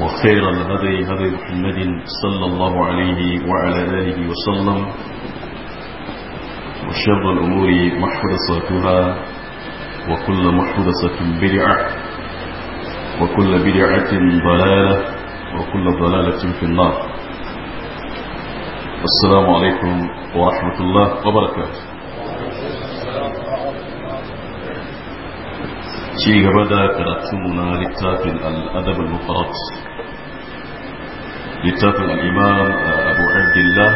وخير الهدي هدي محمد صلى الله عليه وعلى آله وسلم وشر الأمور محدثاتها وكل محدثة بدعة وكل بدعة ضلالة وكل ضلالة في النار السلام عليكم ورحمة الله وبركاته ci gaba da karatunmu na littafin al'adab al كتاب الإمام أبو عبد الله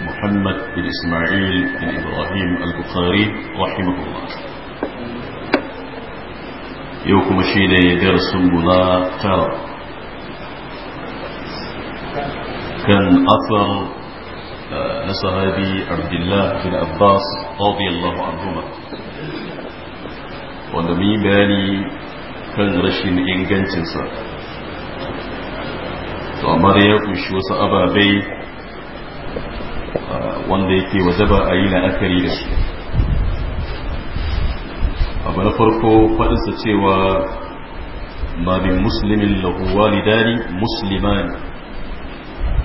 محمد بن إسماعيل بن إبراهيم البخاري رحمه الله يوكم شيني درس بنا ترى كان أثر أبي آه، عبد الله بن عباس رضي الله عنهما ونمي باني كان رشين إنجنتنسا to ya kunshi wasu ababai ah, wanda yake ba a yi la'akari da su abu na farko faɗinsa cewa ma bin musulmin lahuwa lidari musulmani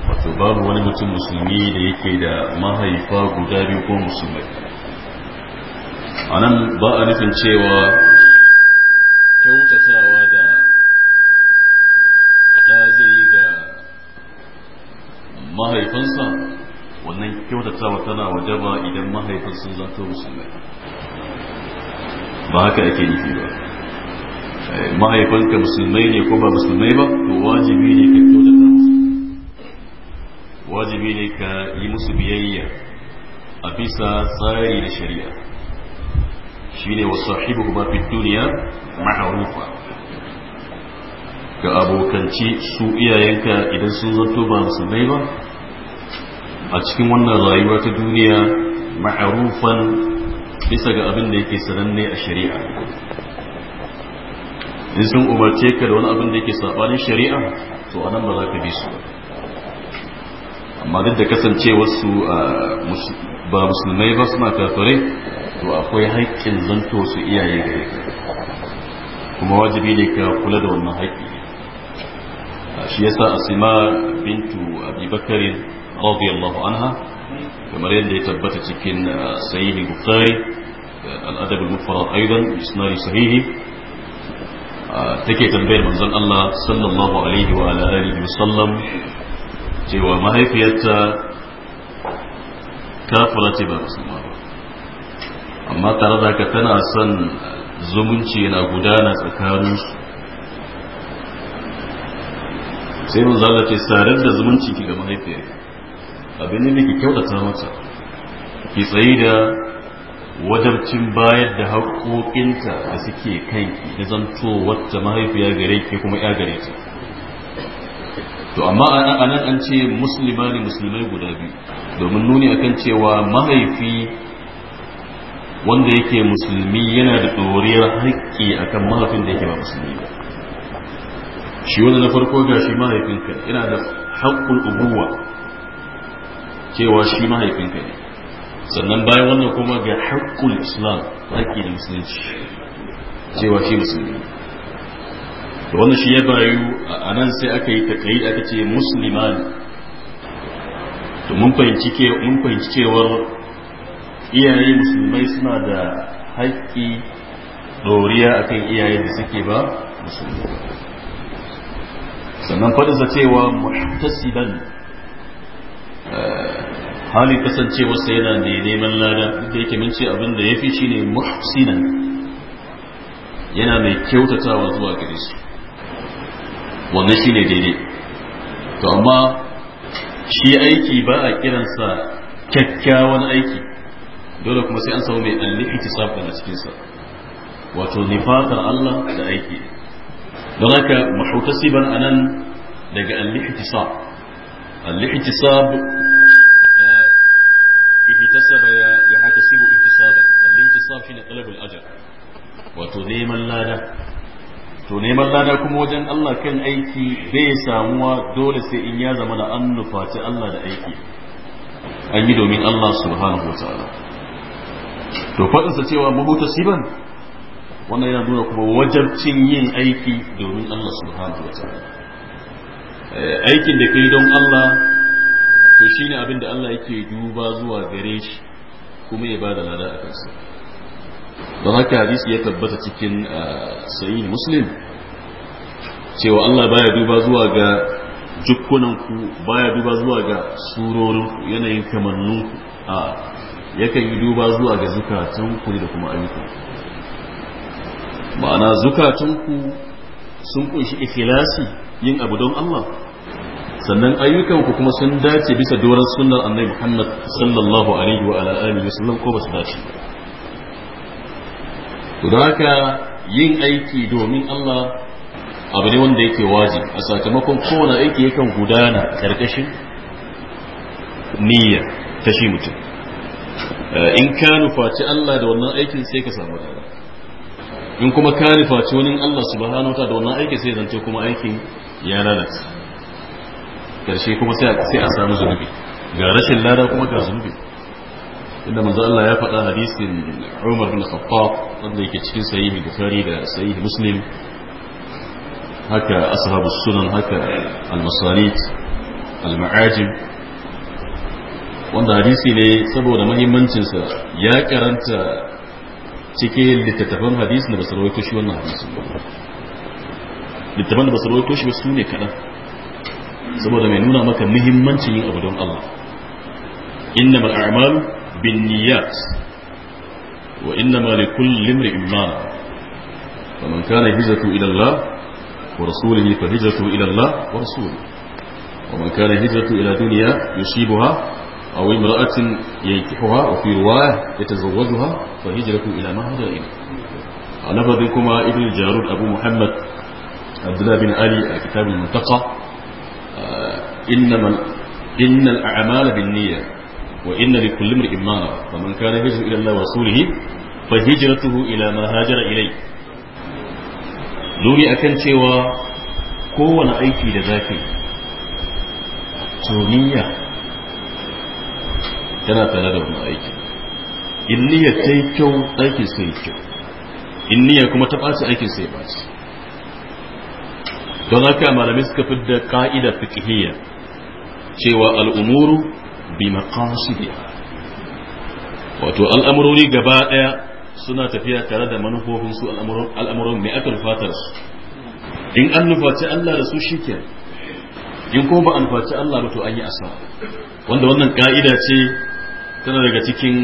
wato babu wani mutum musulmi da yake da mahaifa guda biyu ko musulmai a nan ba a nufin cewa mahaifinsa wannan kyautatawa tana wajaba idan mahaifin sun zanto musulmai ba haka ake nufi ba eh, mahaifinka musulmai ne ko ba musulmai ba to wajibi ne ka kyautata musu wajibi ne ka yi musu biyayya a bisa tsari da shari'a shine wa sahibu ba fi duniya ma'arufa ga abokanci su iyayenka idan sun zanto ba musulmai ba a cikin wannan rayuwa ta duniya ma'arufan bisa ga abin da yake sananne a shari'a in sun umarce ka da wani abin da yake sabanin shari'a to anan ba za ka bi su amma duk da wasu ba musulmai ba suna kafirai to akwai haƙƙin zanto su iyaye gare ka kuma wajibi ne ka kula da wannan haƙƙi shi yasa asima bintu abubakarin radiyallahu anha kamar yadda ya tabbata cikin uh, sahihi bukhari uh, al-adab al-mufrad aidan isnadi sahihi uh, take tambayar manzon Allah sallallahu alaihi wa ala alihi wasallam cewa mahaifiyarta kafira ce ba musulma ba amma tare da haka tana son zumunci yana gudana tsakaninsu sai manzo Allah ce sarar da zumunci ki ga mahaifiyarka abin da ke kyautata mata ki tsayi da wajabcin bayar da haƙoƙinta da suke kai da zanto wata mahaifiya gare ki kuma ya gare ta to amma a nan an ce musulma ne musulmai guda biyu domin nuni akan cewa mahaifi wanda yake musulmi yana da ɗoriyar haƙƙi akan mahaifin da yake ba musulmi ba shi wanda na farko ga shi mahaifinka yana da haƙƙun ubuwa cewa shi mahaifinka ne sannan bayan wannan kuma ga haƙƙul islam haƙƙi da musulunci cewa shi musulmi da wannan shi ya bayu a nan sai aka yi takayi aka ce musulmani to mun fahimci cewa iyaye musulmai suna da haƙƙi doriya akan iyaye da suke ba musulmi sannan faɗinsa cewa muhtasiban eh, hali kasancewarsa yana ne neman lada da yake min ce abin da ya fi shi ne muhsinan yana mai kyautatawa zuwa gare su wannan shi ne daidai to amma shi aiki ba a kiransa kyakkyawan aiki dole kuma sai an samu mai alli'iti safin a cikinsa wato nifakar Allah da aiki don haka mahautasiban anan daga alli'iti sab alli'iti iktasaba ya ya hatasibu iktisaba al-intisab shine talabul ajr wato neman lada to neman lada kuma wajen Allah kan aiki bai samuwa dole sai in ya zama da an nufaci Allah da aiki an yi domin Allah subhanahu wa to faɗinsa cewa mahuta siban wannan yana nuna kuma wajabcin yin aiki domin Allah subhanahu wa ta'ala aikin da kai don Allah to shi abin da Allah yake duba zuwa gare shi kuma ya ba da lada a kansa don haka hadisi ya tabbata cikin ah, sayin muslim cewa Allah baya duba zuwa ga jukkunanku baya duba zuwa ga surorinku yanayin kamanninku a yakan yi duba zuwa ga zukatanku da kuma ayyukanku ma'ana zukatunku sun kunshi ikhlasi yin abu don Allah sannan ayyukanku kuma sun dace bisa doron sunnar annabi Muhammad sallallahu alaihi wa ala alihi sallam ko ba su dace to da haka yin aiki domin Allah abu ne wanda yake wajibi a sakamakon kowane aiki yakan gudana karkashin niyya ta shi mutum eh, in ka nufaci Allah da wannan aikin sai ka samu dada in kuma ka nufaci wani Allah subhanahu wa ta'ala da wannan aikin sai zance kuma aikin ya lalata karshe kuma sai a samu zunubi ga rashin lada kuma ga zunubi inda manzo Allah ya faɗa hadisin Umar bin Khattab wanda yake cikin sahih Bukhari da sahih Muslim haka ashabus sunan haka al-masanid al-ma'ajib wanda hadisi ne saboda muhimmancin sa ya karanta cikin littattafan hadisi da basu rawaito shi wannan hadisi littattafan da basu rawaito shi ba su ne kaɗan saboda mai nuna maka muhimmancin yin abu don Allah innama al'amalu bin niyyat wa innama li kulli imrin ma wa man kana hijratu ila Allah wa rasulihi fa hijratu ila Allah wa rasulihi wa man kana hijratu ila dunya yusibuha أو امرأة ينكحها وفي رواية يتزوجها فهجرة إلى ما هجر إليه لفظكما ابن jarud abu muhammad عبد الله بن علي كتاب المنتقى innamal innal a'mala binniyya wa inna likulli imrin ma wa man kana hijru ila Allah wa rasulihi fa hijratuhu ila ma hajara ilai duri akan cewa kowane aiki da zafi to niyya tana da wannan aiki in ta yi kyau aikin sai yi kyau kuma don haka malamai suka fi da ƙa'ida fiqhiyya cewa al'umuru bi maqasidiha wato al'amurori gaba daya suna tafiya tare da manufofin su al'amuran mai aka nufatar su in an nufaci Allah da su shike in ko ba an nufaci Allah ba to an yi asa wanda wannan ƙa'ida ce tana daga cikin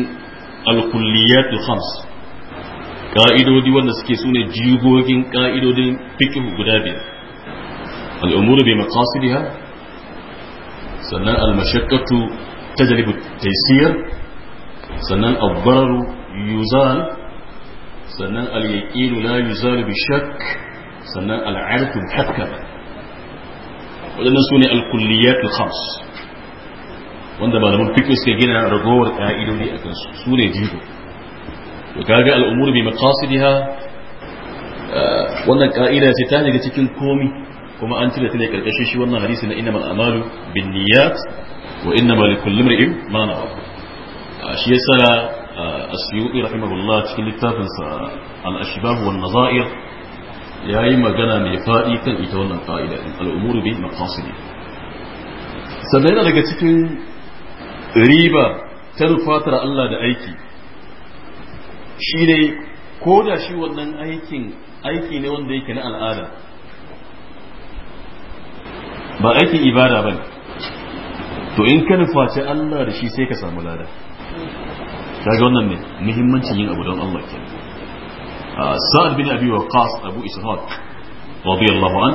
al-kulliyatu khams ƙa'idodi wanda suke sune jigogin ƙa'idodin fiqh guda biyar al bai bi maqasidiha sannan almashakkatu tajribu taysir sannan abdararu yuzal sannan al-yaqin la yuzal bi shakk sannan al al'adatu muhakkam wannan sune al-kulliyat al-khams wanda malamin fiqh suke gina ragowar ka'idodi akan su sune jigo to kaga al'umur bi maqasidiha wannan ka'ida ce ta daga cikin komi kuma an cire ta ne karkashin shi wannan hadisi na innamal amalu bin niyyat wa innamal likulli imrin ma nawa shi yasa asyubi rahimahullah cikin littafin sa al-ashbab wan nazair yayi magana mai fadi kan ita wannan fa'ida din al-umuru bi maqasidi sannan yana daga cikin riba ta rufatar Allah da aiki shi ne ko da shi wannan aikin aiki ne wanda yake na al'ada ba aikin ibada ba to in ka nufaci Allah da shi sai ka samu lada kaga wannan ne muhimmancin yin abu don Allah ke sa'ad bin abi waqas abu ishaq radiyallahu an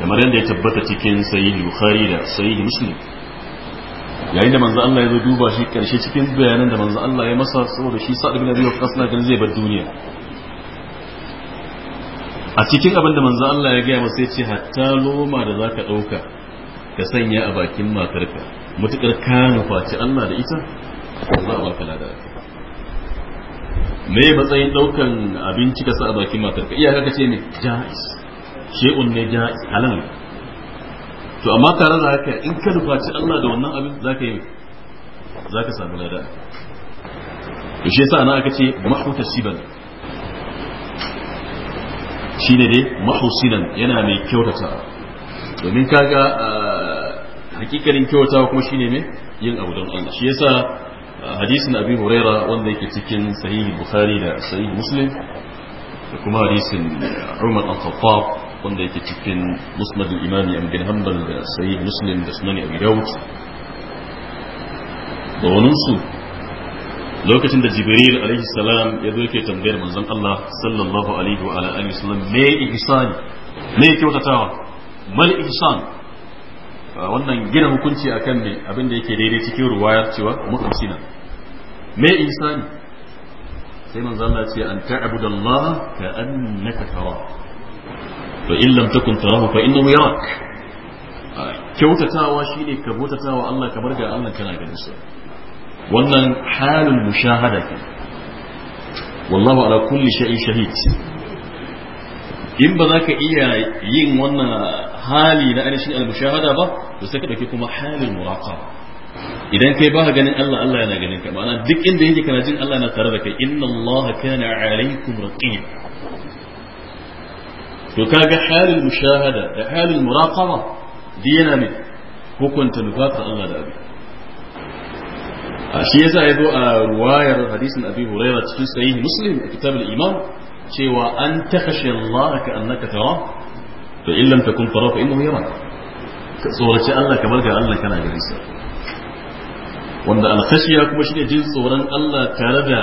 kamar yadda ya tabbata cikin sayyid bukhari da sayyid muslim yayin da manzo Allah ya zo duba shi karshe cikin bayanan da manzo Allah ya masa saboda shi sa'ad bin abi waqas na ganin zai bar duniya a cikin abin da manzo Allah ya gaya masa yace hatta loma da zaka dauka ka sanya a bakin matarka mutukar ka nufaci Allah da ita za baka lada me matsayin daukan abinci ka sa a bakin matarka iyaka ka ce ne ja'iz shay'un ne jais halal to amma tare da haka in ka nufaci Allah da wannan abin zaka yi zaka samu lada to shi yasa ana aka ce mahmuta shiban shine dai mahusinan yana mai kyautata domin kaga hakikanin kyauta kuma shine mai yin abu don Allah shi yasa hadisin abi huraira wanda yake cikin sahihi bukhari da sahihi muslim da kuma hadisin umar al-khattab wanda yake cikin musnad al-imami an hanbal da sahihi muslim da sunan abi dawud da wannan su lokacin da jibril alaihi salam ya zo yake tambayar manzon Allah sallallahu alaihi wa ala alihi wasallam me ihsan me kyautatawa mal ihsan wannan gina hukunci akan me abin da yake daidai cikin ruwayar cewa muqsina me ihsan sai manzon Allah ce an ta'budallaha ka annaka tara fa in lam takun tarahu fa innahu yarak kyautatawa shine ka bautatawa Allah kamar ga Allah kana ganin sa wannan halin mushahada ke wallahu ala kulli shay'in shahid in ba za ka iya yin wannan hali na ainihin al-mushahada ba to sai ka dauki kuma halin muraqaba idan kai ba ganin Allah Allah yana ganin ka ma'ana duk inda yake kana jin Allah yana tare da kai inna Allah kana alaykum raqib to kaga halin mushahada da halin muraqaba diyana ne hukunta nufata Allah da abin shi yasa ya zo a ruwayar hadisin abi hurairah cikin sahih muslim a kitab al-imam cewa an takhashi Allah ka annaka tara fa in lam takun tara fa innahu yara ka tsorace Allah kamar ga Allah kana gari sa wanda al-khashiya kuma shine jin tsoron Allah tare da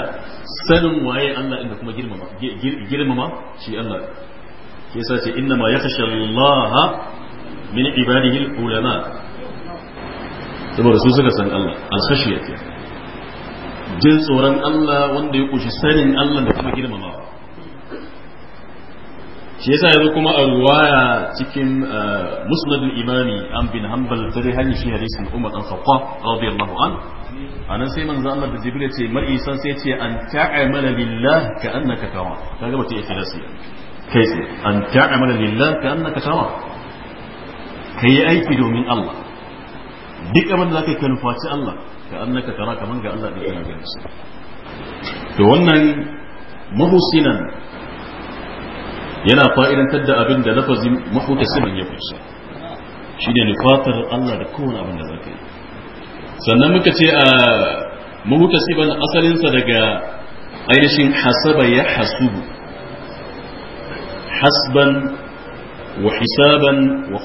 sanin waye Allah inda kuma girmama girmama shi Allah shi yasa ce inna ma yakhsha Allah min ibadihi al-ulama saboda su suka san Allah al-khashiya jin tsoron Allah wanda ya kushi sanin Allah da kuma girmamawa shi yasa yanzu kuma a ruwaya cikin eh, musnadul imami an bin hanbal ta dai hanyar shi hadisin umar dan sakwa radiyallahu an anan sai manzo Allah da jibril ce mar'i isan sai ce an ta'amala lillah ka annaka tara kaga bace ikhlasi kai sai an ta'amala lillah ka annaka tara kai aiki domin Allah duk abin da zaka kai nufaci Allah ka tara kaman ga Allah da kana ganin sa to wannan muhsinan yana fa'idantar da abin da lafazin muhtasiban ya kunsa shine nufatar da kowane da zaka yi sannan muka ce ah, a muhtasiban asalinsa daga ainihin hasaba ya hasubu hasban wa hisaban wa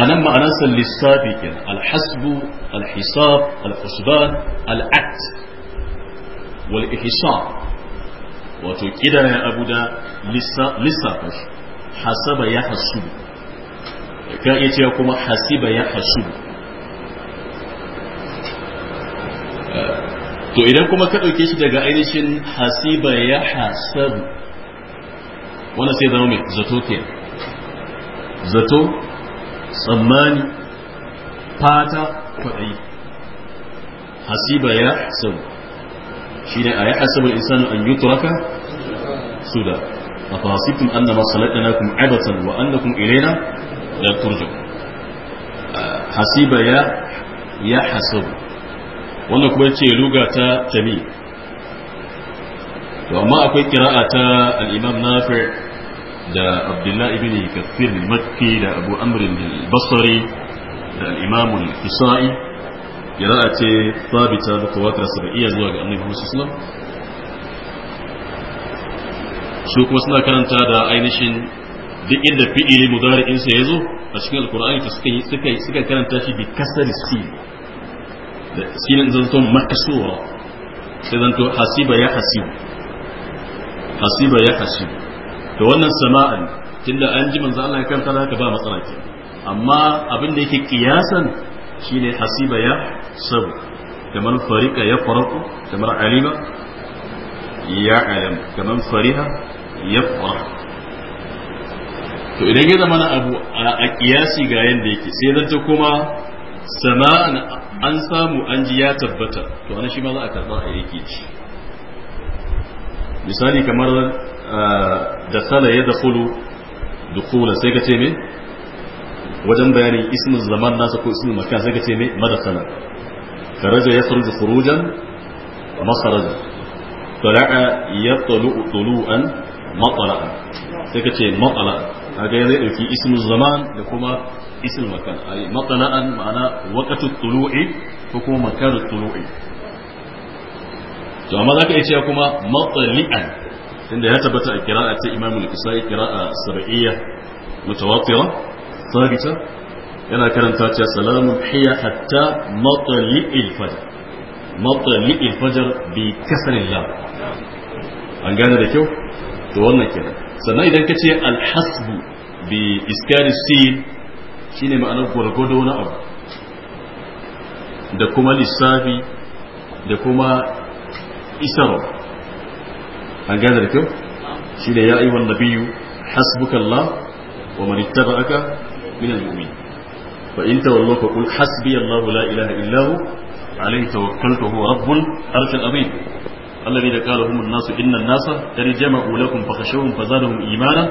anan ma'anarsa lissafi kenan alhasbu alhisab alhusban al'at wal ihsan wato kidayen abu da lissafa shi hasaba ya hasubu kan iya cewa kuma hasiba ya hasubu to idan kuma ka ɗauke shi daga ainihin hasiba ya hasabu wanda sai zama mai zato kenan zato tsammani fata kwaɗayi hasiba ya sabu shi ne a yi asabar insanu an yutraka suda a fasitun an da masalatana kuma abatan wa an da kuma irena da turjo ah, hasiba ya ya hasabu wannan kuma ce luga ta tabi to amma akwai kira'a ta al-imam nafi' da abdullahi ibn kafir makki da abu amrin basari da al-imam al-kisai kira'a ce sabita da tawatir sab'iyya zuwa ga annabi Muhammad sallallahu alaihi wasallam su kuma suna karanta da ainihin duk inda fi'ili mudari'in sa yazo a cikin alqur'ani to suka suka suka karanta shi bi kasar sin da zanto makasura sai zanto hasiba ya hasib hasiba ya hasib to wannan sama'an tunda an ji manzo Allah ya kanta haka ba matsala ke amma abin da yake kiyasan shine hasiba ya sabu kamar fariqa ya faraku kamar alima ya alam kamar fariha ya faraku to idan ya zama abu a kiyasi ga yanda yake sai ta kuma sama'an an samu an ji ya tabbata to ana shi ma za a karba a yake ci misali kamar آه، دخل يدخل دخول سيكتي مي وجن بياني اسم الزمان ناس كو اسم المكان سيكتي مي ما دخل خرج يخرج خروجا ما خرج طلع يطلع طلوعا ما طلع سيكتي ما طلع هذا يعني في اسم الزمان لكما اسم المكان اي ما طلع معنا وقت الطلوع هو مكان الطلوع تو amma zaka iya cewa kuma عند هذا بتاع القراءة إمام الكسائي قراءة سبعية متواترة ثابتة أنا كرمت يا سلام هي حتى مطلع الفجر مطلع الفجر بكسر الله أن قال لك يو تقولنا كده سنة إذا كتير الحسب بإسكان السين شين ما أنا أقول لك دونا أب دكما لسابي دكما إسرائيل an gane da kyau shine ya da nabiyyu hasbukallah wa man ittaba'aka min al-mu'min fa in tawallaw fa qul hasbiyallahu la ilaha illa alayhi tawakkaltu huwa rabbul arshil azim الذي قاله هم الناس إن الناس قد جمعوا لكم فخشوهم فزادهم إيمانا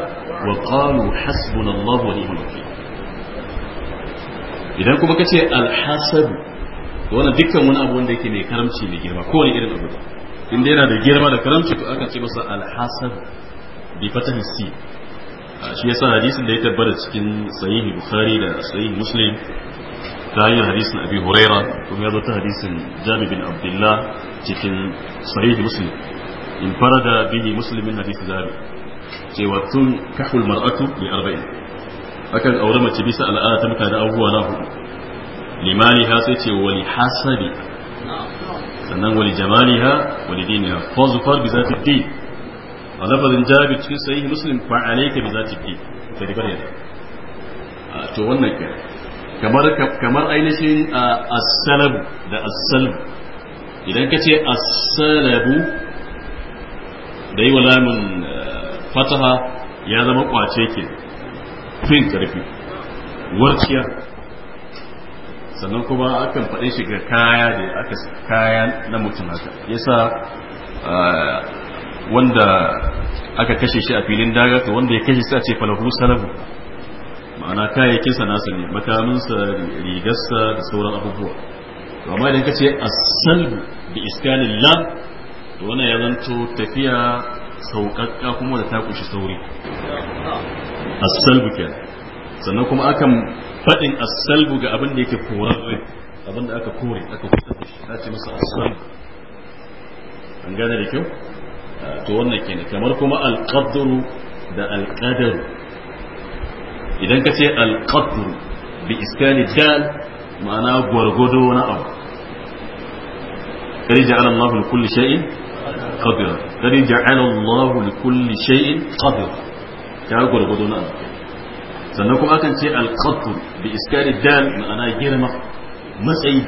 وقالوا حسبنا الله ونعم الوكيل idan kuma kace alhasad wannan dukkan wani abu wanda yake mai karamci mai girma kowane irin abu inda yana da girma da karamci to aka ce masa alhasan bi fatahi si shi yasa hadisin da ya tabbata cikin sahihi bukhari da sahihi muslim ta hanyar hadisin abi huraira kuma ya zo ta hadisin Jami bin abdullah cikin sahihi muslim in farada bihi muslimin hadisi jabir cewa tun kahul mar'atu bi arba'in akan aure mace bisa al'ada ta mutane abubuwa na hudu limani ha sai ce wali hasabi sannan wali jamaliha wali diniha fazfar bi zati din a lafazin jabir cikin sahih muslim fa alayka bi zati din da ribar yadda to wannan ke kamar kamar ainihin as-salab da as-salb idan ka ce as-salabu da yi wa eh, fataha ya zama kwace ke fin tarfi warkiya sannan kuma akan faɗe shiga kaya da aka kaya na mutum haka yasa ah, wanda aka kashe shi a filin daga ta wanda ya kashe sa a ce falahu salabu ma'ana kayayyakinsa nasa ne makaminsa rigarsa da sauran abubuwa amma idan ka ce salbu da iskanin lam to wannan ya zanto tafiya sauƙaƙƙa kuma da ta kushi sauri salbu kenan sannan kuma akan faɗin asalbu ga abin da yake korarre abin da aka kore aka fitar da shi ta ce masa asalbu an gane da kyau to wannan kenan kamar kuma alƙaddaru da alƙadaru idan ka ce alƙaddaru bi iskani dal ma'ana gwargwado wani abu kari ja'ala Allahu li kulli shay'in qadira kari ja'ala Allahu li kulli shay'in qadira ka gwargwado na abu sannan kuma akan ce alqattu bi iskari dal ma'ana girma matsayi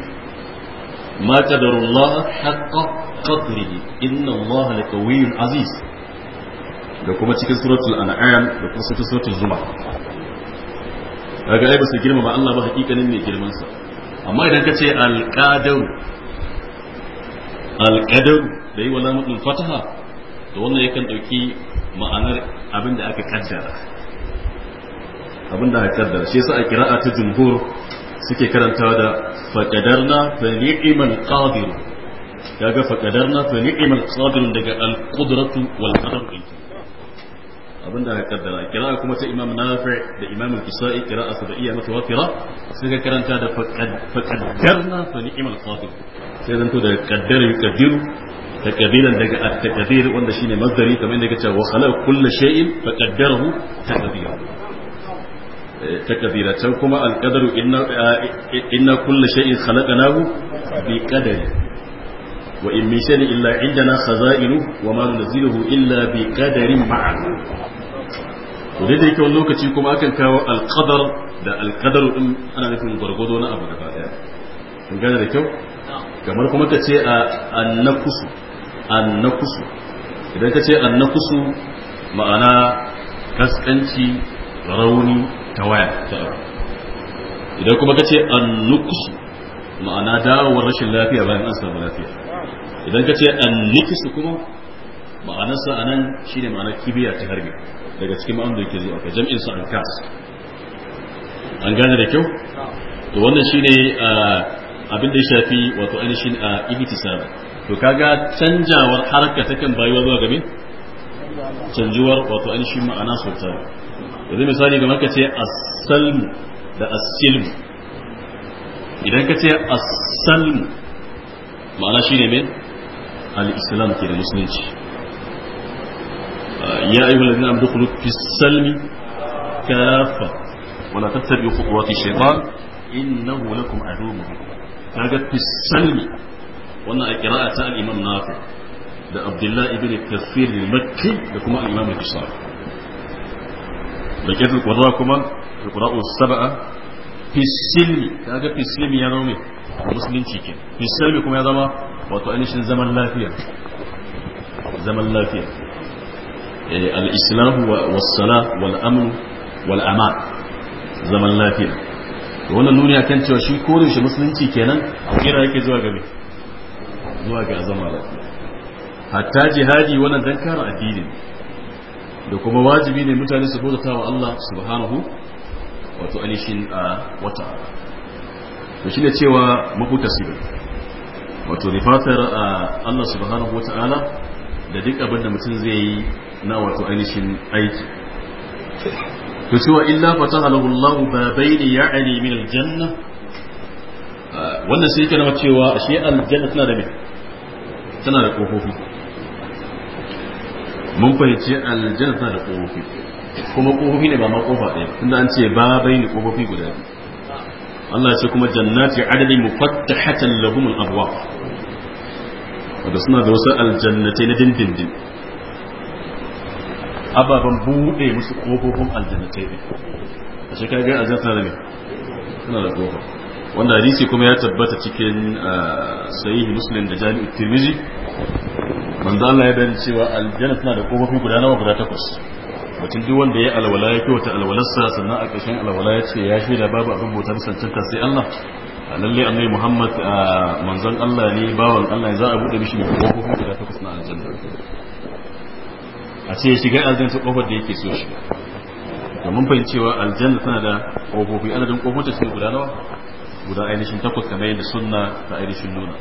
ma qadarullah haqqa qadrihi inna allaha lakawiyyun aziz da kuma cikin suratul an'am da kuma cikin suratul zuma kaga ai ba su girma ba Allah ba hakikanin mai girman sa amma idan ka ce alqadar alqadar da yi wala mutum fataha to wannan yakan dauki ma'anar abin da aka kaddara abin da aka kaddara shi yasa a kira'a ta jumhur suke karantawa da faqadarna fa ni'mal qadir kaga faqadarna fa ni'mal qadir daga al-qudratu wal qadar abinda da aka kaddara kira'a kuma ta imam nafi' da imam al-kisai kira'a sab'iyya mutawatira suka karanta da faqad faqadarna fa ni'mal qadir sai zanto da kaddar ta qaddara yuqaddiru تكبيرا دقا التكبير وانا شيني مصدري كمان دقا وخلق كل شيء فقدره taqdiran تكبيرة كما القدر إن, إن كل شيء خلقناه بقدر وإن من شيء إلا عندنا خزائنه وما ننزله إلا بقدر معه ولدي كون لوكا تيكم أكن كاو القدر دا القدر إن أنا نفهم ضرقودونا أبدا بعد من قدر كاو كما لكم أكا تي آه، النقص النقص إذا كتي النقص معنا كسكنتي rauni ta waya ta aure idan kuma kace nukus ma'ana dawowar rashin lafiya bayan an samu lafiya idan kace nukus kuma sa anan shine ma'ana kibiya ta harbi daga cikin ma'anar da yake zuwa ka jam'in sa ankas an gane da kyau to wannan shine abin da ya shafi wato ainihin ihtisab to kaga canjawar harka ta kan bayuwa zuwa gabe canjuwar wato ainihin ma'ana sau yanzu misali ga ka ce as asalmu da as asilmu idan ka ce as asalmu ma'ana shi ne mai al-islam ke da musulunci ya ayyuhal ladina amdu khulu fi salmi kafa wala ta tattabi'u khutuwati shaytan innahu lakum aduwwun kaga fi salmi wannan a ta al-imam nafi da abdullahi ibn kathir al-makki da kuma al-imam al-bukhari lakiyatul qurra kuma alqura'u sab'a fi silmi kaga fi silmi ya zama musulunci ke fi kuma ya zama wato ainihin zaman lafiya zaman lafiya eh, al-islahu was-sala zaman lafiya wannan nuni akan cewa shi kore shi musulunci kenan a kira yake zuwa gabe zuwa ga zaman lafiya hatta jihadi wannan dan kare addini da kuma wajibi ne mutane su bauta wa Allah subhanahu wato anishin a wata da shi ne cewa mafuta sibe wato rifatar Allah subhanahu wa wata'ala da duk abin da mutum zai yi na wato ainihin aiki to cewa illa fataha lahu ne ya ainihi min aljanna wannan sai kana cewa ashe aljanna tana da me tana da kofofi mun fahimci aljanna da kofofi kuma kofofi ne ba ma kofa ɗaya tunda an ce babai ne kofofi guda biyu Allah ya ce kuma jannati adadin mufattahatan lahumul al-abwab wanda suna da wasu aljannati na dindindin ababan bude musu kofofin aljannati ne a shekara ga aljanna ne suna da kofa wanda hadisi kuma ya tabbata cikin sahihi muslim da jami'ut tirmidhi manzo Allah ya bayyana cewa aljanna tana da kofofi guda nawa guda takwas mutum duk wanda ya alwala ya kyauta alwalarsa sannan a ƙarshen alwala ya ce ya shaida babu abin bauta misalcinta sai Allah a lalle annai Muhammad a manzon Allah ne bawan Allah za a buɗe mishi mai kofofi guda takwas na aljanna a ce ya shiga aljanna ta kofar da yake so shi to mun fahimcewa aljanna tana da kofofi adadin kofofi ta guda nawa guda ainihin takwas kamar yadda sunna ta ainihin nuna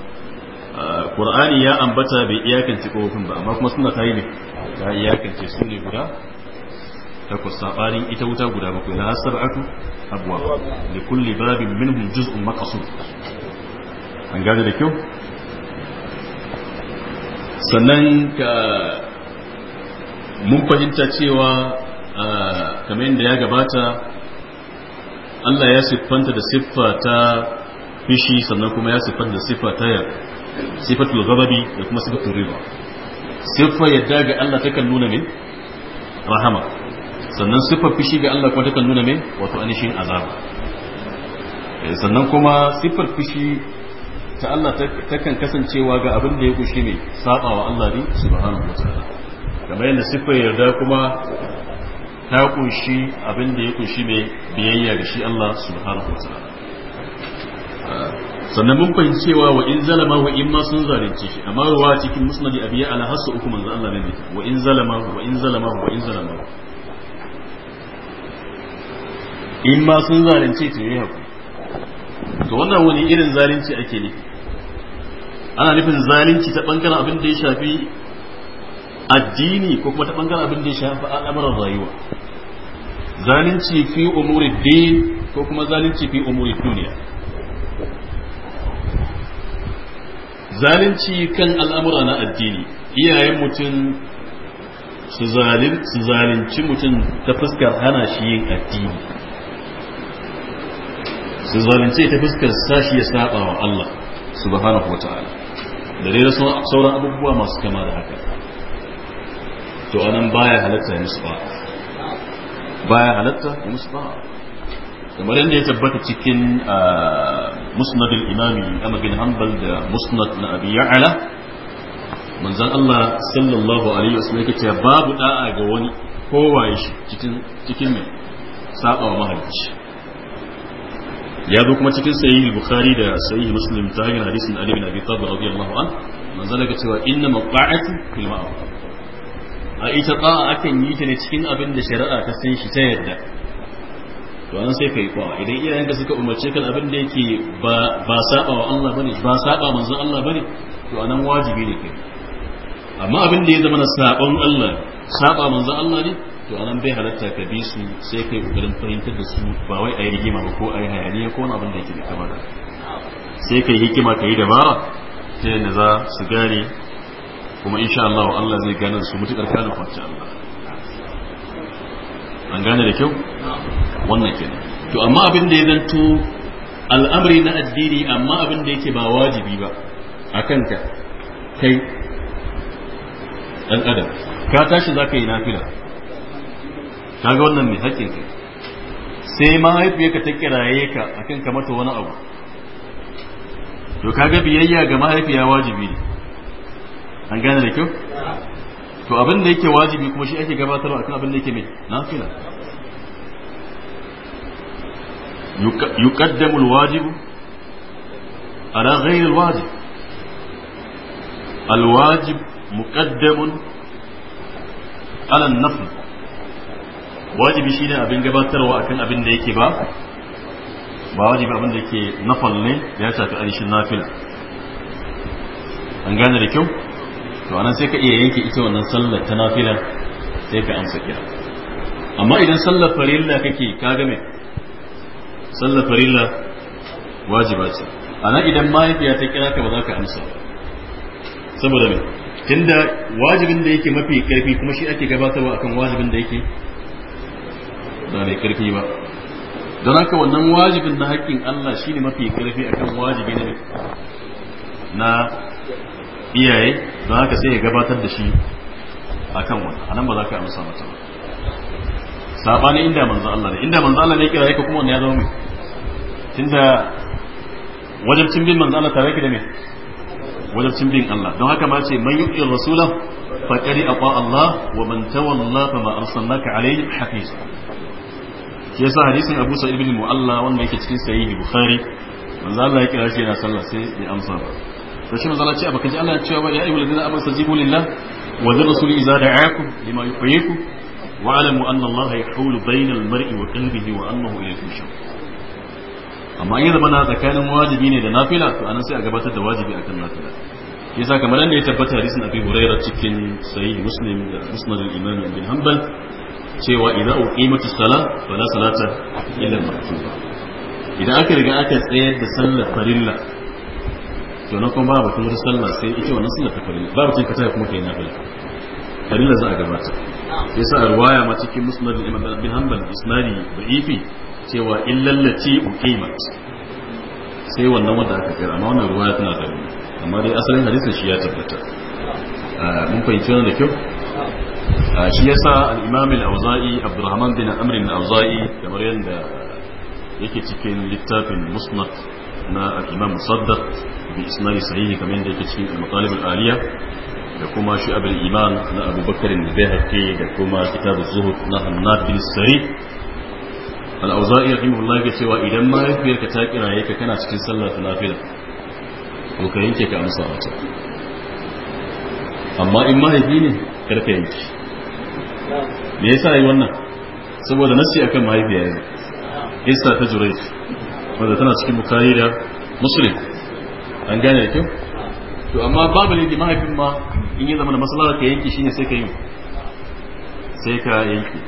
qur'ani ya ambata bai iyakance kofofin ba amma kuma suna tayi ne ya iyakance su ne guda takwas saɓarin ita wuta guda bakwai la aku abwa li kulli babin minhum juz'un maqsud an gane da kyau sannan ka mun fahimta cewa kamar yadda ya gabata Allah ya siffanta da siffa ta fishi sannan kuma ya siffanta da siffa ta sifatul ghadabi da kuma sifatul riba siffa yadda ga Allah takan nuna min rahama sannan siffa fishi ga Allah kuma takan nuna min wato anishin azaba eh, sannan kuma siffar fishi ta Allah takan kasancewa ga abin da ya kushi ne sabawa Allah ne subhanahu wataala kamar yadda siffar yarda kuma ta kunshi abin da ya kunshi ne biyayya ga shi Allah subhanahu wataala ah, sannan mun fahimci cewa wa in zalama wa in ma sun zalunce shi amma ruwa cikin musnadi ya ala hasu uku manzo Allah ne wa in zalama wa in zalama wa in zalama in ma sun zalunce ta yi haku to wannan wani irin zalunci ake nufi ana nufin zalunci ta bangaren abin da ya shafi addini ko kuma ta bangaren abin da ya shafi al'amuran rayuwa zalunci fi umuri din ko kuma zalunci fi umuri duniya zalunci kan al'amura na addini iyayen mutum su zalunci mutum ta fuskar hana shi yin addini su zalunce ta fuskar sashi ya saba wa Allah subhanahu wa ta'ala da dai sauran abubuwa masu kama da haka to anan baya halatta ya musu ba baya halatta ya musu ba kamar yadda ya tabbata cikin ah, musnad al-imami Ahmad bin Hanbal da musnad na Abi Ya'la manzon Allah sallallahu alaihi wasallam yake babu da'a ga wani kowaye shi cikin cikin ne saba wa mahalicci ya zo kuma cikin sahih al-bukhari da sahih muslim ta hanyar hadisin Ali bin Abi Talib radiyallahu an manzon Allah cewa inna maqa'atu fil ma'ruf a ita ta'a akan yi ta ne cikin abin da shari'a ta san shi ta yarda to an sai kai kwawa idan iyayenka suka umarce ka abin da yake ba ba saba wa Allah bane ba saba manzon Allah bane to anan wajibi ne kai amma abin da ya zama na sabon Allah saba manzon Allah ne to anan bai halatta ka bi su sai kai kokarin fahimtar da su ba wai ayi rigima ba ko ayi hayaniya ko wani abin da yake da kamar sai kai hikima kai dabara ta yadda za su gane kuma insha Allah Allah zai gane su mutukar kana kwace Allah an gane da kyau wannan ke. to amma abin da ya zanto al'amari na addini amma abin da yake ba wajibi ba a kanka kai ɗan adam ka tashi za ka yi nafila ga wannan mai haƙƙin kai sai mahaifiyarka ta kiraye ka akan ka mata wani abu to ka ga biyayya ga mahaifiya wajibi ne an gane da kyau to abin da yake wajibi kuma shi ake gabatarwa akan abin da yake mai nafila yuqaddamu alwajibu ala ghayri alwajib alwajib muqaddamun ala an-nafl wajibi shine abin gabatarwa akan abin da yake ba ba wajibi abin da yake nafal ne ya shafi arishin nafila an gane da kyau to anan sai ka iya yanke ita wannan sallar ta nafila sai ka amsa kira amma idan sallar farilla kake ka ga me sallar farilla wajiba ce anan idan mahaifiya ta kira ka ba za ka amsa saboda me tunda wajibin da yake mafi karfi kuma shi ake gabatarwa akan wajibin da yake ba mai karfi ba don haka wannan wajibin na haƙƙin Allah shi ne mafi karfi akan wajibi na iyaye don haka sai ya gabatar da shi a akan wani nan ba za ka amsa mata ba sabanin inda manzo Allah ne inda manzo Allah ne kira yake kuma wannan ya zama mai tunda wajibcin bin manzo Allah tare yake da me wajibcin bin Allah don haka ma ce man yu'ir rasulah faqad aqa Allah wa man tawalla fa ma arsalnaka alayhi hafiz shi yasa hadisin Abu Sa'id ibn Mu'alla wanda yake cikin Sahih Bukhari manzo Allah ya kira shi yana sallah sai ya amsa ba فشنا ظلت شيئا فكنت الله يتشوى يا أيها الذين أمن استجيبوا لله وذل إذا دعاكم لما يحييكم واعلموا أن الله يحول بين المرء وقلبه وأنه إليه مشوى أما إذا بنا كان واجبين إذا نافلة فأنا سأقبت الواجب أكل نافلة يسا كما لن يتبت حديث أبي هريرة تكين سيد مسلم مسند الإمام بن حنبل سوى إذا أقيمت الصلاة فلا صلاة إلا المكتوبة إذا أكل قاعدة سيد سلة فلله to na kuma babu tun sallah sai ita wannan sallah ta farilla babu tun kataya kuma kai na nafila farilla za a gabata yasa a riwaya ma cikin musnad al-imam bin hanbal isnadi da'ifi cewa illallati uqimat sai wannan wanda aka kira amma wannan ruwaya tana da amma dai asalin hadisin shi ya tabbata mun fahimci wannan da kyau shi yasa al-imam al-auza'i abdurrahman bin amr al-auza'i kamar yanda yake cikin littafin musnad na al-imam musaddad bi isnadi sahihi kamar da yake cikin al-matalib aliya da kuma shi iman na abubakar al-bayhaqi da kuma kitab az-zuhud na hannad bin sari al-auza'i rahimahullah ya cewa idan ma yafiyar ka ta kiraye ka kana cikin sallar nafila to ka yanke ka amsa can. amma in mahaifi ne kar ka yanke me yasa yi wannan saboda nasi akan mahaifiya yanzu isa ta jurai wanda tana cikin bukari da muslim an gane da kyau to amma babu ne mahaifin ma in yi zama da masalar ka yanki shine sai ka yi sai ka yanki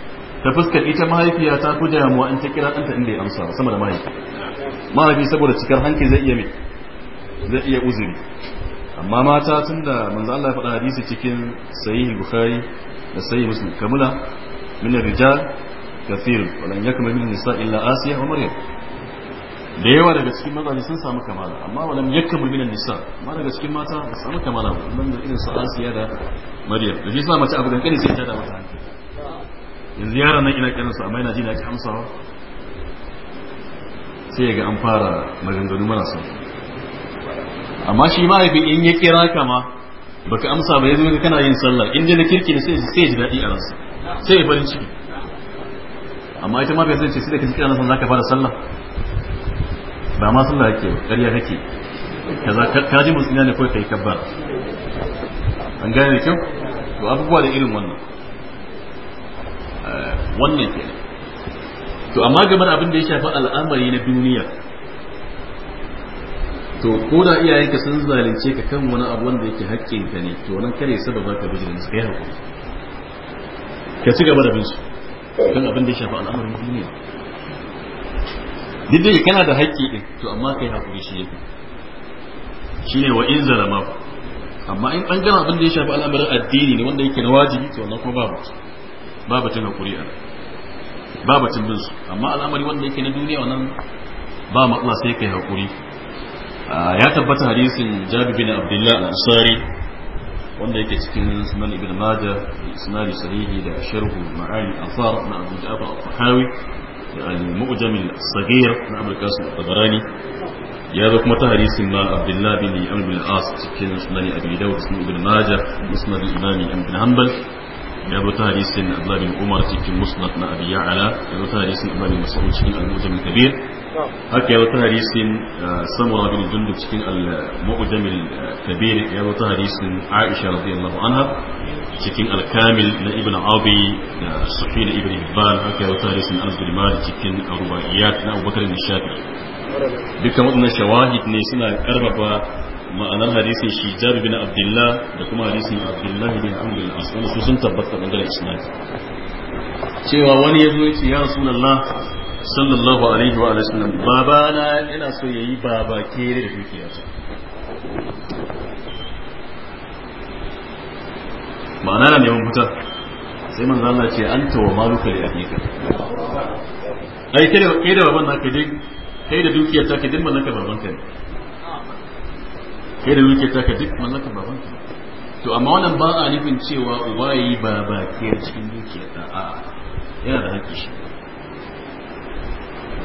ta fuskar ita mahaifiya ta fi damuwa in ta kira ɗanta inda ya amsa sama da mahaifi mahaifi saboda cikar hankali zai iya mai zai iya uzuri amma mata tun da manzo Allah ya faɗa hadisi cikin sahih bukhari da sahih muslim kamula min rijal kathir walan yakmal min nisa illa asiya wa maryam da yawa daga cikin mazaje sun samu kamala amma walam yakkamu minan nisa amma daga cikin mata ba samu kamala ba nan da irin su Asiya da Maryam da shi sa mace abu kankani sai ta da mata yanzu yaran nan ina kiransa amma yana ji na ki amsawa sai ga an fara maganganu marasa amma shi mahaifin in ya kira kama baka amsa ba yazo ga kana yin sallah in na kirki ne sai ya ji daɗi a ransa sai ya farin ciki amma ita ma bai zai ce sai da ka kira nan zaka fara sallah ba ma sallah kake ƙarya kake kaza ka ji musulmi ne kawai kai kabbar an gane da kyau to abubuwa da irin wannan eh, wannan ke to amma game da abin da ya shafi al'amari na duniya to ko da iyayenka sun zalunce ka kan wani abu wanda yake hakkin ka ne to nan kare ba ka bijirin su kai hakuri ka ci gaba da bin su kan abin da ya shafi al'amarin duniya duk da kana da haƙƙi din to amma kai hakuri shi yake shine wa in zalama amma in an bangaren abin da ya shafi al'amarin addini ne wanda yake na wajibi to wannan kuma babu babu tun hakuri a babu tun bin su amma al'amari wanda yake na duniya wannan ba matsala sai kai hakuri ya tabbata hadisin Jabir bin Abdullah al-Ansari wanda yake cikin sunan ibn Majah isnadi sahihi da sharhu ma'ani athar na Abu Ja'far al-Tahawi المؤدم الصغير من عبد القاسم الطبراني يا ذوك متهري سماء عبد الله بن أم العاص تكين عثماني أبي داود اسمه ابن ماجه اسمه الإمام ابن حنبل ya zo ta hadisin Abdullah bin Umar cikin Musnad na Abi Ya'la ya zo ta hadisin Abdullah bin Mas'ud cikin Al-Mujam al-Kabir haka ya zo ta hadisin Samura bin Jundub cikin Al-Mujam al-Kabir ya zo ta hadisin Aisha radiyallahu anha cikin Al-Kamil na Ibn Abi da Sahih na Ibn Hibban haka ya zo ta hadisin Anas bin Malik cikin Ar-Rubaiyat na Abu Bakr al-Shafi'i dukkan waɗannan shawahid ne suna karfafa ma'anar hadisin shi jabi bin abdullah da kuma hadisin abdullah bin amr asu as su sun tabbata bangaren isnad cewa wani ya zo ya ce ya rasulullah sallallahu alaihi wa sallam na yana so yayi baba kere da dukiyarsa ma'ana na neman fita sai manzo Allah ce anta wa maluka li abika ai kai da baban naka dai kai da dukiyar ta ke din naka baban kai. kai da nuke taka duk mallakar baban ka to amma wannan ba a nufin cewa uba yi ba ba ke cikin dukiyar da a yana da haƙƙi shi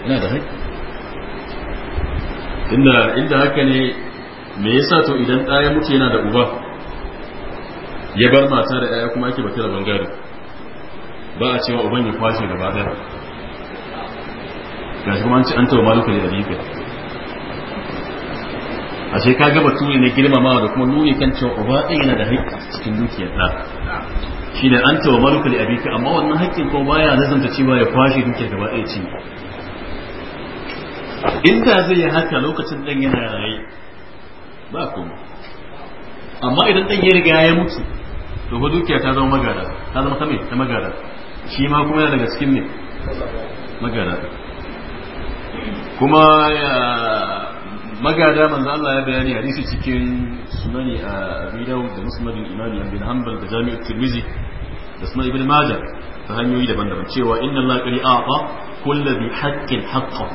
yana da haƙƙi inda inda haka ne me yasa to idan ɗaya mutu yana da uba ya bar mata da ɗaya kuma ake da bangare ba a cewa uban ya kwashe gaba ɗaya ga shi kuma an ce an taɓa malukali a alifa a ka gaba tuni ne girmamawa da kuma nuni kan cewa uba ɗin yana da haƙƙi cikin dukiyar ɗa shi ne an cewa maruka a abiki amma wannan haƙƙin ko baya nazanta cewa ya kwashe dukiyar gaba ɗaya ce. inda zai yi haka lokacin ɗan yana raye ba kuma amma idan ɗan ya riga ya mutu to ba dukiya ta zama magara ta zama kame ta magara shi ma kuma yana daga cikin ne magara kuma magada manzo Allah ya bayani hadisi cikin sunani a Abu da Musnad al-Imam Ibn Hanbal da Jami' at-Tirmidhi da Sunan Ibn Majah ta hanyoyi daban-daban cewa inna Allah qad a'ta kullu bi haqqin haqqahu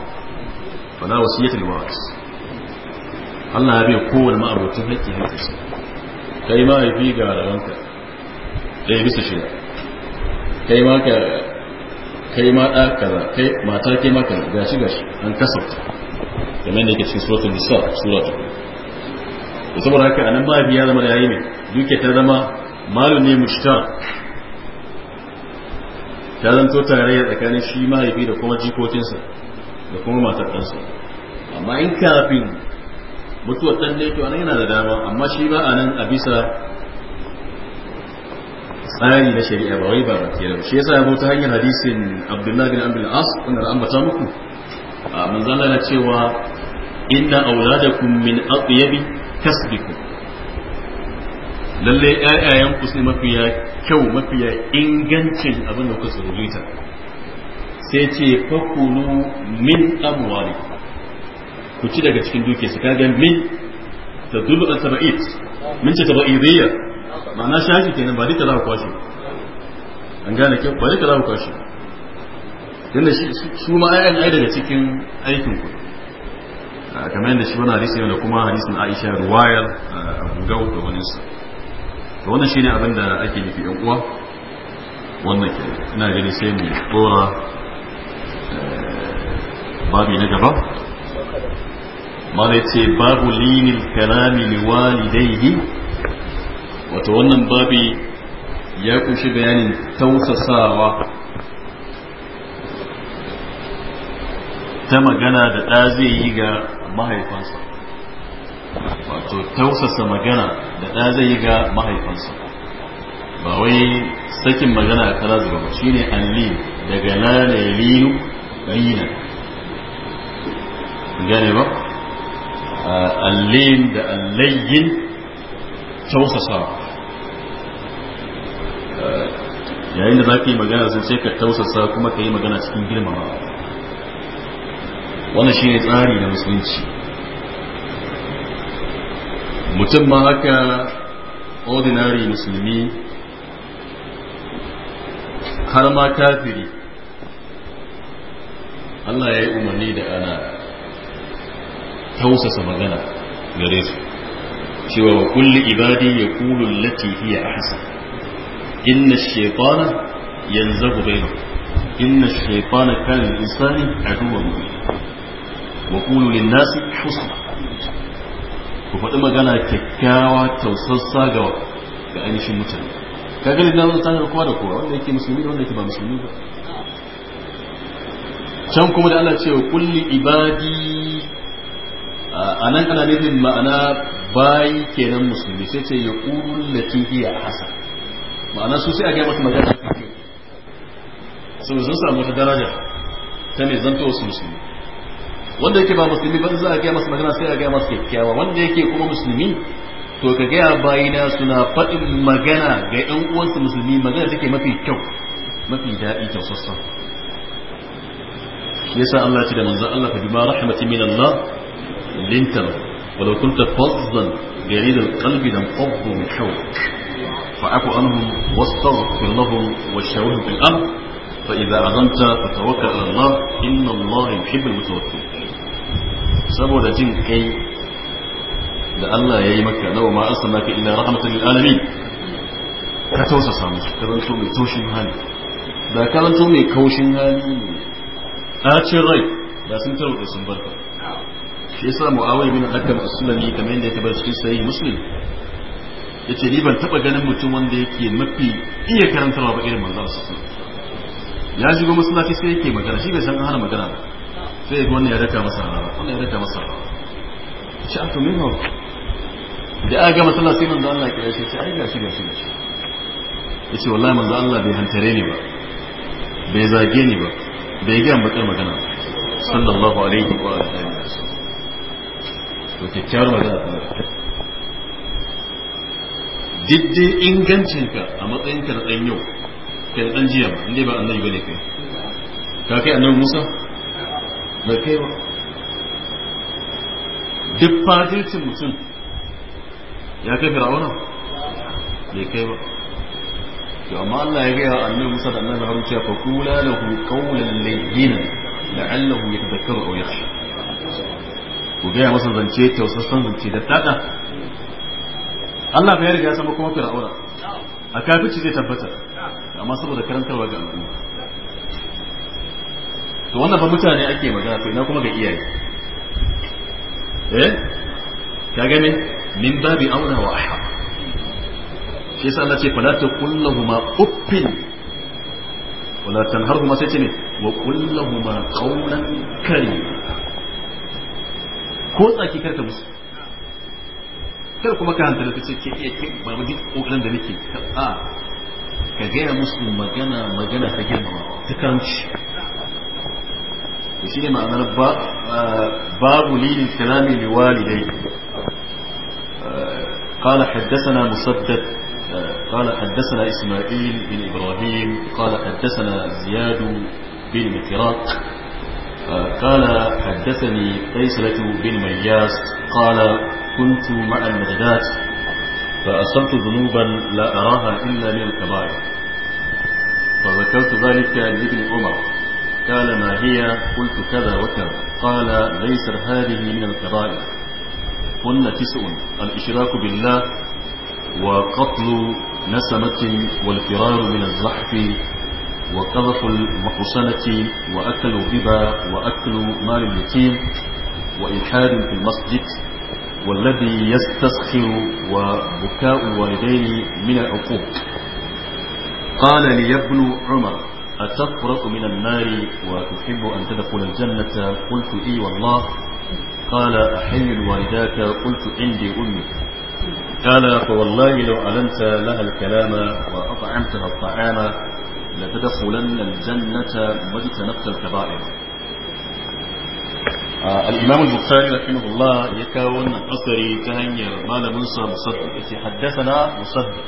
fala wasiyata lil waris Allah ya bi kowane ma'abucin haƙƙi haƙƙi kai ma ya fi ga rawanka ɗaya bisa shi kai ma ka kai ma ɗa kaza kai mata kai ma kaza gashi gashi an kasauta kamar da yake cikin suratul nisa sura ta to saboda haka anan ba biya zama da yayi ne duke ta zama malu ne mushtar ta to tarayya tsakanin shi mahaifi da kuma jikokinsa da kuma matar ɗansa amma in kafin mutuwar ɗan ne to anan yana da dama amma shi ba anan a bisa tsari na shari'a ba wai ba ba ke shi yasa ya ta hanyar hadisin abdullahi bin abdul as wanda da bata muku a manzana na cewa inna auladakum min atyabi kasbikum lalle ƴaƴayen ku sai mafi kyau mafi ingancin abin da kuka surulita sai ce fakulu min amwali ku ci daga cikin duke su kaga min tadullu al tabait min ce tabaidiyya ma'ana shashi kenan ba duka za ku kwashe an gane kyau ba duka za ku kwashe tunda su ma ai daga cikin aikin ku Ah, kamar yadda shi wani hadisi ne da kuma hadisin aisha ruwayar ah, abu gau da wani sa to wannan shine abin da ake nufi yan uwa wannan ke ina gani sai mu dora eh, babi na gaba Mana da ce babu linil kalami walidayhi wato wannan babi ya kunshi bayanin tausasawa ta magana da ɗa zai yi ga mahaifansa wato tausasa magana da ɗa zai yi ga mahaifansa ba wai sakin magana a kara zuba ba shine allin daga lana linu lina gane ba allin da allayin tausasa yayin da za ka yi magana sun ce ka tausasa kuma ka yi magana cikin girmama. wannan shine tsari na musulunci mutum ma haka ordinary musulmi har ma kafiri Allah ya yi umarni da ana tausasa magana gare su cewa wa kulli ibadi ya kulun latifi a ahasa inna shaitana yanzu bai inna shaitana kan insani a duwan wa qulu lin nasi husna ku faɗi magana kyakkyawa tausassa ga ga ainihin mutane Ka gani na wani tsanar kowa da kowa wanda yake musulmi da wanda yake ba musulmi ba can kuma da Allah ce wa kulli ibadi a nan ana nufin ma'ana bayi kenan musulmi sai ce ya ƙurun da ya a hasa ma'ana su sai a gaya masa magana ta sun samu wata daraja ta mai zanto wasu musulmi wanda yake ba musulmi ba za a ga masa magana sai a ga masa kyakkyawa wanda yake kuma musulmi to ka gaya bayina suna faɗin magana ga ƴan uwansu musulmi magana take mafi kyau mafi daɗi kyau sassan shi yasa Allah ya ce da manzon Allah fa bima rahmatin min Allah linta walau kunta fazzan gharid alqalbi lam qabbu min fa aku anhum wastaghfir lahum washawhum bil amr فإذا عزمت فتوكل على الله إن الله يحب المتوكلين saboda jin kai da Allah ya yi maka lawa ma asana ka ila rahmatul lil alamin ka tausasa musu ka zanto mai taushin hali da ka zanto mai kaushin hali ne ɗacin rai da sun tarwata sun barka shi yasa mu'awai bin hakam as-sulami kamar yadda ya tabbata cikin sahih muslim yace ni ban taba ganin mutum wanda yake mafi iya karantarwa ba irin manzon sallallahu alaihi wasallam ya shigo masallaci sai yake magana shi bai san hana magana ba sai ga wannan ya raka masa rana wannan ya raka masa rana shi aka min hau da aka gama sallah sai manzo Allah ya kira shi sai ai gashi gashi gashi yace wallahi manzo Allah bai hantare ni ba bai zage ni ba bai ga bakar magana sallallahu alaihi wa alihi wasallam to kyakkyawar magana diddin ingancinka a matsayin ka na ɗan yau kai ɗan jiya ba inda ba annabi bane kai ka kai annabi Musa bai kai ba duk fadircin mutum ya kai fir'auna bai kai ba to amma Allah ya gaya annabi Musa da annabi Harun cewa fakula lahu qawlan layyinan la'allahu yatadhakkaru aw yakhsha ku gaya masa zance tausassan zance da tata Allah bai riga ya sama kuma fir'auna a kafirci zai tabbata amma saboda karantarwa ga al'umma to wannan ba mutane ake magana to ina kuma ga iyaye eh ka gane min babi auna wa ahab shi yasa Allah ce fala ta kullahuma uffin wala tanharhuma sai ce ne wa kullahuma qawlan karim ko tsaki karka musu kar kuma ka hantara ka ce ke iya ke ba duk kokarin da nake a ka gaya musu magana magana ta girmama ta karanci to shine ma'anar babu lilin kalami liwalidai قال حدثنا مسدد آه، قال حدثنا إسماعيل بن إبراهيم قال حدثنا زياد بن مكراق آه، قال حدثني قيسلة بن مياس قال كنت مع المغدات فأصبت ذنوبا لا أراها إلا من الكبائر فذكرت ذلك لابن عمر قال ما هي قلت كذا وكذا قال ليس هذه من الكبائر قلنا تسع الإشراك بالله وقتل نسمة والفرار من الزحف وقذف المحصنة وأكل الربا وأكل مال اليتيم وإلحاد في المسجد والذي يستسخر وبكاء الوالدين من العقوق قال لي ابن عمر أتفرق من النار وتحب أن تدخل الجنة قلت إي والله قال أحل والداك قلت عندي أمي قال فوالله لو علمت لها الكلام وأطعمتها الطعام لتدخلن الجنة واجتنبت الكبائر آه، الإمام البخاري رحمه الله يكاون أثري تهنير ما لم مصدق حدثنا مصدق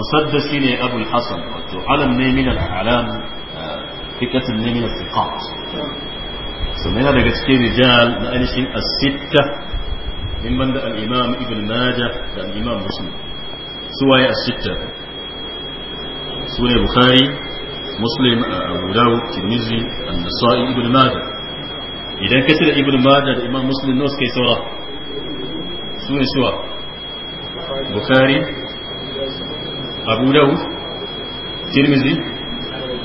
مسدس سيني أبو الحسن قلت علم نيمي من الأعلام فكرة آه، نيمي من الثقات سمينا لك رجال لأنشين الستة من بند الإمام ابن ماجة الإمام مسلم سوايا الستة سوره البخاري مسلم آه، أبو داود تلميذي النسائي ابن ماجة إذا كتب ابن ماجة الإمام مسلم نوس كي سورة سوره سوا البخاري abu dawud tirmizi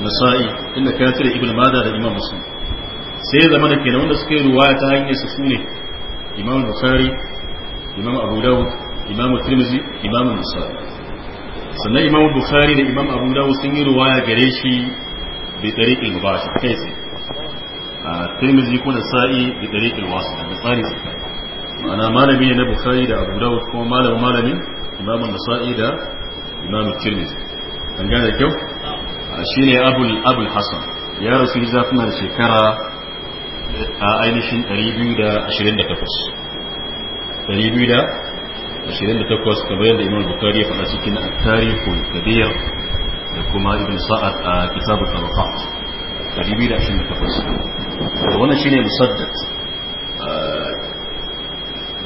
nasa'i inda ka tare ibnu mada da imam muslim sai zamana kenan wanda suka yi ruwaya ta hanyar su sune imam bukhari imam abu dawud imam tirmizi imam nasa'i sannan imam bukhari da imam abu dawud sun yi ruwaya gare shi bi tariqil mubashir kai sai a tirmizi ko nasa'i bi tariqil wasita da tsari ma'ana malami ne na bukhari da abu dawud ko malamin malamin imam nasa'i da imamu tirmidhi an gane kyau shine abul abul hasan ya rasu hijira tana da shekara a ainihin 228 228 kamar yadda imam bukari ya faɗa cikin tarihul kabir da kuma ibn sa'ad a kitabu tabaqat 228 wannan shine musaddad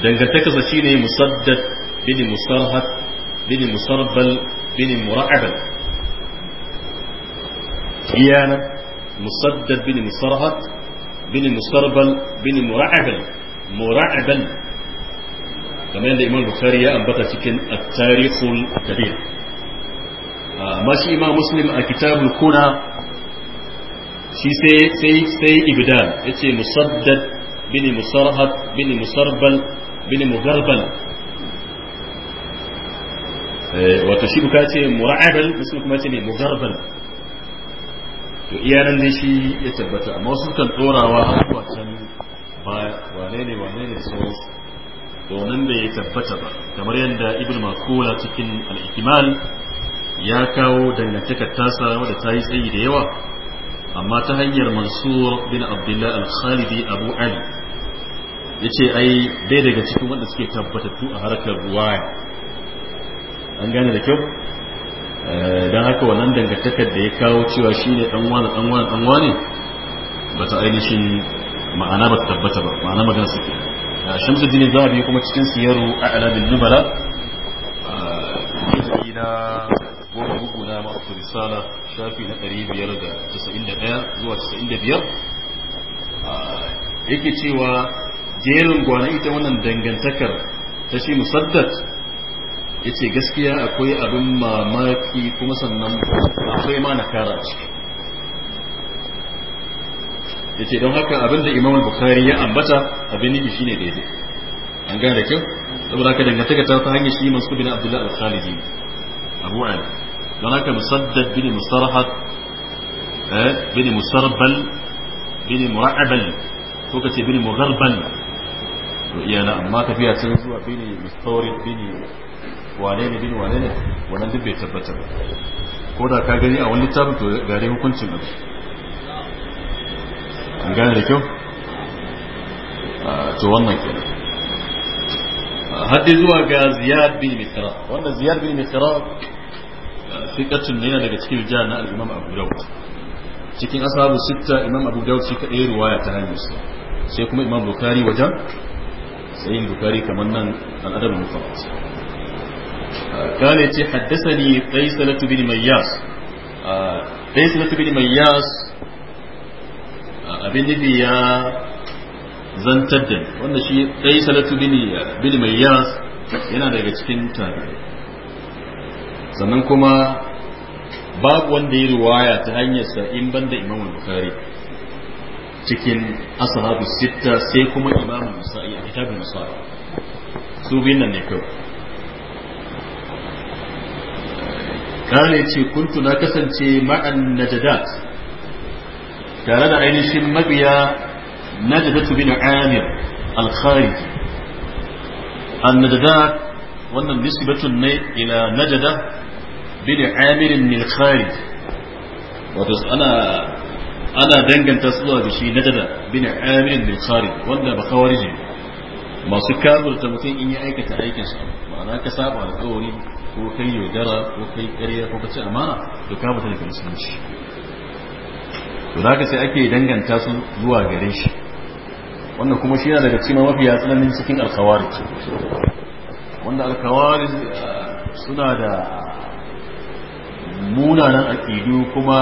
dangantakarsa shine musaddad bin musarhat بني المستقبل بني المراقبة إيانا مسدد بني مصرهت بني المستقبل بني المراقبة مراقبا كما يقول الإمام البخاري يا أنبت تكن التاريخ الكبير آه ماشي إمام مسلم كتاب الكنى shi sai سي ya ce musaddad بني مصرهت بني musarbal بني مغربل Eh, wato shi ka ce mura'abal musul kuma ce ne to iya nan dai shi ya tabbata amma wasu kan tsorawa abubuwa can wane ne wane ne so. sauransu nan bai tabbata ba kamar yadda ibn makula cikin al'ikimal ya kawo dangantakar tasa wadda ta yi tsayi da yawa amma ta hanyar mansur bin abdullahi al-khalidi abu ali ya ce ai dai daga cikin wanda suke tabbatattu a harkar ruwaya an gane da kyau eh, don haka wannan dangantakar da ya kawo cewa shi ne ɗan wani dan wani ɗan wani ba ta ainihin ma'ana ba ta tabbata ba ma'ana magana su ke a eh, shamsu dini biyu kuma cikin siyaru a aladin nubala eh, a na goma bugu na ma'aikata risala shafi na ɗari biyar da casa'in da ɗaya zuwa casa'in da biyar yake cewa jerin gwana ita wannan dangantakar ta shi musaddat ya ce gaskiya akwai abin mamaki kuma sannan akwai ma na kara ciki ya ce don haka abin da imam bukari ya ambata abin nufi shine daidai an gane da kyau saboda haka dangantaka ta fi hanyar shi masu bin abdullahi al-khalidi abu ali don haka musaddad bin musarhat eh, bin musarbal bin mura'abal ko ka ce bin mugharbal to iyana amma tafiya can zuwa bin mustawrid bin wane ne bin wane ne wannan duk bai tabbata ba ko da ka gani a wani littafin to ga dai hukuncin abu an gane da kyau to wannan kenan haddi zuwa ga ziyad bin misra wannan ziyad bin mikra fiqatun ne daga cikin rijal na al-imam abu dawud cikin asabu sitta imam abu dawud shi kadai riwaya ta hanyar sa sai kuma imam bukhari wajen sayin bukhari kamar nan al-adab al-mufrad قال yace haddathani qaysalatu bin mayyas qaysalatu bin mayyas abin nufi ya zantar wanda shi بن مياس bin mayyas yana daga cikin باب sannan kuma babu wanda ya riwaya ta hanyar sa banda cikin asahabu sitta sai kuma imamu musa'i a kitabun musa'i su biyun nan ne kawai kala yace kuntu na kasance ma'an najadat tare da ainihin mabiya najadat bin amir al-khariji an-najadat wannan nisbatun ne ila najada bin amir al-khariji wato ana danganta su zuwa ga shi najada bin masu kafirta mutum in ya aikata aikin sa ma'ana ka saba alƙawari ko kai yaudara ko kai ƙarya ko kace amana to ka mutum da musulunci to za ka sai ake danganta su zuwa gare shi wannan kuma shi yana daga cikin mafi tsananin cikin alkawarij wanda alkawarij ah, suna da munanan aƙidu kuma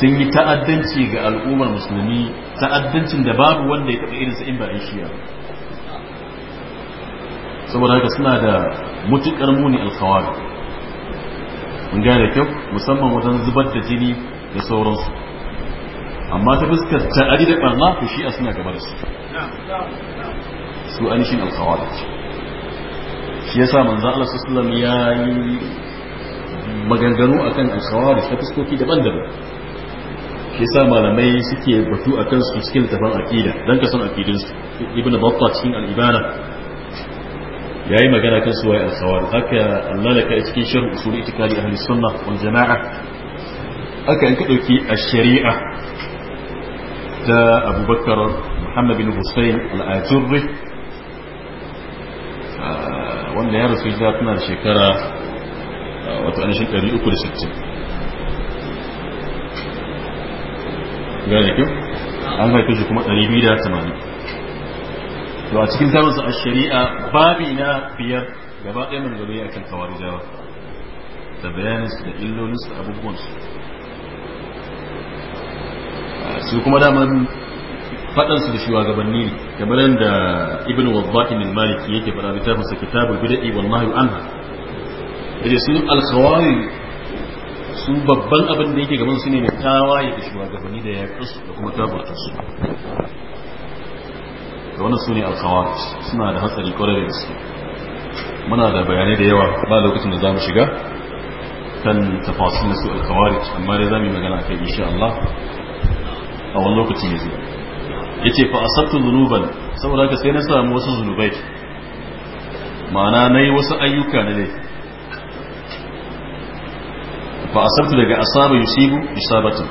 sun yi ta'addanci ga al'ummar musulmi ta'addancin da babu wanda ya taɓa sa in ba a shiya saboda haka suna da mutukar muni alkhawar mun ga da kyau musamman wajen zubar da jini da sauransu amma ta fuskar ta'adi da barna to shi'a suna gaba da su su anishin alkhawar shi yasa manzo Allah sallallahu alaihi wasallam ya yi maganganu akan alkhawar ta fuskoki daban-daban shi sa malamai suke batu a kansu cikin littafin aqida dan ka san aqidinsu ibnu batta cikin al-ibana yayi magana kan su waye al-khawar haka Allah laka a cikin sharh usul itikadi ahli sunna wal jamaa haka in ka dauki ash-shari'a da Abu Bakar Muhammad bin Hussein al-Ajurri wanda ya rasu hijira tana da shekara wato anashin 360 gane kyau an haife shi kuma 280 to a cikin tarinsa a shari'a babi na biyar gaba ɗaya mun gaba akan kawari dawa da bayaninsu da illolinsu da abubuwansu su kuma damar faɗansu da gabanni ne kamar yadda ibn wabba'in al-maliki yake faɗa littafinsa kitabul bid'i wal nahyu anha yace sun al-khawari su babban abin da yake gaban su ne mai tawaye da shugabanni da ya kasu da kuma tabbata su da wannan su ne alkhawarij suna da hatsari kwarai da gaske muna da bayanai da yawa ba lokacin da za mu shiga kan tafasil na su alkhawarij amma dai za mu yi magana kai insha Allah a wani lokaci ne zuwa yace fa asabtu dhunuban saboda ka sai na samu wasu zunubai ma'ana nayi wasu ayyuka na laifi ba asabtu daga asaba yusibu isabatan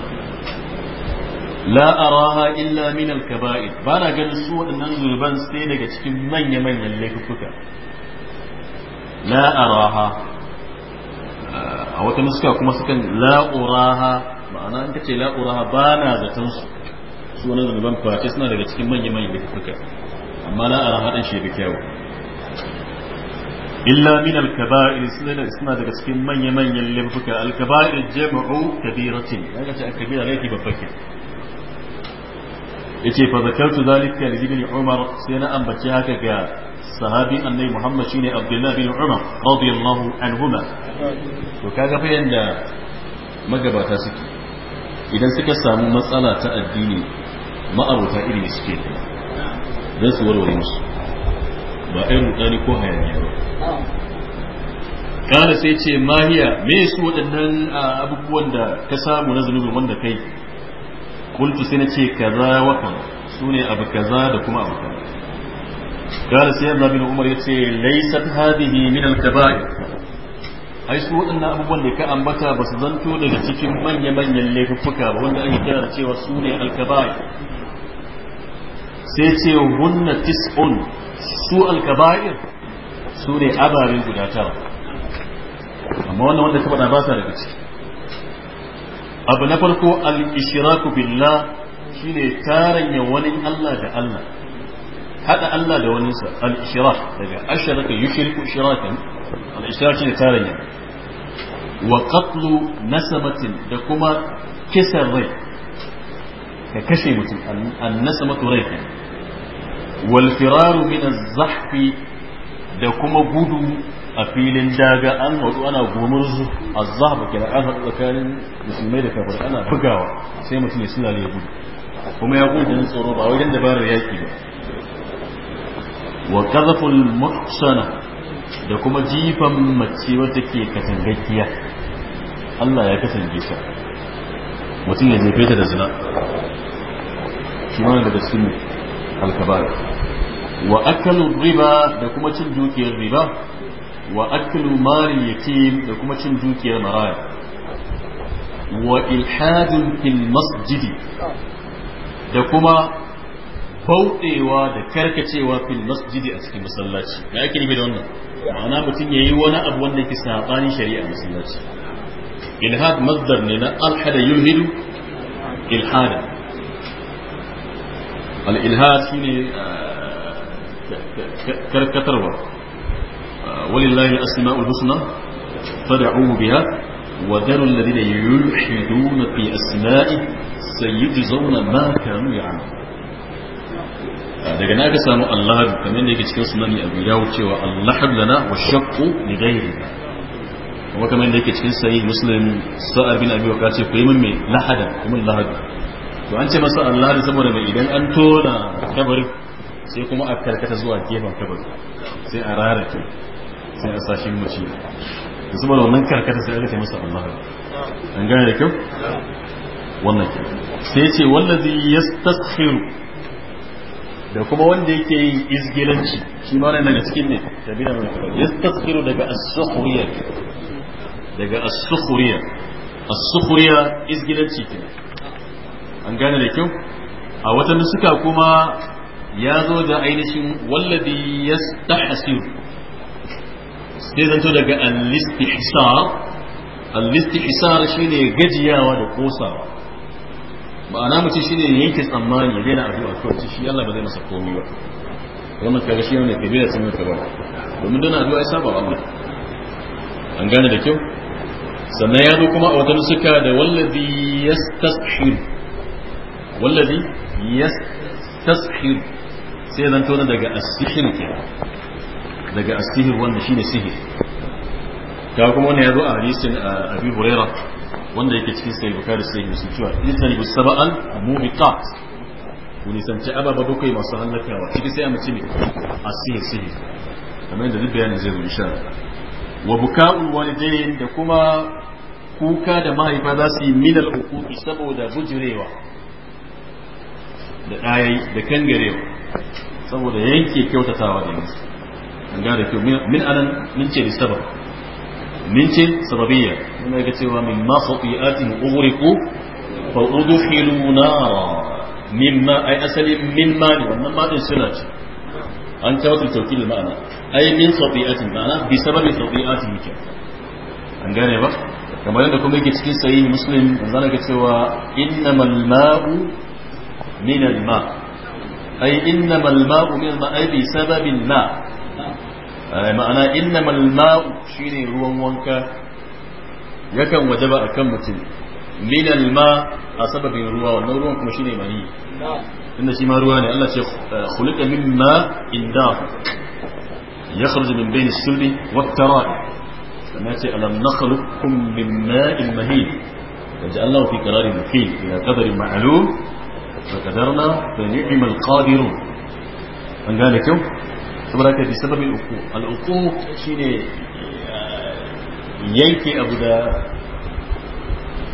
la araha illa min al-kaba'ir ba na ganin su wadannan zunuban sai daga cikin manya-manyan laifuka la araha eh, a wata nuska kuma sukan la uraha ma'ana in kace la uraha ba na zaton su su wannan zunuban face suna daga cikin manya-manyan laifuka amma la araha dan shi da kyawu illa min al-kaba'ir suna daga cikin manya-manyan laifuka al-kaba'ir jam'u kabiratin daga cikin kabira laifi babba ke yace fa zakartu zalika li ibn umar sai na ambace haka ga sahabi annabi muhammad shine abdullah bin umar radiyallahu anhuma to kaga fa yanda magabata suke idan suka samu matsala ta addini ma'arufa iri suke dan su warware musu ba ɗan rudani ko hayaniya ba kala sai ce mahiya me su waɗannan abubuwan da ka samu na zunubin wanda kai kultu sai na ce kaza wa su ne abu kaza da kuma abu kaza kala sai yadda bin umar ya ce laisat hadihi min al-kaba'ir ai su waɗannan abubuwan da ka ambata ba su zanto daga cikin manya-manyan laifuffuka ba wanda ake kira da cewa su ne al-kaba'ir sai ce hunna tis'un su alkaba'ir su ne abarin guda tara amma wannan wanda ka faɗa ba sa daga ciki abu na farko al-ishraku billah shine taranya wani Allah da Allah hada Allah da wani sa al-ishrak daga ashraka yushriku shirakan al-ishrak shine taranya wa qatlu nasabatin da kuma kisan rai ka kashe mutum an nasamatu rai Walfiraru firaru min da kuma gudu a filin daga an hadu ana gomar a zahba kenan an hadu tsakanin musulmai da kafir ana bugawa sai mutum ya suna ne gudu kuma ya gudu da tsoro ba wajen dabarar yaki ba wa qadhful muhsana da kuma jifan mace wacce ke katangakkiya Allah ya kasance ta mutum ya jefe ta da zina shi ma daga cikin alkabar wa akalu riba da kuma cin dukiyar riba wa akalu malin yatim da kuma cin dukiyar maraya wa ilhadin fil masjidi da kuma bauɗewa da karkacewa fil masjidi a cikin masallaci me ake nufi da wannan ma'ana mutum yayi wani abu wanda yake sabani shari'a masallaci ilhad masdar ne na alhada yulhidu ilhada al'ilhad shi ne karkatarwa walillahi asma'ul husna fada'uhu biha wa daru alladhina yulhiduna fi asma'i sayujzauna ma kanu ya'malun daga na ga samu Allah kamar da yake cikin sunani abu ya cewa Allah lana wa shaqqu li ghayri kuma kamar da yake cikin sahih muslim sa'ar bin abi waqas ce ku yi min lahada kuma lahada to an ce masa Allah da saboda mai idan an tona kabarin sai kuma a karkata zuwa gefen kabarin sai a ke sai a sashin mace da saboda wannan karkata sai aka ce masa Allah an gane da kyau wannan ke sai ce wallazi yastaskhiru da kuma wanda yake yin izgilanci shi ma nan daga cikin ne kabila mai kabar daga as-sukhriya daga as-sukhriya as-sukhriya izgilanci kenan an gane da kyau a wata suka kuma ya zo da ainihin wallabi ya stahasir sai zanto daga al-istihsar al shi ne gajiyawa da kosawa ma'ana mutum ne yanke tsammani ya daina addu'a kawai shi Allah ba zai masa komai ba wannan kaga shi ne kabila sun mutu ba domin dana addu'a ya saba Allah an gane da kyau sannan ya zo kuma a wata suka da wallazi yastashir wallazi yastaskhir sai zan tona daga as-sihr kenan daga as sihir ka kuma wannan yazo a hadisin Abi Hurairah wanda yake cikin sahih Bukhari sahih Muslim cewa yatani bis sab'al mubiqat ku nisanci ababa bakwai masu hallakawa ciki sai a mace ne as-sihr sihir kamar yadda duk bayanin zai wa buka'ul walidain da kuma kuka da mahaifa za su yi minal hukuki saboda bujirewa da ɗaya da kangarewa saboda yanke kyautatawa da yanzu an gane kyau min anan min ce da sabab min ce sababiyya yana ga cewa min ma sauƙi'atin ugriku fa udkhilu nara ma ai asali min ma ne wannan ma din suna ce an kyautar tauki da ma'ana ai min sauƙi'atin ma'ana bi sababin sauƙi'atin muke an gane ba kamar yadda kuma yake cikin sahihi muslim zan ga cewa innamal ma'u من الماء أي إنما الماء من الماء أي بسبب الماء أي آه، معنى إنما الماء شيني هو موانكا يكن وجب أكم متن من الماء أسبب الروا والنور كما شيني مني إن شيما رواني الله آه، خلق من ماء إنداه يخرج من بين السلب والترائب سمعتي ألم نخلقكم من ماء مهين وجعلناه في قرار مكين إلى قدر معلوم فقدرنا فنعم القادرون an gane kyau saboda ka bi sababin uku al'uku ne yanke abu da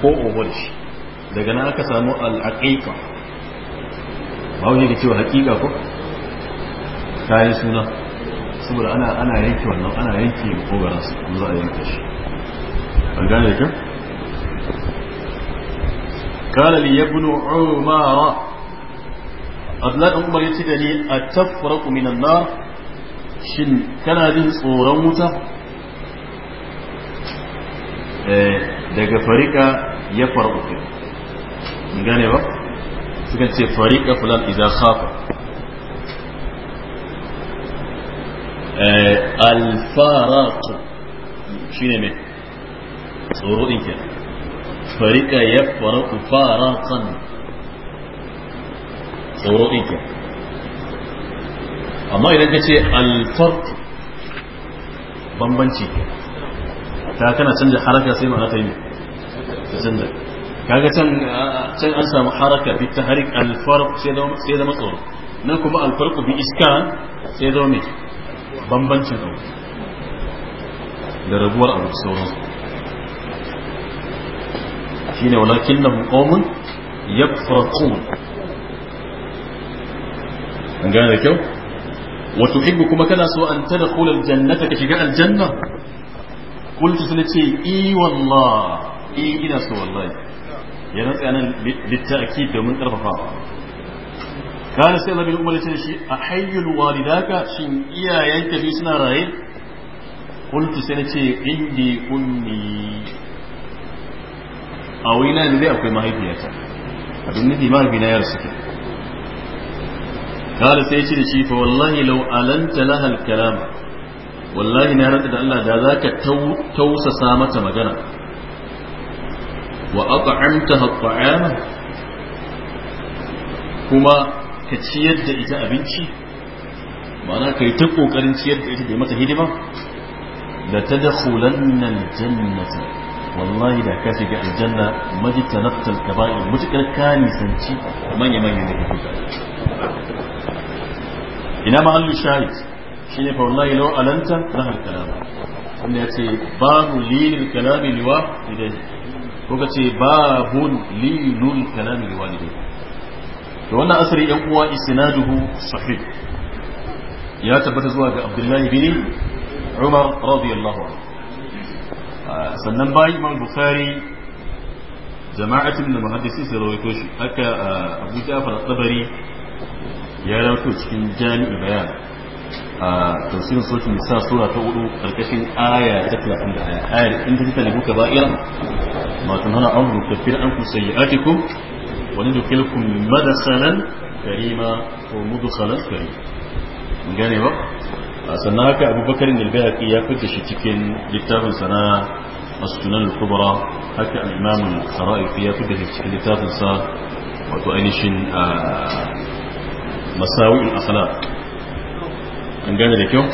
ko ohol shi daga na aka samu al'aƙiƙa ba wani da cewa haƙiƙa ko kayan suna saboda ana ana yanke wannan ana yanke kogaransu za a yanke shi an gane kyau قال لي ابن عمر قد لا أمر يتدني أتفرق من النار شن كان هذه صورة موتة لك إيه، فريقة يفرق فيه من قاني بقى سكنت فريقة فلان إذا خاف إيه، الفارق شنو مين صورة إنتي فريق يفرق فارقا سورويك أما إذا كنت الفرق بمبنشي كأكنا سنجا حركة سيما هاتين سنجا كأكنا سنجا أنسى محركة بالتحريك الفرق سيدا مصور نكما الفرق بإسكان سيدا مي بمبنشي نوم أبو سورويك shine walakin lahum qaumun yafraqun an gane da kyau wa tuhibbu kuma kana so an tadkhula aljannata ka shiga aljanna qultu sun ce i e, wallah i e, ina so wallahi ya rantsa nan litta'kid domin karfafawa kana sai annabi umar ce shi a hayyul walidaka shin iyayenka bi suna raye qultu sai ce indi ummi a wurina yanzu dai akwai mahaifiyata abin nufi mahaifina ya rasu kala sai ce da shi fa wallahi law alanta lahal kalama wallahi na rantsa da Allah da zaka tausasa mata magana wa at'amtaha at'ama kuma ka ciyar da ita abinci ma'ana kai ta kokarin ciyar da ita da mata hidima da tadkhulanna al-jannata wallahi da ka shiga aljanna majita naftal kaba'ir mutukar ka nisanci manya manya ne kake ina mahallu shahid shine fa wallahi law alanta zahar kalama wanda yace babu lilil kalami liwa idan ko kace babun lilul kalami liwa idan to wannan asari yan uwa isnaduhu sahih ya tabbata zuwa ga abdullahi bin umar radiyallahu anhu sannan bayi imam bukhari jama'atin da muhaddisi sai rawaito shi haka abu ja'far tabari ya rawaito cikin jami'i bayan a tafsirin sokin nisa sura ta hudu karkashin aya ta 31 ayar in ta jita libuka ba'ira ma tunhana an rukaffir an ku sayyi'atikum wa nudkhilukum madasalan karima ko mudkhalan karima gane ba sannan haka abubakar al-bayhaqi ya fitar shi cikin littafin sana as-sunan al-kubra haka al-imam al-sara'ifi ya fitar shi cikin littafin sa wato ainihin masawi'ul akhlaq an gane da kyau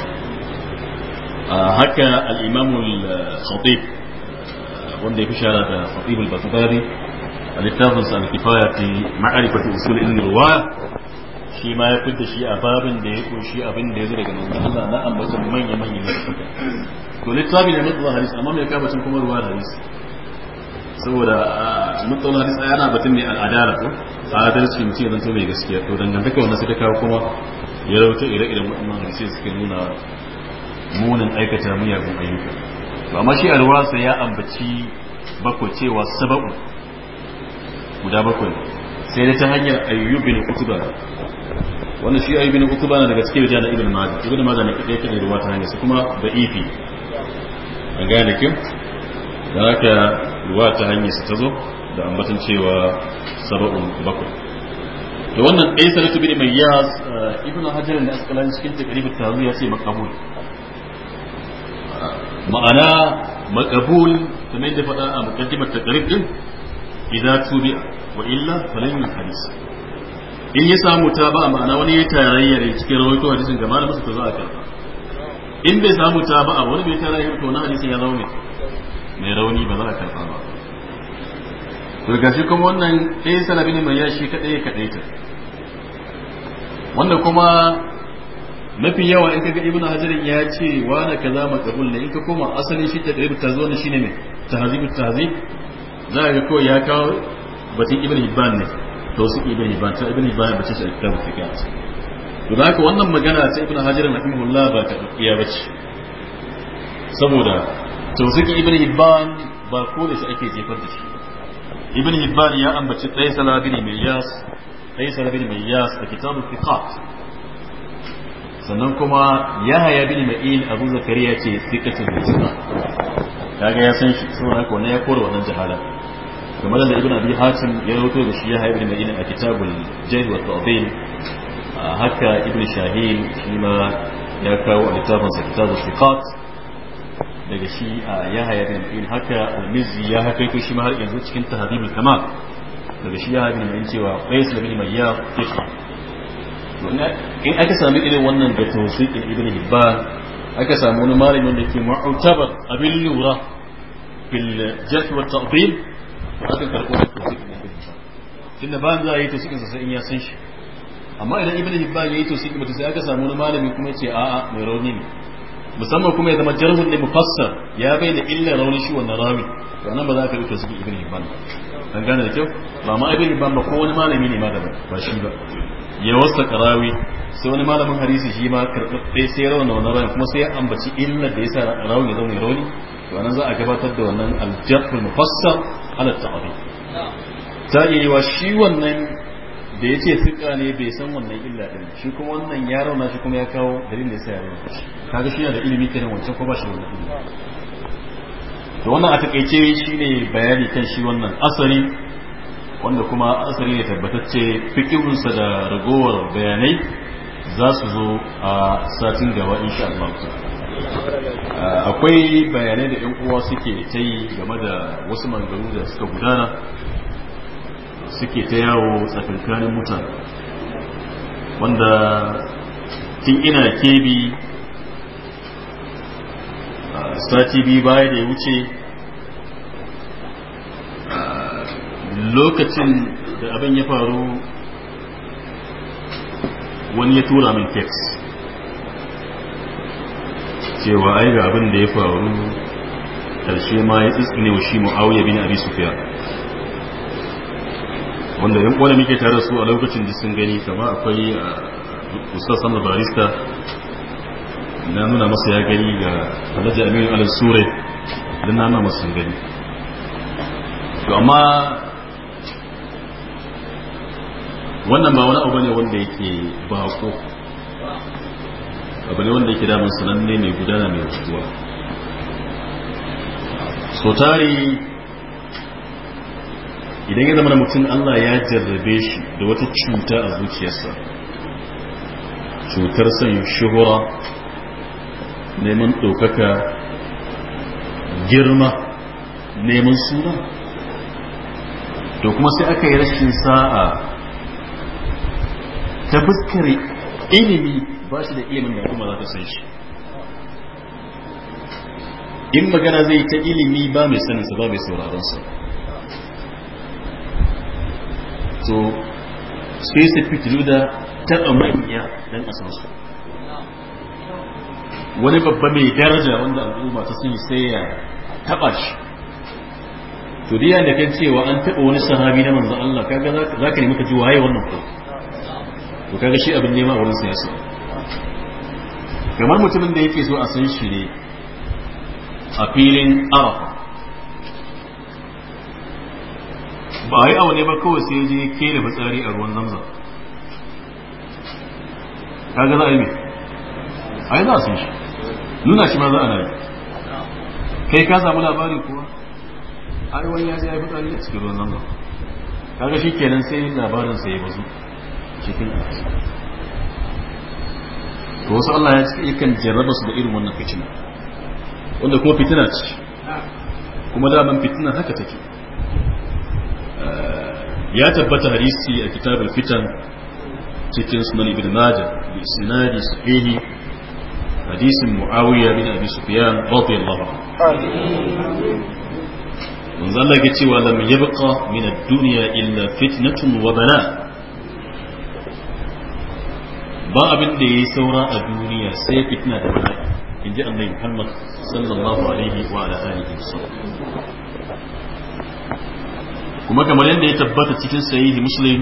haka al-imam al-khatib wanda ya fi shara da khatib al-baghdadi littafin sa al-kifaya fi ma'rifati usul ilmi ruwa shi ma ya fita shi a babin da ya koshi abin da ya zo daga nan Allah na ambata manya manya na suka to littafi ne mutuwa hadis amma mai kafa kuma ruwa hadis saboda mutuwa hadis yana batun ne al'adala ko adalci mutum ya zanto mai gaskiya to dangantaka wannan sai ta kawo kuma ya rauta ire-iren waɗannan hadisai suke nuna munin aikata miyagun ayyuka to amma shi alwasa ya ambaci bakwai cewa sababu guda bakwai sai dai ta hanyar ayyub bin utuba wannan shi ayyub bin utuba na daga cikin wajen ibn majah ibn majah ne kadai kadai ruwa ta hanyar su kuma da ifi an gane kin da haka ruwa ta hanyar su ta zo da ambatan cewa sab'un bakwai to wannan dai salatu bin mayyaz ibn hajar da asqalani cikin taqribut tawzi ya ce makabul ma'ana makabul kamar yadda faɗa a mukaddimar taqrib din idza tubi'a wa illa falan hadis in ya samu ta ba ma'ana wani ya tarayyar cikin rawaito hadisin gama da masu to za a karba in bai samu ta ba a wani bai tarayyar to na hadisin ya zaune. mai rauni ba za a karba ba to gashi kuma wannan ɗaya sanabi ne mai yashi kaɗai kaɗai ta wanda kuma mafi yawa in kaga ibnu hajarin ya ce wa na kaza maqbul ne in ka koma asalin shi ta da ta zo ne shine ne tahzib tahzib za ka ko ya kawo batun ibn hibban ne to su ibn hibban sai ibn hibban bace shi kitabu fiqh to da haka wannan magana sai ibn hajar rahimahullah ba ta dukiya bace saboda tausiki ibn hibban ba ko da shi ake jefar da shi ibn hibban ya ambaci ɗaya salabini mai yas ɗaya salabini mai yas da kitabu fiqat sannan kuma ya haya bin ma'in abu zakariya ce sikacin da kaga ya san shi saboda haka wannan ya kore wannan jahala kamar da ibn abi hatim ya rawaito da shi ya haibu da madina a kitabul jahl wa ta'dil haka ibn shahin shi ma ya kawo a littafin sa kitabul siqat daga shi a ya haya da ibn haka al-mizzi ya haka ko shi ma har yanzu cikin tahdhibul kamal daga shi ya haya da mai cewa qais ibn mayyah fiqh in aka sami irin wannan da tawsiqin ibn hibban aka samu wani malamin da ke mu'tabar abin lura fil jahl wa ta'dil akan karɓo da tosikin na kudi tunda ba za a yi tosikin sa sai in ya san shi amma idan ibn hibban ya yi tosikin mutum sai aka samu wani malami kuma ya ce a'a mai rauni ne musamman kuma ya zama jarhun ne mufassar ya bai da illar rauni shi wannan rawi to nan ba za ka yi tosikin ibn hibban ba an gane da kyau ba ma ibn hibban ba ko wani malami ne ma da ba shi ba ya wasa karawi sai wani malamin hadisi shi ma karɓaɓɓe sai rawan da wannan rawan kuma sai ya ambaci illa da ya sa rawan ya zama rauni to anan za a gabatar da wannan aljarhul mufassal ala ta'abi ta yi wa shi wannan da ya ce tsika ne bai san wannan illa ɗin shi kuma wannan ya rauna shi kuma ya kawo dalilin da ya sa ya rauna shi kaga shi yana da ilimi kenan wancan ko ba shi wannan ilimi to wannan a takaice ne bayani kan shi wannan asari wanda kuma asari ne tabbatacce fikihunsa da ragowar bayanai za su zo a satin gaba insha Allah akwai bayanai da yan uwa suke ta yi game da wasu manzaru da suka gudana suke ta yawo tsakankanin mutane wanda tun ina kebi sati biyu baya da ya wuce lokacin da abin ya faru wani ya tura min text cewa ai ga abin da ya faru karshe ma ya tsitsine wa shi mu'awiya bin abi sufiya wanda yan kwana muke tare su a lokacin da sun gani kama akwai ustaz sama barista na nuna masa ya gani ga alhaji aminu alal sure don na nuna masa gani to amma wannan ba wani abu ne wanda yake ko abu ne wanda yake damar sananne mai gudana mai rukuwa so tari idan ya zama da mutum allah ya jarrabe shi da wata cuta a zuciyarsa cutar son shuhura neman ɗaukaka girma neman suna to kuma sai aka yi rashin sa'a ta fuskar ilimi ba shi da ilimin da kuma za ta san shi in magana zai ta ilimi ba mai saninsa ba mai sauraronsa to sai su fitilu da taɓa manya don a san su wani babba mai daraja wanda al'umma ta sani sai ya taba shi to da kan cewa an taba wani sahabi na manzo Allah kaga zaka nemi ka ji waye wannan ko to kaga shi abin nema wurin sa yasa kamar mutumin da yake so a san shi ne a filin arafa ba a yi ne ba kawai sai je ke da fitsari a ruwan zamza kaga za a yi mai a yi za a san shi nuna shi ma za a na yi kai ka samu labari kuwa ai wani ya zai fitar a cikin ruwan zango kaga shi kenan sai yin labarin sai ya bazu cikin aiki to wasu Allah ya ce yakan jarraba su da irin wannan fitina wanda kuma fitina ce kuma daman fitina haka take ya tabbata hadisi a kitabul fitan cikin sunan ibn majah bi isnadi sahihi hadisin muawiya bin abi sufyan radiyallahu anhu manzo Allah ke cewa lam yabqa min ad-dunya illa fitnatun wa bala ba abin da yayi saura a duniya sai fitna da bala'i inji annabi Muhammad sallallahu alaihi wa ala alihi wasallam kuma kamar yadda ya tabbata cikin sahihi muslim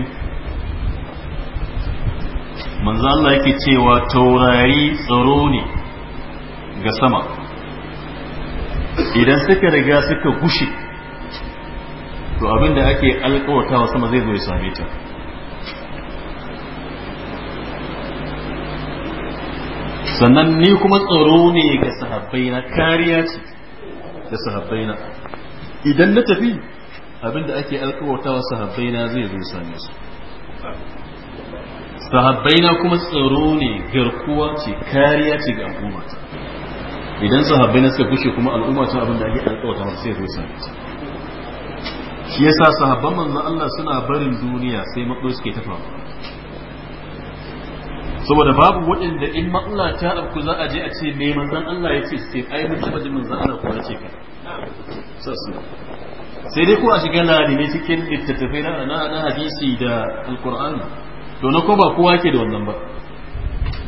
manzo Allah yake cewa taurari tsaro ne ga sama idan suka riga suka gushe to abin da ake alkawatawa sama zai zo ya same ta sannan ni kuma tsaro ne ga na kariya ce ga na idan na tafi abinda ake alkawatawa na zai zo ya same su sahabbai na kuma tsaro ne garkuwa ce kariya ce ga al'umma idan sahabbai na suka kushe kuma al'umma ta abin da ake alƙawata masu sai zai shi yasa sahabban manzo Allah suna barin duniya sai matso suke tafa. saboda babu waɗanda in matsala ta ɗauku za a je a ce me manzan Allah ya ce sai ai mun taɓa jin manzon Allah ko ce ka sai dai ko a shiga lalime cikin littattafai na hadisi da alqur'ani to na ko ba kowa ke da wannan ba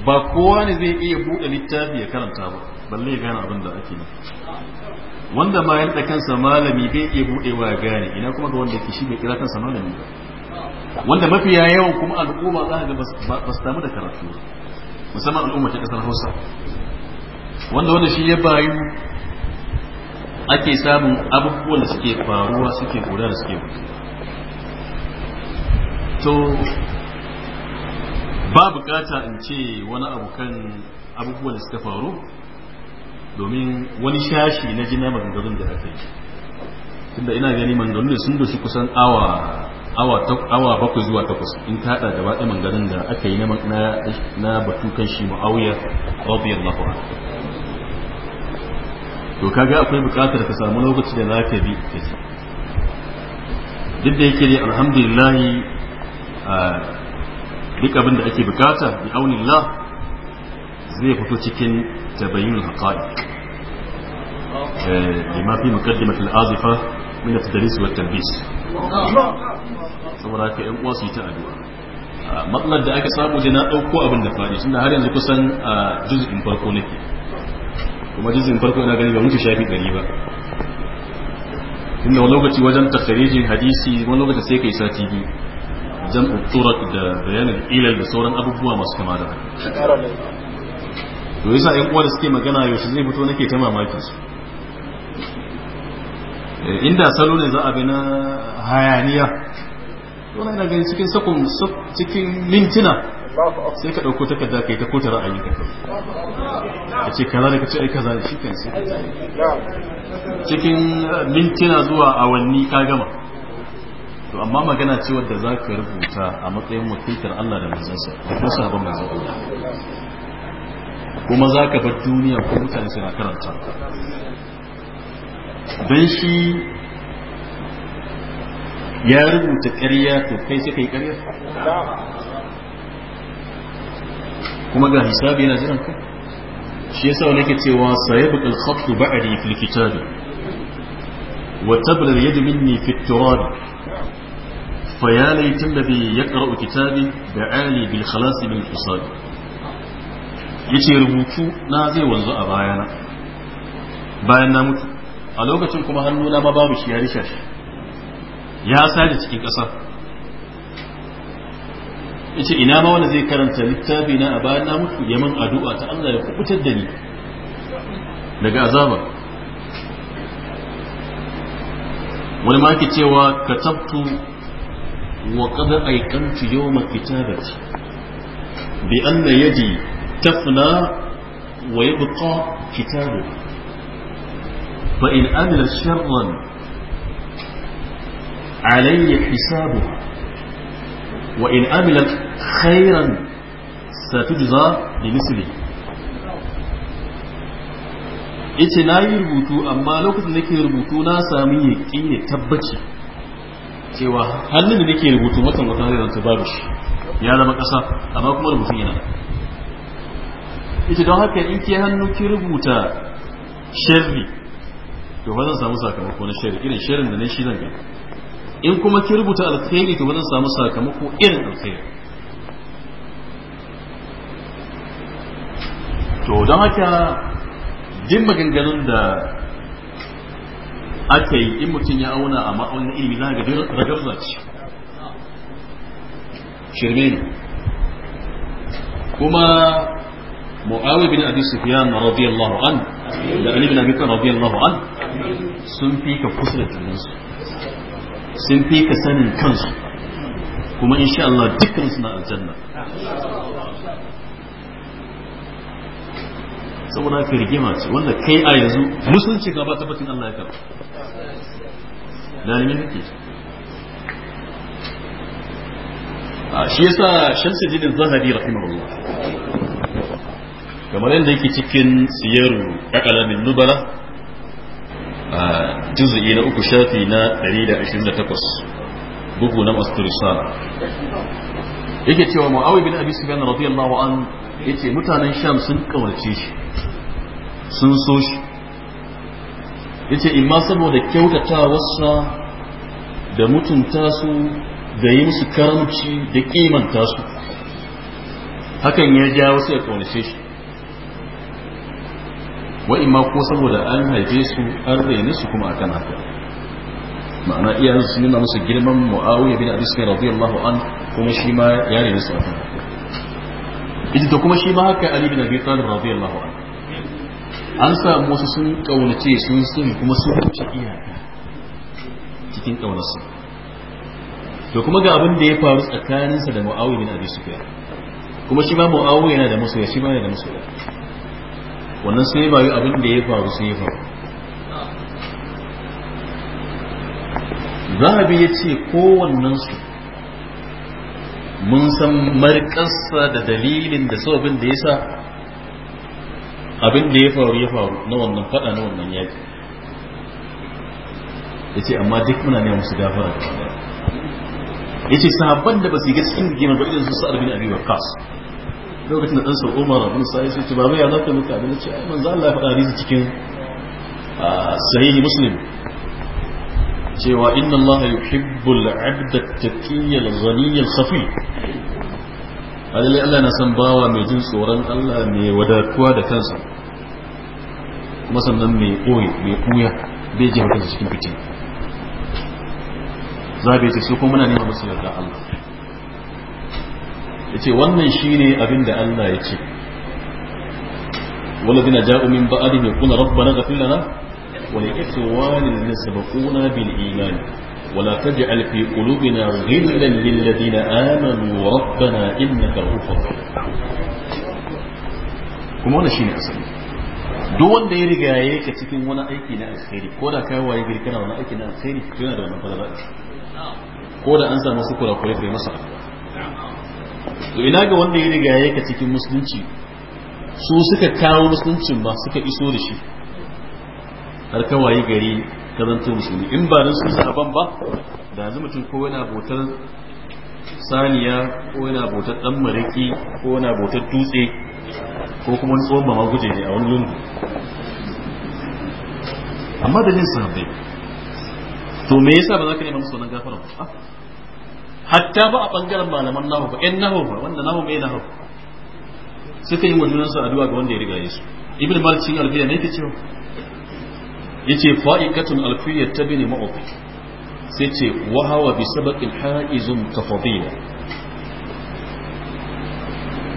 ba kowa ne zai iya buɗe littafi ya karanta ba balle ya gane abin da ake yi wanda ma ya kansa malami bai iya buɗewa ya gane ina kuma ga wanda ke shi bai kira kansa malami ba wanda mafi yawan kuma al'umma za ga ba su samu da karatu musamman al'umma ta kasar hausa wanda wanda shi ya bayu ake samun abubuwan da suke faruwa suke gudana suke to ba bukata in ce wani abu kan abubuwan da suka faru domin wani shashi na jina maganganun da aka yi tunda ina gani maganganun da sun doshi kusan awa awa bakwai zuwa takwas in ka da gaba ɗaya maganganun da aka yi na batu kan shi ma'auya rabiyar anhu to kaga akwai bukatar ka samu lokaci da zaka bi duk da yake dai alhamdulillah ah, duk abin da ake bukata bi la zai fito cikin tabayyun haqa'iq lima eh, fi muqaddimat al min tadris wa at saboda haka yan uwa su ta addu'a ah, matsalar da aka samu da na ɗauko abin da fadi tunda har yanzu kusan ah, juz'in farko nake kuma juz'in farko ina gani ba mutu shafi gari ba tunda wani lokaci wajen tasirijin hadisi wani lokaci sai kai sati biyu jam'u turat da bayanin ilal da sauran abubuwa masu kama da haka to yasa ƴan uwa da suke magana yaushe zai fito nake ta mamakin su eh, inda salo ne za a bi na hayaniya wannan ina gani cikin sakon cikin mintuna sai ka ɗauko takarda kai ta kota ra'ayi ka kai a ce kaza da ka ce ai kaza da shi kan sai cikin mintuna zuwa awanni ka gama to amma magana ce wadda za ka rubuta a matsayin wakiltar Allah da manzansa ko sahabban manzon Allah kuma za ka bar duniya ko mutane suna karanta dan shi ya rubuta ƙarya to kai sai kai ƙarya kuma ga hisabi yana jiran ka shi yasa wani ke cewa sayabqa al-khattu ba'di fil kitabi wa tabla yadu minni fit turabi فيا ليت الذي يقرأ كتابي دعالي بالخلاص من الحصاد yace rubutu na zai wanzu a bayana bayan na mutu a lokacin kuma hannuna ma babu shi ya risha shi ya sada cikin ƙasa yace ina ma wanda zai karanta littafi na a bayan na mutu ya min addu'a ta Allah ya kubutar da ni daga azaba wani ma ke cewa katabtu وقد أيقنت يوم كتابتي بأن يدي تفنى ويبقى كتابه فإن أمل شرا علي حسابه وإن أملت خيرا ستجزى بمثله ita na yi rubutu amma lokacin da ke rubutu na sami yaƙi ne tabbaci cewa hannun da nake rubutu watan wata hannun ta babu shi ya zama ƙasa amma kuma rubutun yana ita don haka in ke hannu ki rubuta sharri to ba zan samu sakamako na sharri irin sharrin da na shi zan gani in kuma ki rubuta alkhairi to ba zan samu sakamako irin alkhairi to don haka duk maganganun da aka yi in mutum ya auna a ma'aunin ilimi za ga ragabza ce shirme ne kuma mu'awi bin abi sufyan radiyallahu an da ali bin abi radiyallahu an sun fi ka kusa da junansu sun fi ka sanin kansu kuma insha Allah dukkan suna aljanna saboda haka rigima ce wanda kai a yanzu musulunci ga ba tabbacin Allah ya karba dalimin a shi yasa shamsu shamsuddin zahabi rahimahullah kamar yadda yake cikin siyaru akalamin nubala a juz'i na uku shafi na 128 bugu na masturisala yake cewa mu'awi bin abi sufyan radiyallahu an yace mutanen sham sun kawarce shi sun so shi yace imma saboda wasa da mutunta su da yi musu karamci da kimanta su hakan ya ja wasu ya kaunace shi wa imma ko saboda an haife su an raine su kuma akan haka ma'ana iyayen su nuna musu girman mu'awiya bin abi sufyan radiyallahu an kuma shi ma ya raine su akan haka ita kuma shi ma haka ali bin abi talib radiyallahu an an samu wasu sun kaunace sun sun kuma sun wuce iyaka cikin kaunarsa to kuma ga abin da ya faru tsakaninsa da mu'awiya bin abi sufyan kuma shi ma mu'awiya yana da masoya shi ma yana da masoya wannan sai bayu abin da ya faru sai ya faru zahabi ya ce su mun san markarsa da dalilin da sababin da ya sa abin da ya faru ya faru na wannan faɗa na wannan yaki ya ce amma duk muna neman su gafara ya ce sahabban da ba su yi gaskin da gina ba idan su sa'ar bin abi wakas lokacin da ɗan sau umar abin sa'i sai ce babu ya za ka muka abin da ce ai manzo Allah ya faɗa hadisi cikin sahihi muslim cewa inna Allah yuhibbul abda taqiyyal ghaniyyal khafi hadalai Allah na san bawa mai jin tsoron Allah mai wadatuwa da kansa kuma sannan mai koyi mai kuya bai ji hankali cikin fitina zabe ce su kuma muna nema musu yarda Allah yace wannan shine abin da Allah ya ce والذين جاءوا من بعدهم يقولون ربنا اغفر لنا ولإخواننا الذين سبقونا بالإيمان ولا تجعل في قلوبنا غلا للذين آمنوا ربنا إنك رؤوف رحيم. كما شيء أسلم. duk wanda ya riga ya ka cikin wani aiki na alkhairi ko da kai waye gari kana wani aiki na alkhairi to yana da wannan fadala ko da an samu su kula kula kai masa to ina ga wanda ya riga ya ka cikin musulunci su suka kawo musuluncin ba suka iso da shi har ka waye gari ka zanto musulmi in ba nan su sahaban ba da yanzu mutum ko yana bautar saniya ko yana bautar dan maraki ko yana bautar dutse ko kuma wani tsohon bama guje ne a wani lungu amma da jin sahabbai to me yasa ba za ka nema musu wannan gafara ba ah, hatta ba a bangaren malaman nahu ba ƴan nahu ba wanda nahu mai nahu suka yi wajen su addu'a ga wanda ya riga yesu ibn malik cikin alfiya ne yake cewa yace fa'iqatun Alfiya tabni ma'ufi sai ce wa hawa bi sabaqil ha'izum kafadila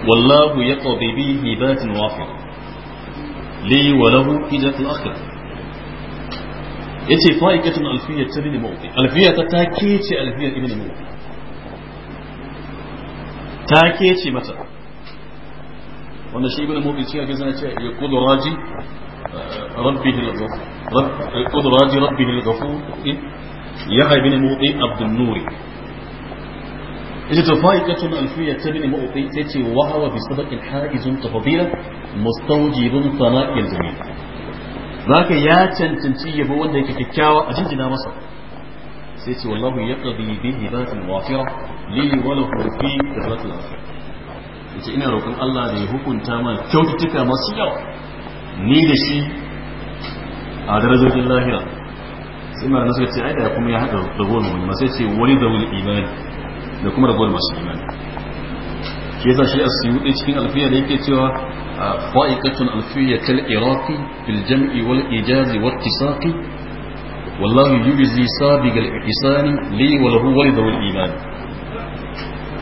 والله يقضي به بات واحد لي وله إجاة الأخرة يتي فائقة ألفية ابن موطي ألفية تتاكيتي ألفية ابن موطي تاكيتي متى وأن شيء ابن موطي شيء كذا شيء يقول راجي آه، ربه الغفور رب الغفور إيه؟ يحيى ابن موطي عبد النوري ita ta fa'iqatun alfiya ta bin mu'ti sai ce wa hawa bi sabaqin haizun tafadila mustawjibun sana'il jamil zaka ya cancanci yabo wanda yake kikkiawa a jinjina masa sai ce wallahu yaqdi bi hibatin wafira li wa lahu fi qiratil asr yace ina roƙon Allah da ya hukunta mana kyaututtuka masu yawa ni da shi a darajojin lahira sai ma suka ce ai da kuma ya hada ragowar wani ma sai ce wani da wani imani da kuma rabuwar masu imani ke za shi a suyuɗe cikin alfiya da yake cewa fa'iƙatun alfiya kal iraki bil jam'i wal ijazi wat tisaqi wallahu yujzi sabi gal ihsani li wa lahu walid wal iman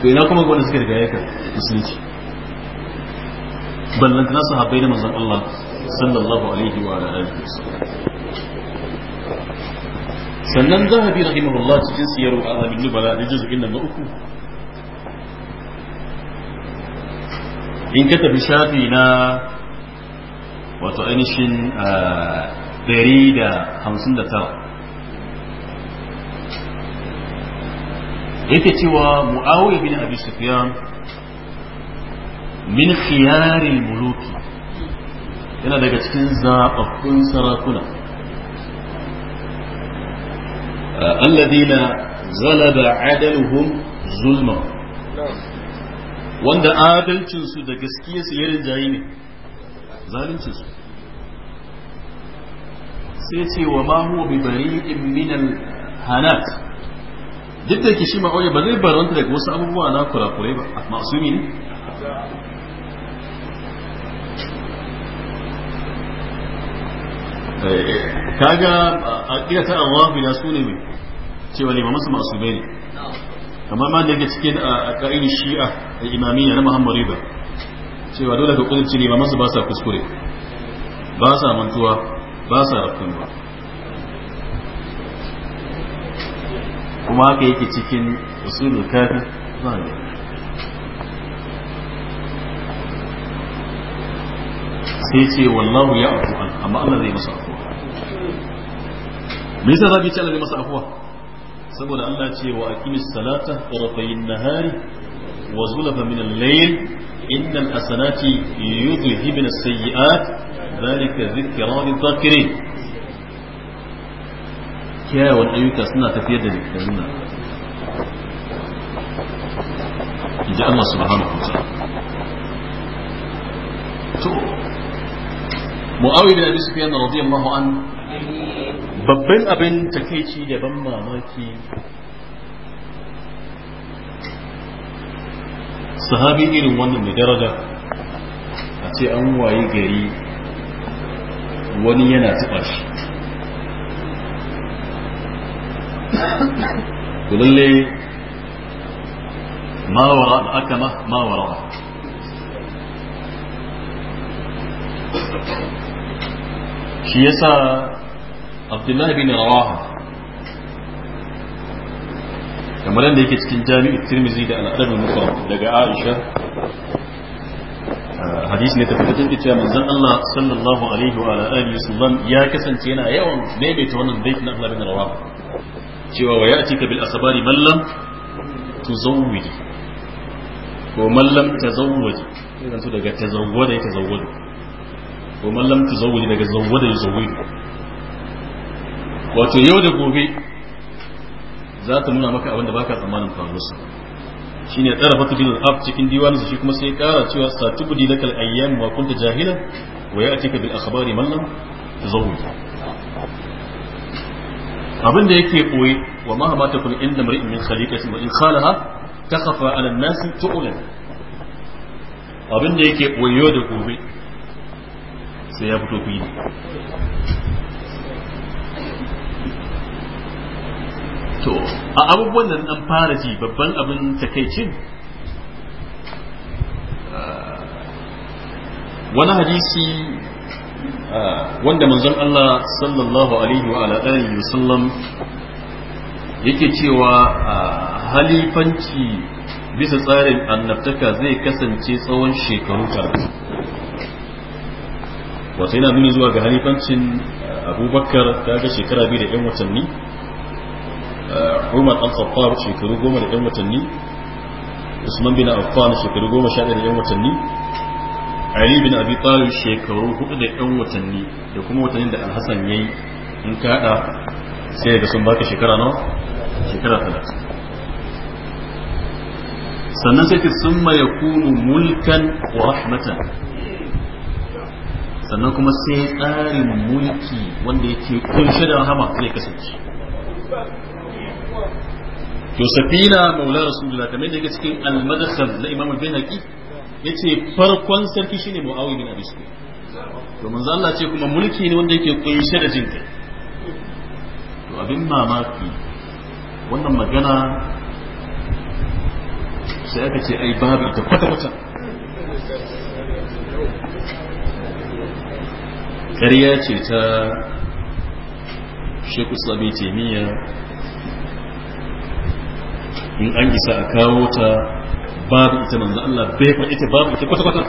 to ina kuma gwanda suka riga yaka musulunci ballantana sahabbai da manzon Allah sallallahu alaihi wa alihi wasallam sannan zahabi rahimahullah cikin siyaru a alamin nubala da juz'in nan na uku in ka tafi shafi na wato ainihin ɗari da hamsin da tara yake cewa mu'awiyah bin abi sufyan min khiyaril muluki yana daga cikin zaɓaɓɓun sarakuna alladhina zalaba adaluhum zulma wanda adalcinsu da gaskiyarsu ya rinjaye ne zaluncinsu sai ce ma huwa bi bari'in min al duk da kishi ma'auya ba zai baranta daga wasu abubuwa na kurakurai ba masumi ne kaga a aqida ta awabila sune mai cewa ne su masu bai kamar ma da yake cikin a aqaidin shi'a da imamiyya na Muhammad Riba cewa dole ka kudurci limaman masu ba sa kuskure ba sa mantuwa ba sa rakunwa kuma haka yake cikin usulul kafi zahiri sai ce wallahu ya afu amma Allah zai masu abu. me yasa zabi ce Allah zai masa afuwa saboda Allah ce wa aqimis salata tarafayn nahari wa zulafa min al-layl inna al hasanati yudhhibna as-sayyi'at dhalika dhikra lidh-dhakirin kyawun ayyuka suna tafiyar da dukkanin Ji Allah subhanahu wa ta'ala to Muawiya bin Abi Sufyan radiyallahu anhu babban abin takeici da ban mamaki sahabi irin wannan mai daraja a ce an waye gari wani yana taɓa shi lalle mawara da aka ma mawara. shi yasa abdullahi bin rawaha kamar yadda yake cikin jami'in tirmizi da al'adabin mutum daga aisha ah, hadisi ne ta fita cikin cewa manzon Allah sallallahu alaihi wa alihi ya kasance yana yawan daidaita wannan baiti na Allah bin rawaha cewa wa ya'tika bil asbari man lam tuzawwidi ko man lam tazawwaji daga tazawwada ya tazawwada ko daga wato yau da gobe za ta nuna maka abinda baka tsammanin faruwarsa shi ne tsara fata bin al cikin diwanin shi kuma sai kara cewa satubdi lakal ayyam wa kunta jahila wa ya ya'tika bil akhbari mallam lam tazawwaj abin da yake koyi wa ma ma takun inda mar'in min khaliqatin wa in khalaha takhafa ala an-nas tu'lan abin da yake koyo da gobe sai ya fito fili to a abubuwan nan an fara ji babban abin takaicin uh, wani hadisi uh, wanda manzon Allah sallallahu alaihi wa ala alihi sallam yake cewa uh, halifanci bisa tsarin annabtaka zai kasance tsawon shekaru tara wato yana nuna zuwa ga halifancin abubakar ta ga shekara biyu da 'yan watanni Umar al-Khattab shekaru goma da 'yan watanni Usman bin Affan shekaru goma sha da 'yan watanni Ali bin Abi Talib shekaru hudu da 'yan watanni da kuma watannin da Alhassan ya yi in ka hada sai ga sun baka shekara nawa shekara 30 sannan sai ce sun ya kunu mulkan wa rahmatan sannan kuma sai tsarin mulki wanda yake kunshe da rahama zai kasance to safina maula rasulullah kamar da cikin al na imam al-bayhaqi yace farkon sarki shine muawiya bin abi sufyan to manzo Allah ce kuma mulki ne wanda yake kunshe da jinkai to abin mamaki wannan magana sai aka ce ai babu ita kwata-kwata ƙarya ce ta shekul sami taimiyya in an isa a kawo ta babu ita manzo Allah bai faɗi ta babu ita kwata kwata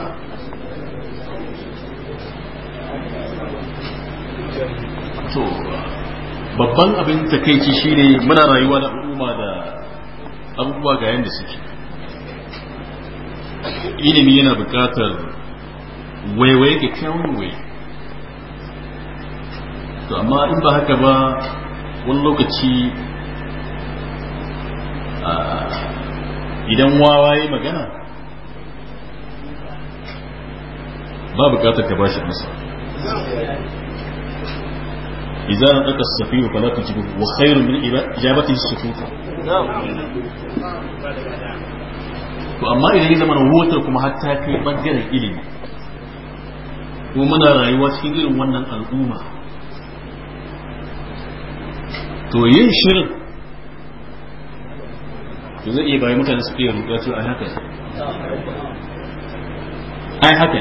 to babban abin takeici shine muna rayuwa da al'umma da abubuwa ga yanda suke ilimi yana bukatar waiwaye kyawun wai to amma in ba haka ba wani lokaci idan wawa yi magana ba bukatar ka bashi aka إذا نطق السفيه فلا تجبه وخير من إجابته السكوت to amma idan yi zama na wutar kuma hatta kai bangaren ilimi ko muna rayuwa cikin irin wannan al'umma to yin shirin to zai iya bayi mutane su fiye rubuwa to ai haka ai haka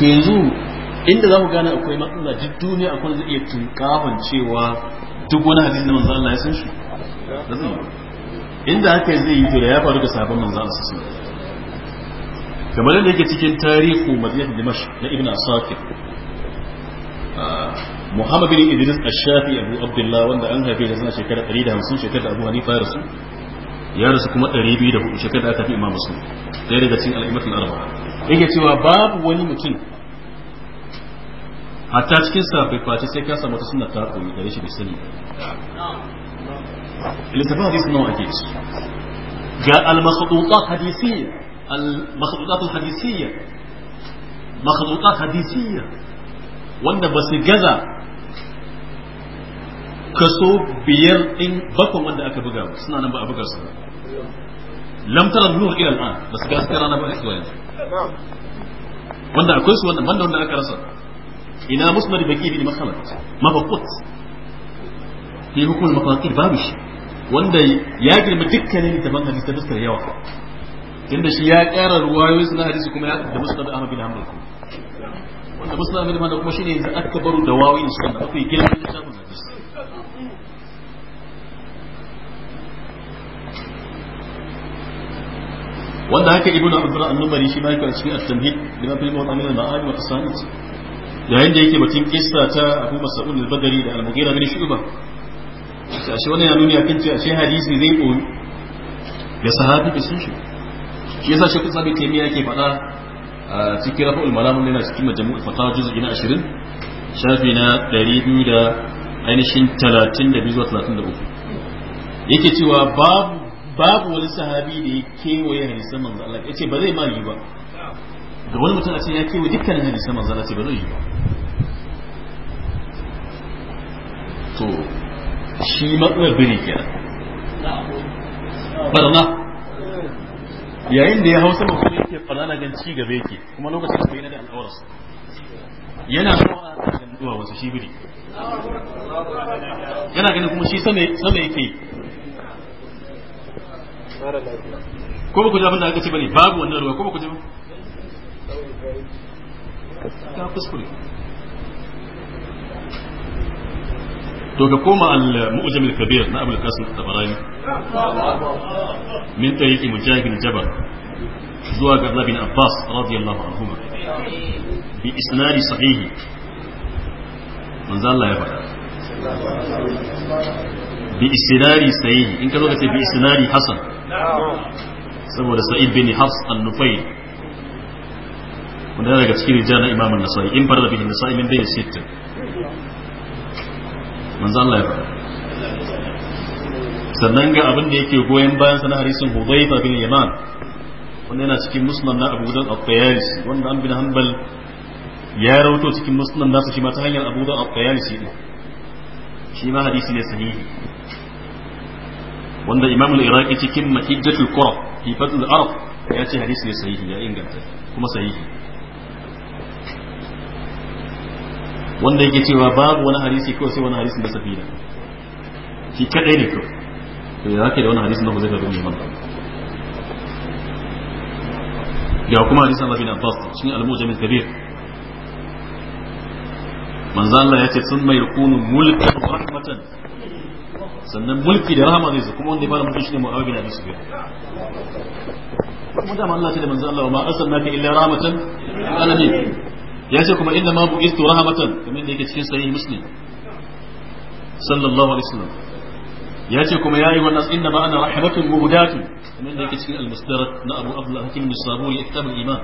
yanzu inda za ku gane akwai matsala duk duniya akwai zai iya tunkahon cewa duk wani hadisi na manzan Allah ya san shi inda haka zai yi tura ya faru da sabon manzan Allah su kamar yadda yake cikin tarihu madinat dimash na ibn asakir ah, Muhammad bin Idris Ash-Shafi Abu Abdullah wanda an haife shi suna shekara 150 shekara da Abu Hanifa rasu ya rasu kuma 204 shekara da aka fi Imam Muslim ɗaya daga cikin al-Imamatul Arba'a yake cewa babu wani mutum hatta cikin safe face sai ka samu ta suna ta koyi gare shi bai sani littafin hadisi nawa ake ci ga al-makhdutat hadisiyya al-makhdutat hadisiyya makhdutat hadisiyya wanda ba su gaza kaso biyar din bakon wanda aka buga suna nan ba a buga su lam tara nur ila al'an ba su gaske rana ba su yanzu wanda akwai su wannan banda wanda aka rasa ina musnad baki bin makhalat mafaqut fi hukumul mafaqir babu shi wanda ya girma dukkanin da ban hadisi ta fuskar yawa inda shi ya kara ruwayoyi suna hadisi kuma ya da musnad ahmad bin hanbal wanda musnad ahmad bin hanbal kuma shine yanzu akbaru da wawi sunan akwai girman shafin hadisi wanda haka ibnu abdullah an-numari shi ma yake a cikin at-tamhid bima fil mu'min al-ma'ani wa asanid yayin da yake batun kissa ta Abu Mas'ud al-Badri da al-Mughira bin Shu'ba sai ashe wannan ya nuni akan cewa ashe hadisi zai koyi da sahabi bisin shi shi yasa shekul sabi taymiya yake faɗa a cikin rafa'ul malam ne cikin majmu'ul fatawa juz'i na ashirin. shafi na 200 da ainihin talatin da biyu zuwa talatin da 33 yake cewa babu babu wani sahabi da ya kewaye hadisan manzo Allah yace ba zai ma yi ba da wani mutum a ce ya kewaye dukkanin hadisan manzo Allah ce ba zai yi ba to shi matsalar biri kenan barna yayin da ya hau sama kuma yake falala gan ci gaba yake kuma lokacin da yana da al'aurarsa yana so a ganin wasu shi biri yana ganin kuma shi sama yake ko ba ku ji abin da aka ce bane babu wannan ruwa ko ba ku ji ba ta kuskure to ka koma al-mu'jam al-kabir na abul qasim at-tabarani min tariqi mujahid bin jabal zuwa ga ibn abbas radiyallahu anhuma bi isnadi sahihi manzo Allah ya faɗa bi istinari sahihi in ka zo ka ce bi istinari hasan saboda sa'id bin hafs an-nufayl wanda daga cikin rijal na imam an-nasa'i in farda bihi an-nasa'i min bayni sittin manzo Allah ya faɗa sannan ga abin da yake goyen bayan sana hadisin Hudayfa bin Yaman wanda yana cikin musnad na Abu Dawud al-Tayalisi wanda an bin Hanbal ya rawato cikin musnad nasa shi ma ta hanyar Abu Dawud al-Tayalisi din shi ma hadisi ne sahihi wanda imam al cikin mahijjatul qura fi fadl al ya ce hadisi ne sahihi ya inganta kuma sahihi wanda yake cewa babu wani hadisi ko sai wani hadisi da safina shi kadai ne ko to ya ke da wani hadisi na Huzaifa bin Yaman ga kuma hadisi Allah bin Abbas cikin al-Mujam kabir manzo Allah ya ce sun mai kunu mulkan rahmatan sannan mulki da rahama zai su kuma wanda ya fara mulki shine Muawiya bin Abi Sufyan mu da Allah ta da manzo Allah ma ka illa rahmatan lil alamin ya ce kuma inna ma bu'istu rahmatan kamar da yake cikin sahih Muslim sallallahu alaihi wasallam ya ce kuma yayi wannan inna ma ana rahmatun muhdatu kamar da yake cikin al mustarad na Abu Abdullah Hakim Nisaburi kitab al-iman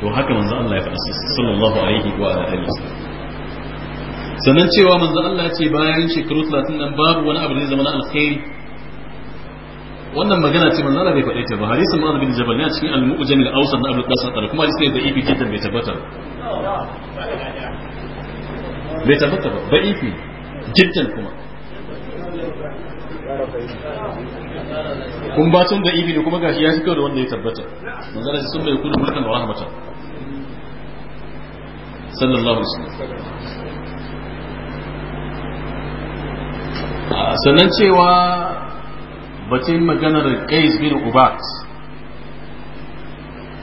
to haka manzo Allah ya faɗa sallallahu alaihi wa alihi wasallam sannan cewa manzo Allah ya ce bayan shekaru 30 nan babu wani abu da zai zama na alkhairi wannan magana ce manzo Allah bai faɗe ta ba hadisin Mu'adh bin Jabal ne a cikin al-Mu'jam al-Awsat na Abdul Qasim al kuma hadisi ne da ibi jiddan bai tabbata bai tabbata ba ba ibi jiddan kuma kun ba tun da ibi ne kuma gashi ya fi kyau da wanda ya tabbata manzo Allah sun bai kudu mulkan wa rahmatan sallallahu alaihi wasallam sannan cewa batun maganar qais bin ubat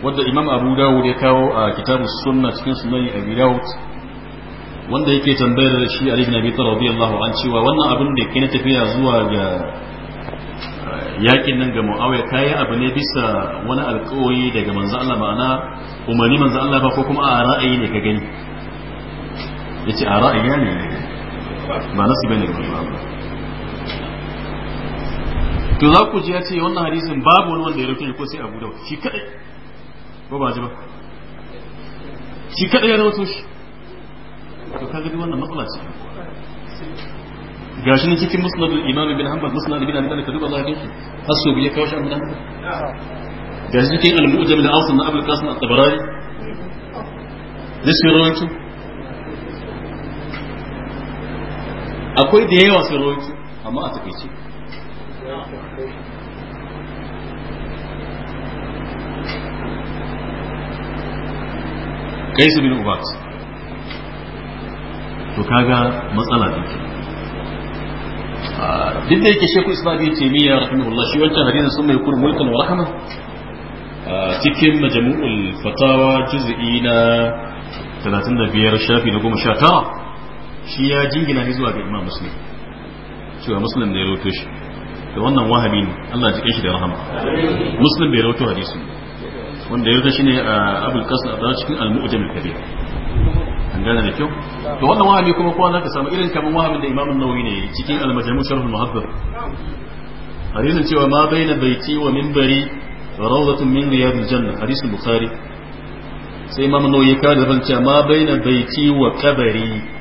wanda imam abu dawud ya kawo a kitabus sunna cikin sunan abi dawud wanda yake tambayar da shi ali ibn abi talib radiyallahu an cewa wannan abin da ke na tafiya zuwa ga eh, yakin nan ga muawiya kai abu ne bisa wani alƙawari daga manzo Allah ma'ana umarni manzo Allah ba ko kuma a ra'ayi ne ka gani yace a ra'ayi ne ba nasu bane to za ku ji ya ce wannan hadisin babu wani wanda ya rawaito ko sai Abu Dawud shi kadai ko ba ji ba shi kadai ya rawaito shi to kaga duk wannan matsala ce gashi ne cikin musnad al-imam bin hanbal musnad bin hanbal ka duba zakin shi hasu bi ya kawo shi annabi gashi cikin al-mu'jam al-awsat na Abu al-Qasim at-Tabarani da shi akwai da yawa su rawaito amma a takaice kai su bin ubat to kaga matsala ne duk da yake shekul islam ya taimiyya rahimahullah shi wancan hadisin sun mai kurmul kan rahama cikin majmu'ul fatawa juz'i na 35 shafi na 19 shi ya jingina ne zuwa ga imam muslim cewa muslim da ya roto shi da wannan wahabi ne Allah jikin shi da rahama muslim bai roto hadisi wanda ya roto shi ne a uh, abul kasan a cikin al-mu'jam al-kabir an gane da kyau to wannan wahabi kuma kowa zaka samu irin kaman wahabin da imam an-nawawi ne cikin al-majmu' sharh al-muhaddab hadisin cewa ma baina baiti wa minbari rawdatun min riyadil janna hadisin bukhari sai imam an-nawawi ya kada ran cewa ma baina baiti wa kabari.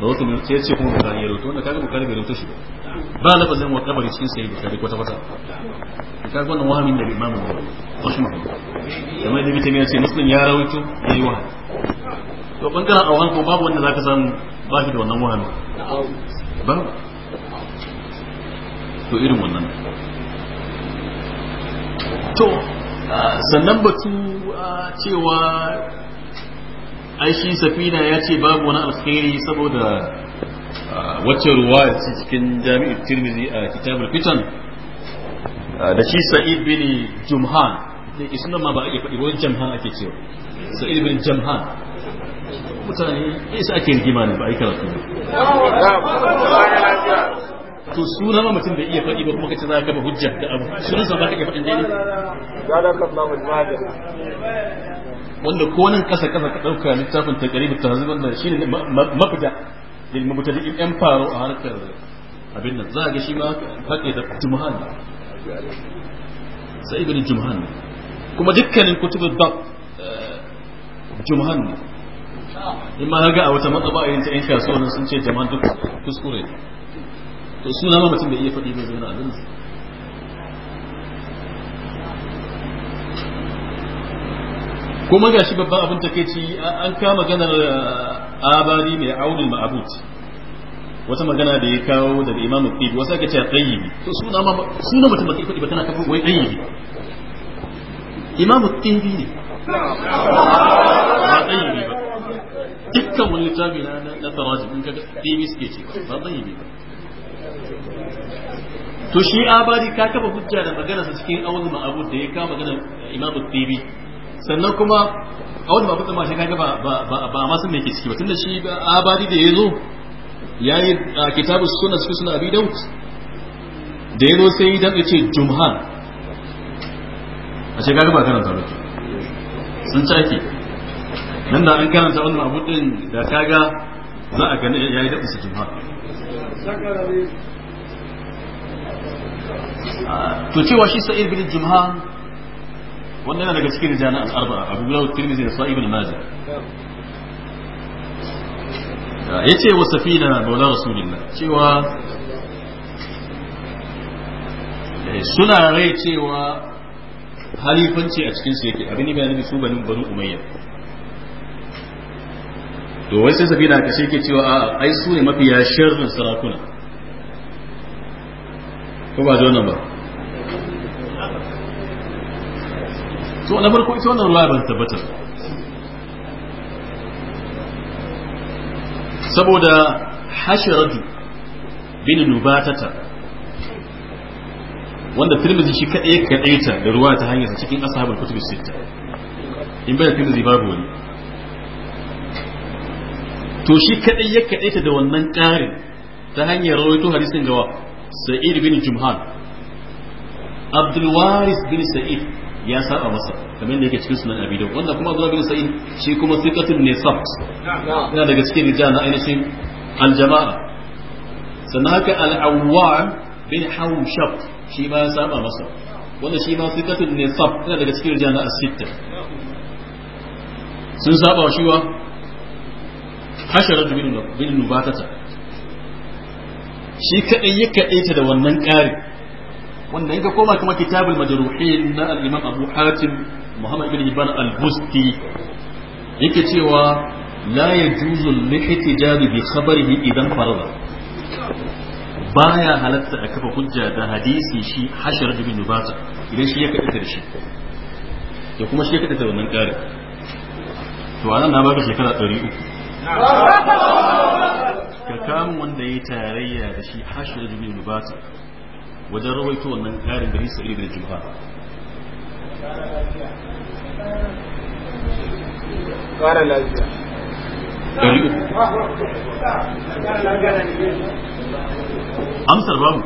da wasu ne ce kuma zai ya rawaito wanda kaga bukari bai rawaito shi ba lafazin wa kabari cikin sai bukari kwata kwata kaga wannan wahamin da imam ba rahimahullah kamar da bitan ya ce muslim ya rawaito yayi wahami to bangaren awan ko babu wanda zaka san ba shi da wannan wahamin babu to irin wannan to sannan batu ah, cewa ai shi safina ya ce babu wani alkhairi saboda ah, wacce ruwa ce cikin jami'ar tirmizi a kitabul fitan ah, da shi sa'id bin jumhan da sunan ma ba a faɗi wani jamhan ake cewa sa'id bin jamhan mutane isa ake rigima ne ba a yi karatu to suna ma mutum da iya faɗi ba kuma kace za ka ba hujja da abu sunan sa ba ka faɗin ne wanda ko nan kasa kasa ka dauka littafin takaribu tahzib wannan shine mafita lil mubtadi'in yan faro a harkar abin nan za ga shi ma faɗe da jumhan sai ibn jumhan kuma dukkanin kutubud dab eh, jumhan in ma ga a wata matsaba irin ta yan kasuwa sun ce jama'a duk kuskure to suna ma mutum bai iya faɗi mai zuwa na kuma gashi babban abin takeici an kama maganar abari mai aunul ma'abut wata magana da ya kawo daga imam qib wasu aka ce tayyibi to suna ma suna mutum bai fadi ba kana kafa wai tayyibi imam qib ne ba tayyibi ba dukkan wani littafi na na tarajim in kaga tayyibi suke ce ba tayyibi ba to shi abari ka kafa hujja da maganarsa cikin aunul ma'abut da ya kawo maganar imam qib sannan kuma a wani babu shi kaga ba ba ba ma sun me yake ciki ba tunda shi abadi da yazo yayi kitabu sunna suke sunna abi daud da yazo sai ya dace ce jumhan a ce kaga ba karanta ba sun caki nan da an karanta wannan abu din da kaga za a gani yayi da su jumhan to cewa shi sa'id bin jumhan wanda yana daga cikin rijana al-arba'a Abu Dawud Tirmidhi da Sa'ib ibn Majah yace wa safina maula rasulillah cewa eh, suna rai cewa halifanci a cikin yake abin bayanin su banin banu umayya to wai sai safina kashe ke cewa a ai su ne mafiya sharrin sarakuna ko ba da wannan ba so na farko ita wannan ruwa ban tabbatar saboda hasharatu bin nubatata wanda tirmidhi shi kadai ya kadaita da ruwa ta hanyar cikin ashabul kutub sita in bai tirmidhi babu wani to shi kadai ya kadaita da wannan karin ta hanyar rawaito hadisin gawa sa'id bin jumhan abdul waris bin sa'id ya saba masa kamar da yake cikin sunan abi dawud wanda kuma abdullah bin sa'id shi kuma ne nisab yana daga cikin rijal na ainihin aljama'a sannan haka al-awwam bin hawshab shi ma ya saba masa wanda shi ma ne nisab yana daga cikin rijal na as sun saba wa shiwa hasharar bin nubatata shi kaɗai ya kaɗaita da wannan ƙari wanda in ka koma kuma kitabul majruhin na al-imam Abu Hatim Muhammad ibn al-Busti yake cewa la yajuzu al-ihtijaj bi khabarihi idan farada baya halatta a kafa hujja da hadisi shi hashar ibn Nubata idan shi ya kada da shi ya kuma shi ya kada da wannan kare to anan na baka shekara 300 ka kama wanda ya tarayya da shi hashir ibn Nubata wajen rawaito wannan karin bani sa'id da jumha kara lafiya amsar babu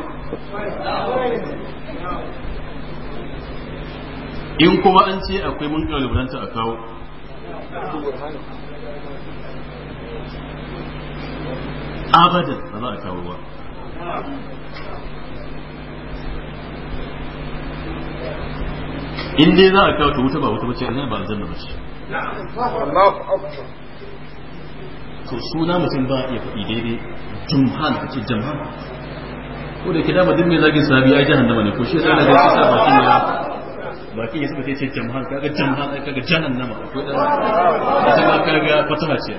in kuma an ce akwai mun kalibranta a kawo abadan ba za a kawo ba in dai za a kawo ta wuta ba wuta bace aljanna ba zanna bace to suna mutum ba ya faɗi daidai jumhan ce jumhan ko da ke madin mai zagin sahabi ai jahannama ne ko shi da ba kisa bakin ya bakin ya suka ce jumhan kaga jamhan kaga nama ko da ba kaga fataha ce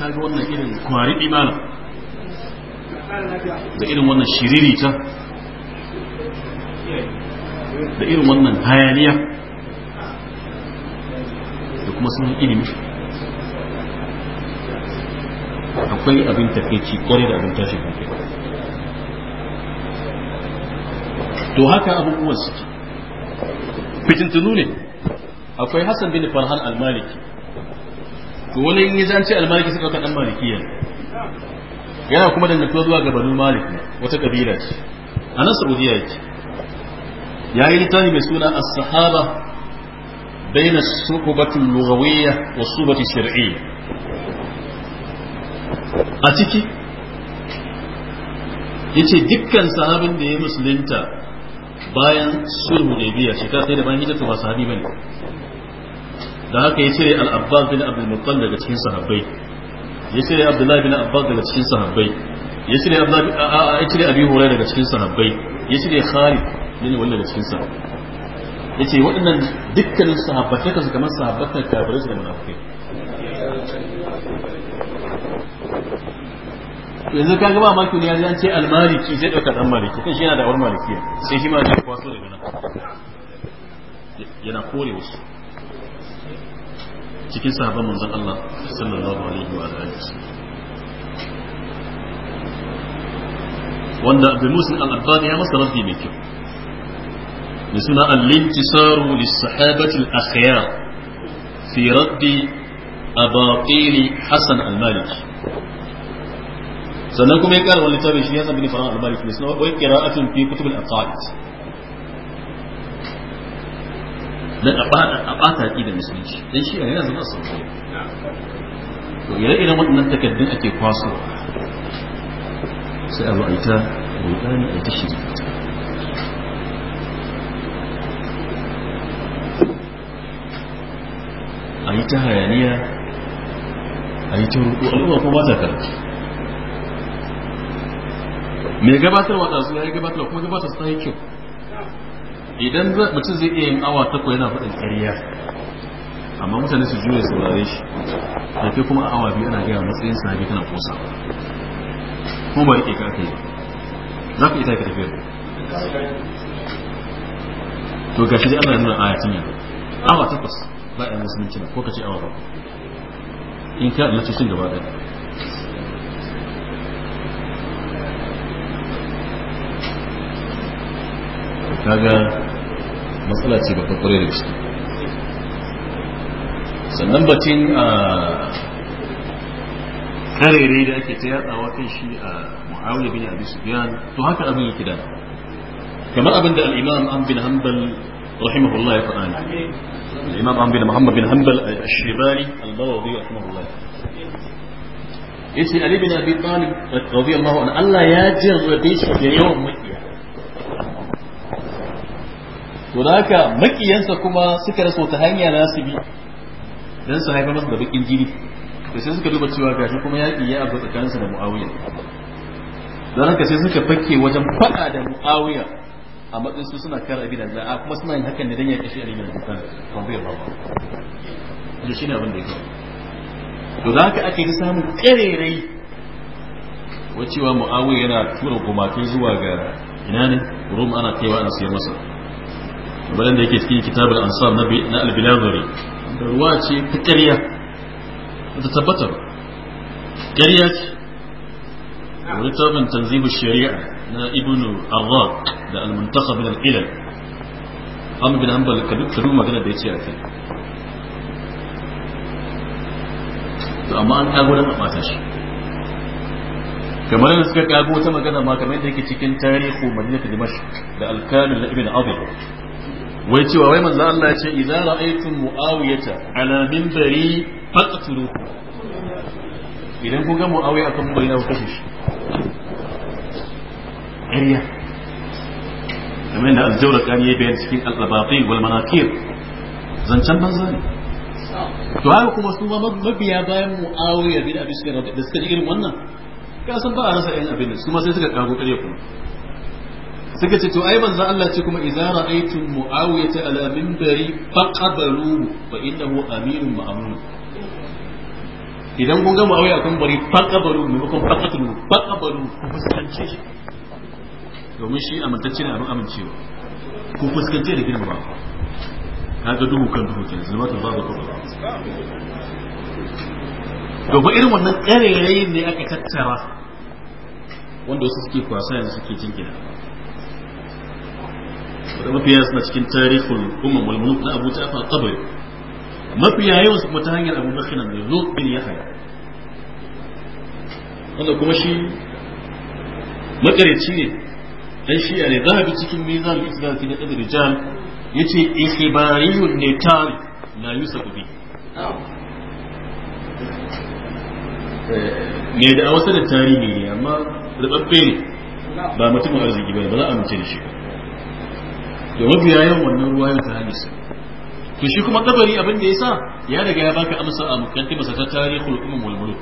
kaga wannan irin kwari imana da irin wannan shiriri ta da irin wannan hayaniya da kuma sun ilimi akwai abin takaici kwarai da abin tashi kanke to haka abubuwan suke fitintunu ne akwai hassan bin farhan al-maliki to wani in yi zance al-maliki suka kaɗan maliki malikiyar yana kuma dangantuwa zuwa ga banu malik ne wata kabila ce a nan saudiya yake ya yi littafi mai suna a sahaba baina sukubati lughawiyya wa subati shar'iyya a ciki Ya ce dukkan sahabin da ya musulunta bayan sulhu hudaybiya shekara sai da bayan hijira ba sahabi bane da haka ya cire al-abbas bin abdul daga cikin sahabbai ya cire abdullahi bin abbas daga cikin sahabbai ya cire abdullahi ya cire abi hurairah daga cikin sahabbai ya cire khalid ne wannan da cikin sa yace waɗannan dukkanin sahabbatai kansu kamar sahabbatai kafirai su da munafikai yanzu ka ga ba maki ne ya ce almaliki zai ɗauka ɗan maliki kan shi yana da awar malikiya sai shi ma zai kwaso daga nan yana kore wasu cikin sahabban manzon Allah sallallahu alaihi wa alihi wanda abu Musin al-Albani ya masa raddi mai kyau سنة الانتصار للصحابة الأخيار في رد أباطيل حسن المالك سنكم يكال والتابع شيئا بن فراغ المالك في السنوات وقراءة في كتب الأقائد لن أقاطع إذا نسميش لن شيئا هنا زمان الصلاة وإلى إلى من نتكدم أكي قاصر سأل رأيتا رأيتا رأيتا رأيتا yi ta hayaniya a yi ta ruku al'umma kuma ba ta mai gabatarwa da zuwa ya gabatarwa kuma gabatar su ta yi kyau idan mutum zai iya yin awa takwa yana faɗin ƙarya amma mutane su juya saurare shi da ke kuma awa biyu ana gaya matsayin sahabi tana kusa kuma ba rike ka yi za ka ita ka tafiya to gashi dai ana nuna ayatin yanzu awa takwas za a yi musulunci ko ka ce awa ba in ka yadda sun gaba ɗaya kaga matsala ce babbar kwarai da ciki sannan batun a karere da ake ta yatsawa kan shi a mu'awiyar bin abi sufyan to haka abin yake da kamar abin da al'imam an bin hanbal rahimahullah ya faɗa ne imam ahmad bin muhammad bin hanbal al-shibali al-bawawi rahimahullah yace ali bin abi talib radiyallahu anhu Allah ya jarrabe da yawan makiya to da haka makiyansa kuma suka raso ta hanya na su bi dan haifar masa da bakin jini to sai suka duba cewa gashi kuma yaki ya abu tsakaninsa da muawiya sai suka fakke wajen faɗa da muawiya a matsayin su suna kare abin da za'a kuma suna yin hakan ne don ya kashe alimin da islam tambayar ba da shi ne abin da ya kawo to da haka ake samun karerai wacewa mu'awiya yana tura gumakai zuwa ga ina ne rum ana kaiwa ana siyar masa kamar da yake cikin kitabul ansar na al-bilazari da ruwa ce ta ƙarya ta tabbatar ƙarya ce wani tabin tanzibu shari'a na ibnu arraq da al-muntasab min al-ilal amma bin hanbal ka duk magana da yace akai to amma an kago dan bata shi kamar da suka kago wata magana ma kamar yadda yake cikin tarihu madinatu dimashq da al-kamil na ibn abi wai cewa wai manzo Allah ya ce idza ra'aytum muawiyata ala minbari faqtuluhu idan kun ga muawiya akan bayyana ku kashe shi ƙarya kamar yadda aljawar kani ya bayan cikin albafi wal manakir zancen banza ne to haka kuma su ma mabiya bayan mu'awiyar bin abin shi da suka ji irin wannan kasan ba a rasa yan abin da su ma sai suka kago ƙarya kuma suka ce to ai manzo Allah ce kuma idza ra'aytum mu'awiyata ala minbari faqabalu fa innahu amirun ma'mun idan kun ga mu'awiya kan bari faqabalu ne ko faqabalu faqabalu ku fuskance shi domin shi a amintacce ne a abin amincewa ko fuskance da girma ka ga duhu kan duhu zama zulmatul babu ko to ba irin wannan ƙarairayin ne aka tattara wanda wasu suke kwasa yanzu suke jingina da mafiya suna cikin tarihin umar mulmulu na abu ja'far tabari mafiya yawan su kuma hanyar abu bakina mai zo bin ya haya wanda kuma shi makarici ne dan shi ne zahabi cikin mizan islam fi da rijal yace ikhbariyun ne na la yusuf bi ne eh, da wasu da tarihi ne amma rubabbe ne ba mutumin arziki ba ba za a mace da shi ba da mafiya yayin wannan ruwayan ta hadis to shi kuma kabari abin da yasa ya daga ya baka amsa a mukanti masa ta tarihul umum wal muluk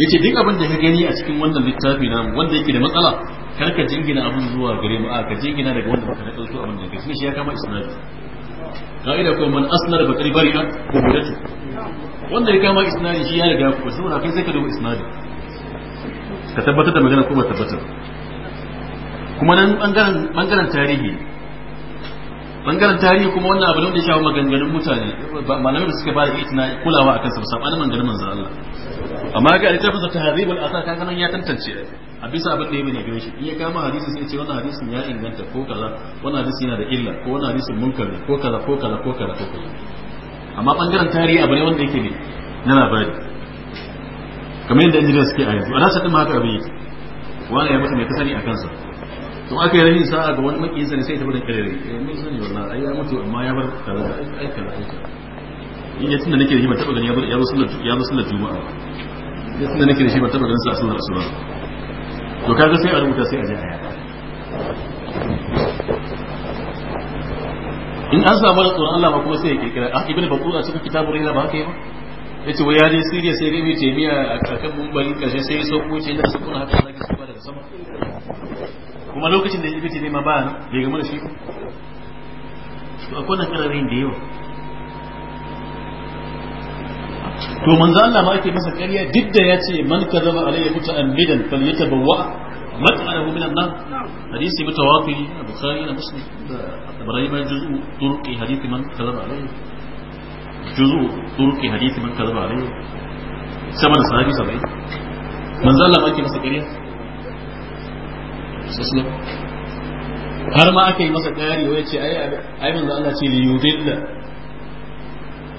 yace duk abin da ka gani a cikin wannan littafi na wanda yake da matsala kar ka jingina abin zuwa gare mu a ka jingina daga wanda baka dauko abin da kai shi ya kama isnadi ka'ida ko man asnar ba kari bari ko hudatu wanda ya kama isnadi shi ya riga ku saboda kai sai ka duba isnadi ka tabbatar da magana ko ba tabbatar kuma nan bangaren bangaren tarihi bangaren tarihi kuma wannan abu ne da ya shafi maganganun mutane malamai da suka bada itina kulawa akan sa sabanin maganganun manzo Allah amma ga littafin sa tahribul asar kaga nan ya tantance a bisa abin da ya mai gare shi in ya kama hadisi sai ce wannan hadisin ya inganta ko kaza wannan hadisi yana da illa ko wannan hadisin munkari ko kaza ko kaza ko kaza ko kaza amma bangaren tarihi abu ne wanda yake ne na labari kamar yadda injiniya suke a yanzu a nasa ɗin haka abin yake wani ya mutu mai sani a kansa to aka yi rahin sa'a ga wani makiyin eh, sani sai ta gudun kare rai mai sani wannan ai ya mutu amma ya bar kaza ai kaza ai kaza in ya tunda nake da shi ban taɓa gani ya zo sallar juma'a ya tunda nake da shi ban taɓa ganin sa a sallar asuba to kaga sai a rubuta sai a je a yada in an samu da tsoron Allah ba kuma sai ya kirkira a ah, ibnu bakur a cikin kitabun rina ba haka yi ba ya ce ya je siriya sai ya mai jami'a a kakan mumbarin kashe sai ya sauko ce da su kuna haka su ba daga sama kuma lokacin da ibnu ne ma ba ya gama da shi to akwai na kararin da yawa to manzo Allah ma yake masa kariya duk da yace man kadaba alayya muta'ammidan yatabawa mat'alahu min an-nar hadisi mutawatir bukhari da muslim da ibrahim juz'u turki hadisi man kadaba alayya juz'u turki hadisi man kadaba alayya sama da sahabi sabai manzo Allah ma yake masa kariya sallallahu har ma aka yi masa kariya wai ce ai ai manzo Allah ce li yudilla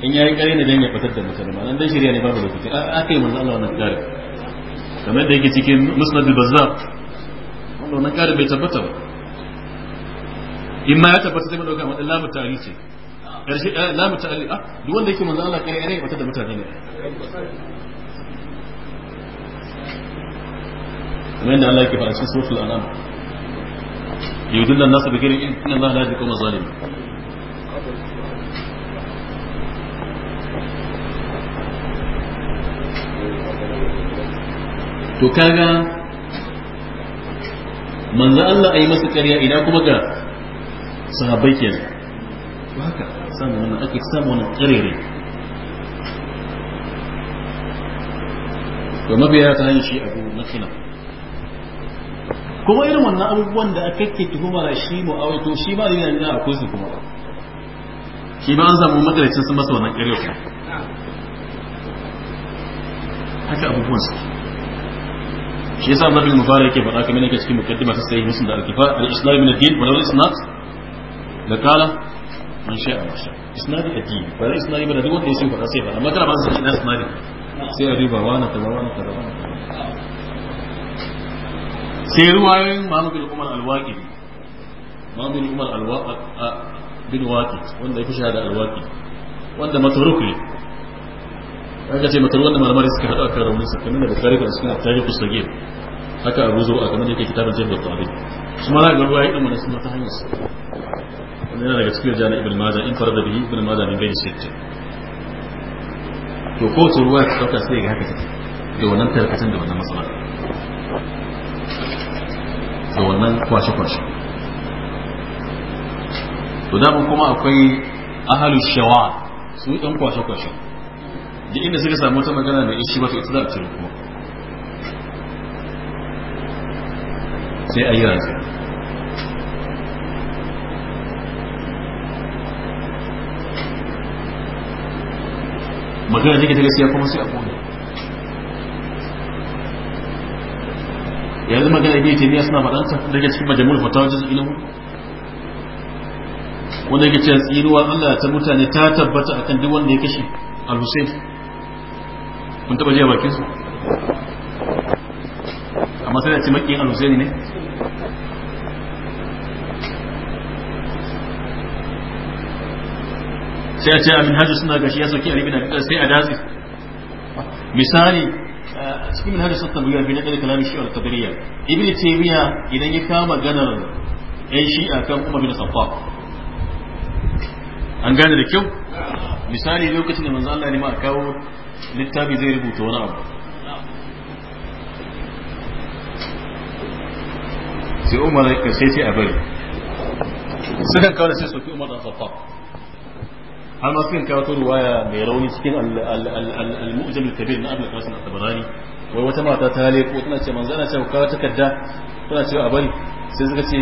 in yayi kare ne dan ya fitar da mutane ba nan dan shirya ne babu lokaci aka yi manzo Allah wannan kare kamar da yake cikin musnad al-bazzar wannan wannan kare bai tabbata ba in ma ya tabbata sai mu dauka wannan lamu ta'ali ce karshe lamu ta'ali a eh, ah, duk wanda yake manzo Allah kare ne ya fitar da mutane ne kamar yadda Allah yake faɗa cikin suratul an'am yudilla an-nasa bi ghayri ilmin inna Allah la yahdi al zalimin to kaga manzo Allah ayi masa ƙarya ina kuma ga sahabbai kenan to haka samu wannan ake samu wannan ƙarere to mabiya ta hanyar shi abu na kuma irin wannan abubuwan da aka ke tuhumar shi mu'awai to shi ba yana nuna akwai su kuma shi ba an samu magaracin su masa wannan ƙarya haka abubuwan su shi yasa Abdul Mubarak yake faɗa kamar yake cikin mukaddima ta sayi musu da alkifa al-islam min ad-din wa law isnad la kala man sha Allah sha'a isnad ad-din wa law isnad ibn duk wanda ya sun faɗa sai faɗa magana ba sai isnad sai a duba wa na kaza wa na kaza sai ruwayoyin Muhammad bin Umar al waqi Muhammad bin Umar al waqi bin waqi wanda yake shahada al waqi wanda matruk ne haka ce mutum wannan malamar suka haɗu kan rauni sakamin da bukari da suna tarihi kusa gem haka abu zo a kamar yake kitabin jabir tsari su ma na ga ruwa ya ɗin wani suna ta hanyar su yana daga cikin jana ibn maza in farar da bihi ibn maza min bai shirka to ko su ruwa ta ɗauka sai ga haka take da wannan tarkacin da wannan matsala da wannan kwashe-kwashe to daman kuma akwai ahalu shawa su ɗan kwashe-kwashe duk inda suka samu wata magana mai ishi wata ita za ta kuma sai a yi rantsa magana take ta gaskiya kuma sai a kone yanzu magana ibn taymiya suna faɗansa daga cikin majamul fatawa juz ilmu wanda yake cewa tsiruwar Allah ta mutane ta tabbata akan duk wanda ya kashe al-Husayn kun taba jiya bakin su amma sai da ci makin al ne sai a ce a minhajus suna gashi ya sauki a ribina sai a dazi misali a cikin minhajus sassan buyar fi na ɗari kalamin shi al-kabiriya ibn taymiya idan ya kama ganar yan shi'a kan kuma bin safa an gane da kyau misali lokacin da manzo Allah ne ma a kawo littafi zai rubuta wani abu sai umar ka sai sai a bari sukan kawo da sai soki umar dan khattab har ma sukan kawo ruwaya mai rauni cikin al-mu'jam al-kabir na Abdul Qasim at-Tabarani wai wata mata ta ko tana ce manzo ana cewa kawo takarda tana ce a bari sai suka ce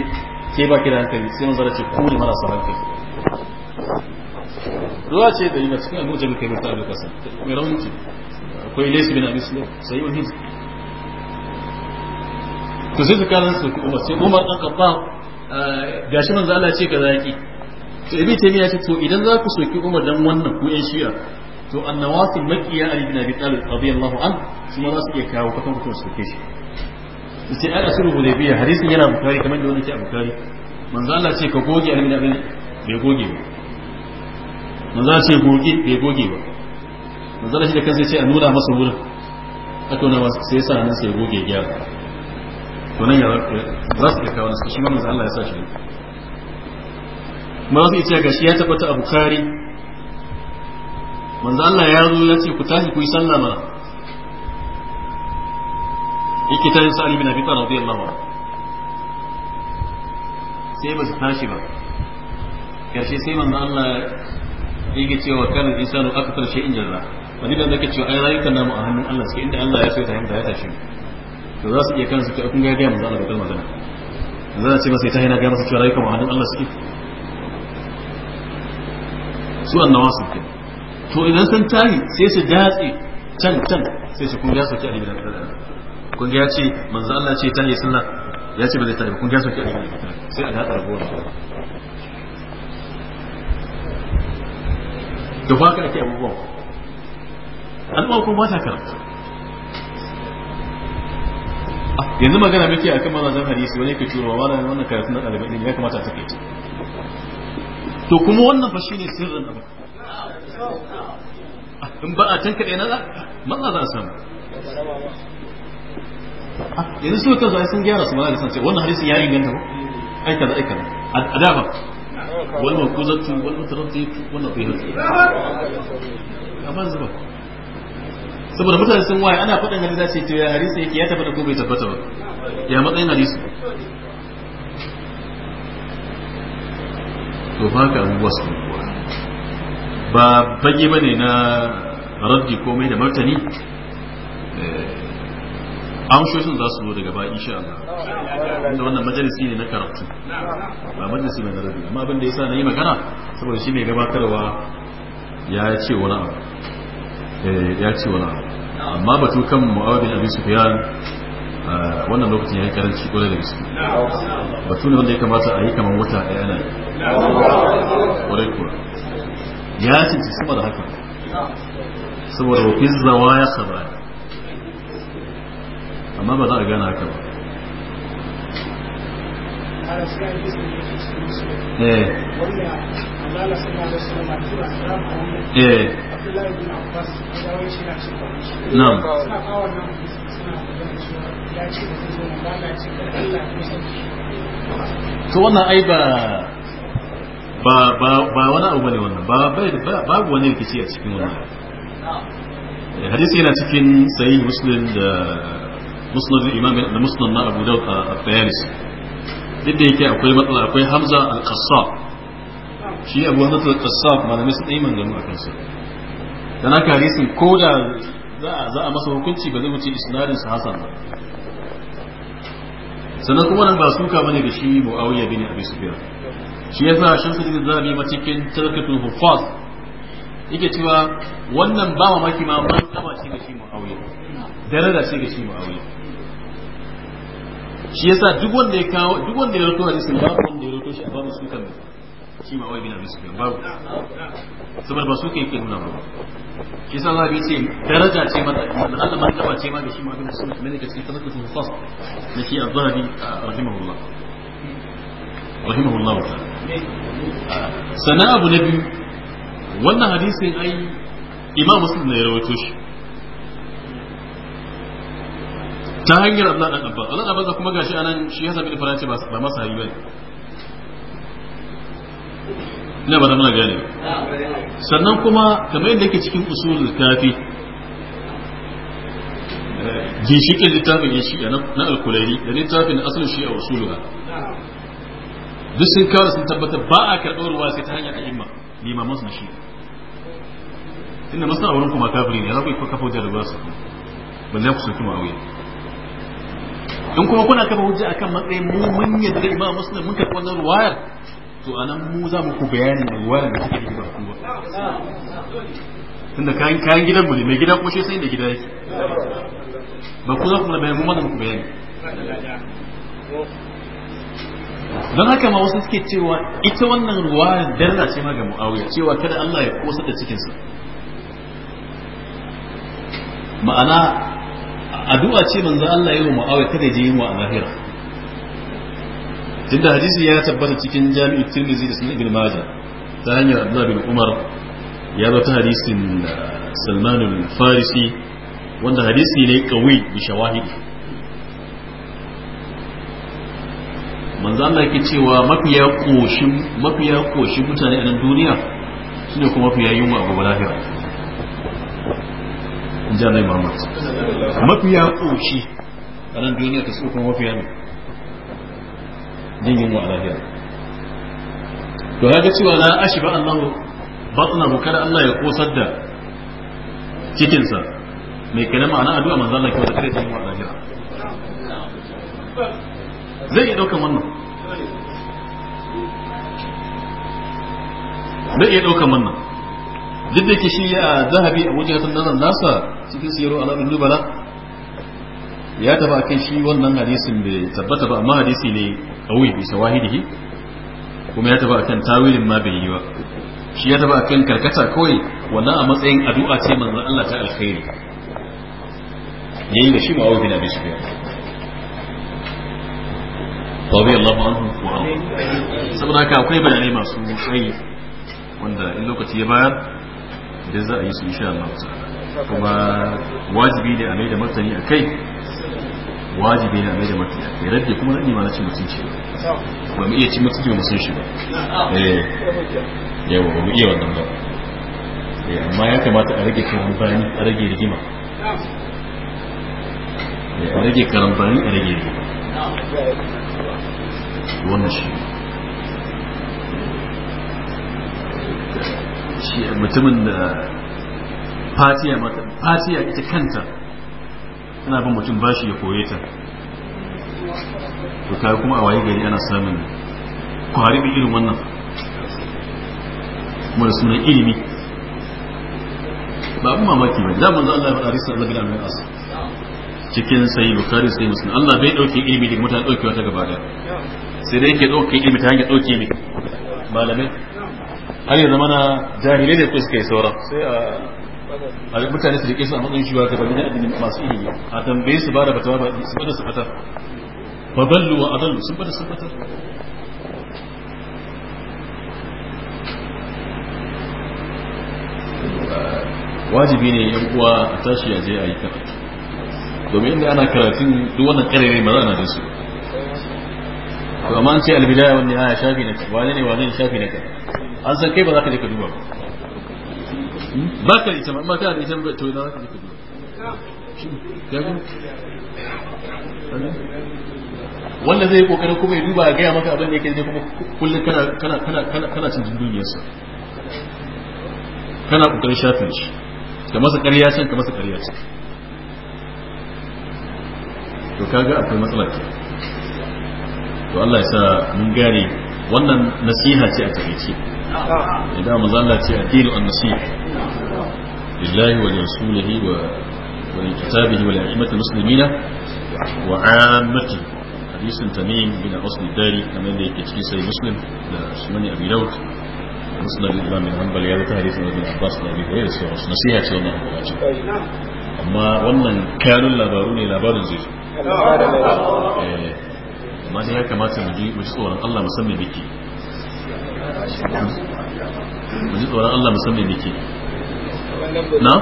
ke ba ki da hankali sai manzo ce ku ne marasa hankali ruwa ce da yana cikin almujan kai mutu abu kasa mai raunci akwai lesu bin abu sulo sai wani hizbi to sai tsakanin su umar sai umar ɗan kafa ah, gashi manzo Allah ce ka zaki to ibi taymiya ce to idan za ku soki umar dan wannan ku yan shi'a to annawasin makiya ali bin abi talib radiyallahu an su ma za su iya kawo kwatan kwatan soke shi sai ai asiru hudaybiya hadisin yana bukari kamar da wani ke a bukari manzo Allah ce ka goge ali bin abi bai goge ba manzo sai goge bai goge ba manzo shi da kansa ce a nuna masa wurin aka nuna masa sai sa nan sai goge ya to nan ya za su kawo nasu shi manzo Allah ya sa shi manzo sai ya gashi ya tabbata a bukhari manzo Allah ya zo ya ce ku tashi ku yi sallah mana yake ta yasa Ali bin Abi Talib radiyallahu anhu sai ba su tashi ba karshe sai manzo Allah yake cewa kana insanu akthar in jarra wani da zaka cewa ai rayukan namu a hannun Allah suke inda Allah ya so ta hanta ya tashi to za su iya kansu ta kun ga ga za Allah da kalmar magana za a ce masa ta hina ga masa cewa rayukan a hannun Allah suke su su ke to idan sun tahi sai su datse can can sai su kun ga sauki a libya da kun ga ya ce manzo Allah ce tahi sunna ya ce ba zai tahi kun ga sauki a libya sai a datsa ragowar da ba ka ake abubuwa al'umma kuma ba ta karatu yanzu magana muke akan zan hadisi wani ke turo wa wannan karatu na ɗalibai ne ya kamata a ta to kuma wannan fashi ne sirrin abu in ba a can kaɗai na za maza za a samu yanzu su kan zai sun gyara su mana da san ce wannan hadisi ya inganta ba aikata aikata a dafa mutanen mafuzatu wal mutaraddiyatu wal nadhihatu amma zuba saboda mutane sun waye ana faɗin hadisi ce to ya hadisi yake ya tabbata ko bai tabbata ba ya matsayin hadisi to haka ka abubuwa su ba bage bane na raddi komai da martani eh, An amshoshin za su zo daga baya insha Allah inda wannan majalisi ne na karatu ba majalisi mai rabi amma abin da sa na yi magana saboda shi mai gabatarwa ya ce wani abu eh, ya ce wani abu amma batu kan Muawiya bin Abi Sufyan wannan lokacin ya yi karanci kwarai da gaske batu ne wanda ya kamata a yi kamar wata a yana yi kuwa ya ce sama da haka saboda wa fi zawaya sabaya amma ba za a gane haka ba eh, eh. To wannan ai ba ba ba ba wani abu bane wannan ba babu wani rikici a cikin wannan. Eh, hadisi yana cikin sayi Muslim da musnad imam da musnad na abu daud at-tayalisi duk da yake akwai matsala akwai hamza al-qassab shi abu hamza al-qassab malamai sun yi manzanni a kansa dan haka hadisin ko da za masa hukunci ba zai wuce isnadin sa hasan ba sannan kuma nan ba suka bane da shi muawiya bin abi sufyan shi yasa shamsuddin zabi yake cewa wannan ba mamaki ma martaba ce ga shi muawiya daraja ce ga shi muawiya shi yasa duk wanda ya kawo duk wanda ya roto hadisin babu wanda ya roto shi a babu sukan shi ma wai bin abi sufyan babu saboda ba su ke yake nuna ba shi yasa zabi ce daraja ce mata da Allah martaba ce ma da shi ma bin sufyan ne da shi tazakkutu khas da shi az-zahabi rahimahullah rahimahullah sana abu na biyu wannan hadisin ai imam muslim ne ya rawaito shi ta hanyar Allah dan Abba. Allah Abbas kuma gashi anan shi Hassan bin farace ba masa hayi bane ina ba muna gane sannan kuma kamar yadda yake cikin usul kafi ginshiƙin littafin ya shiga na alkulairi da littafin asalin shi a wasuluha duk sun kawo sun tabbatar ba a karɓar ruwa sai ta hanyar a'imma limamansu na shi'a inda masu a wurin kuma kafiri ne za ku kafa wajen da ba su balle ku soki ma'auya in kuma kuna kafa hujja akan matsayin mu mun yadda da imam muslim mun karɓi wannan ruwayar to anan mu za mu ku da ruwayar da take gida ba tunda kayan kayan gidan mu ne mai gida kuma shi sai da gida yake ba ku za ku mana bayani mu mana ku bayani don haka ma wasu suke cewa ita wannan ruwayar darra ce ma ga muawiya cewa kada Allah ya kosa da cikinsa ma'ana addu'a ce manzo Allah yi wa Muawiya kada je yunwa a lahira tunda hadisi ya tabbata cikin Jami'u Tirmidhi da Sunan Ibn Majah ta hanyar Abdullah bin Umar ya zo ta hadisin uh, Salman bin farisi wanda hadisi ne kawai bi shawahidi manzo Allah yake cewa mafiya koshin mafiya koshin mutane a nan duniya shine kuma mafiya yunwa a gobe lahira in ji Muhammad mafiya koshi a nan duniya ta tsokon mafiya ne jin wa alahiya to to ga cewa na ashi ba Allah batna kada Allah ya kosar da cikinsa mai kenan ma'ana addu'a manzo Allah kyau da kare ta wa alahiya zai iya daukan wannan zai iya daukan wannan duk da ke shi ya zahabi a wajen nazar nasa cikin siyarwa ala alamun nubala ya taba kai shi wannan hadisin bai tabbata ba amma hadisi ne kawai bi shawahidihi kuma ya taba akan tawilin ma bai yi ba shi ya taba akan karkata kawai wannan a matsayin addu'a ce manzon Allah ta alkhairi yayin da shi ma'awu bin abi sufyan radiyallahu anhu wa saboda haka akwai bayanai masu tsayi wanda in lokaci ya bayar idan za a yi su insha Allah kuma wajibi ne a mai da martani a kai wajibi ne a mai da martani a kai radde kuma radde ma na cin mutunci ba mu iya cin mutunci ba sun shi ba eh yawa ba mu iya wannan ba eh, amma ya kamata a rage karambani a rage rigima eh, a rage karambani a rage rigima wannan shi mutumin da fatiya fatiya ita kanta tana bin mutum bashi ya koye ta to kai kuma a waye gari ana samun kwari bi irin wannan kuma da sunan ilimi ba abin mamaki ba da manzo Allah ya faɗa risar Allah gidan mai asa cikin sai bukari sai musulun Allah bai ɗauke ilimi da mutane ɗaukewa ta gaba sai dai yake ɗauke ilimi ta hanyar ɗauke ne malamai har yanzu mana jahilai ne ko suka yi saura sai a mutane su rike su a matsayin shi ba gaba bane addinin masu ilimi a tambaye su ba da fatawa ba su bada su fatar fa dallu wa adallu sun bada su fatar wajibi ne yan uwa a tashi a je a yi karatu domin inda ana karatu duk wannan karere ba za a da su to amma an ce albidaya wani ya shafi na kaza wane ne wane shafi na kaza an san kai ba za ka je ka duba ba ba ka da ita ba ta da ita ba to idan za ka je ka duba wanda zai yi kokarin kuma ya duba ya gaya maka abin da yake ne kuma kullum kana kana kana kana kana cin dunduniyarsa kana kokari shafin shi ka masa ƙarya san ka masa ƙarya san to kaga akwai matsala ke to Allah ya sa mun gane wannan nasiha ce a ce. إذا مظلة يأتيل النصيح لله ولرسوله و ولكتابه ولأئمة المسلمين وعامة حديث تميم من أصل الداري كما الذي يتكي سيد مسلم لسمان أبي لوت مسلم الإسلام من عنبال يالة حديث من عباس لأبي هريرة سيد مسلم نسيحة سيد الله مباشر أما ومن كانوا لباروني لبارون زيت ما هي كما تنجي مشكورا الله مسمي بكي mu ji tsoron Allah musamman da ke na?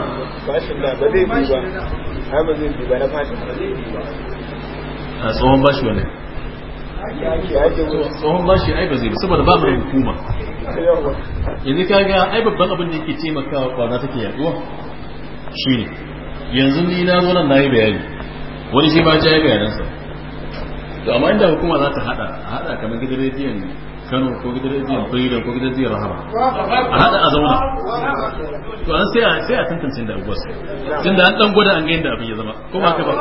bashin da ba zai bi ba ha ba zai bi ba na bashin ba zai bi ba a tsohon bashi wani tsohon bashi ai ba zai bi saboda ba mai hukuma yanzu ka ga ai babban abin da yake taimakawa kwana take yaduwa shi ne yanzu ni na zo nan nayi bayani wani shi ma ya yi bayanansa to amma inda hukuma za ta hada hada kamar gidan rediyon kano ko gidan rediyon freedom ko gidan rediyon rahama a haɗa a zauna to an sai a sai a tantance da abubuwa su tunda an dan gwada an gani da abin ya zama ko ba ka ba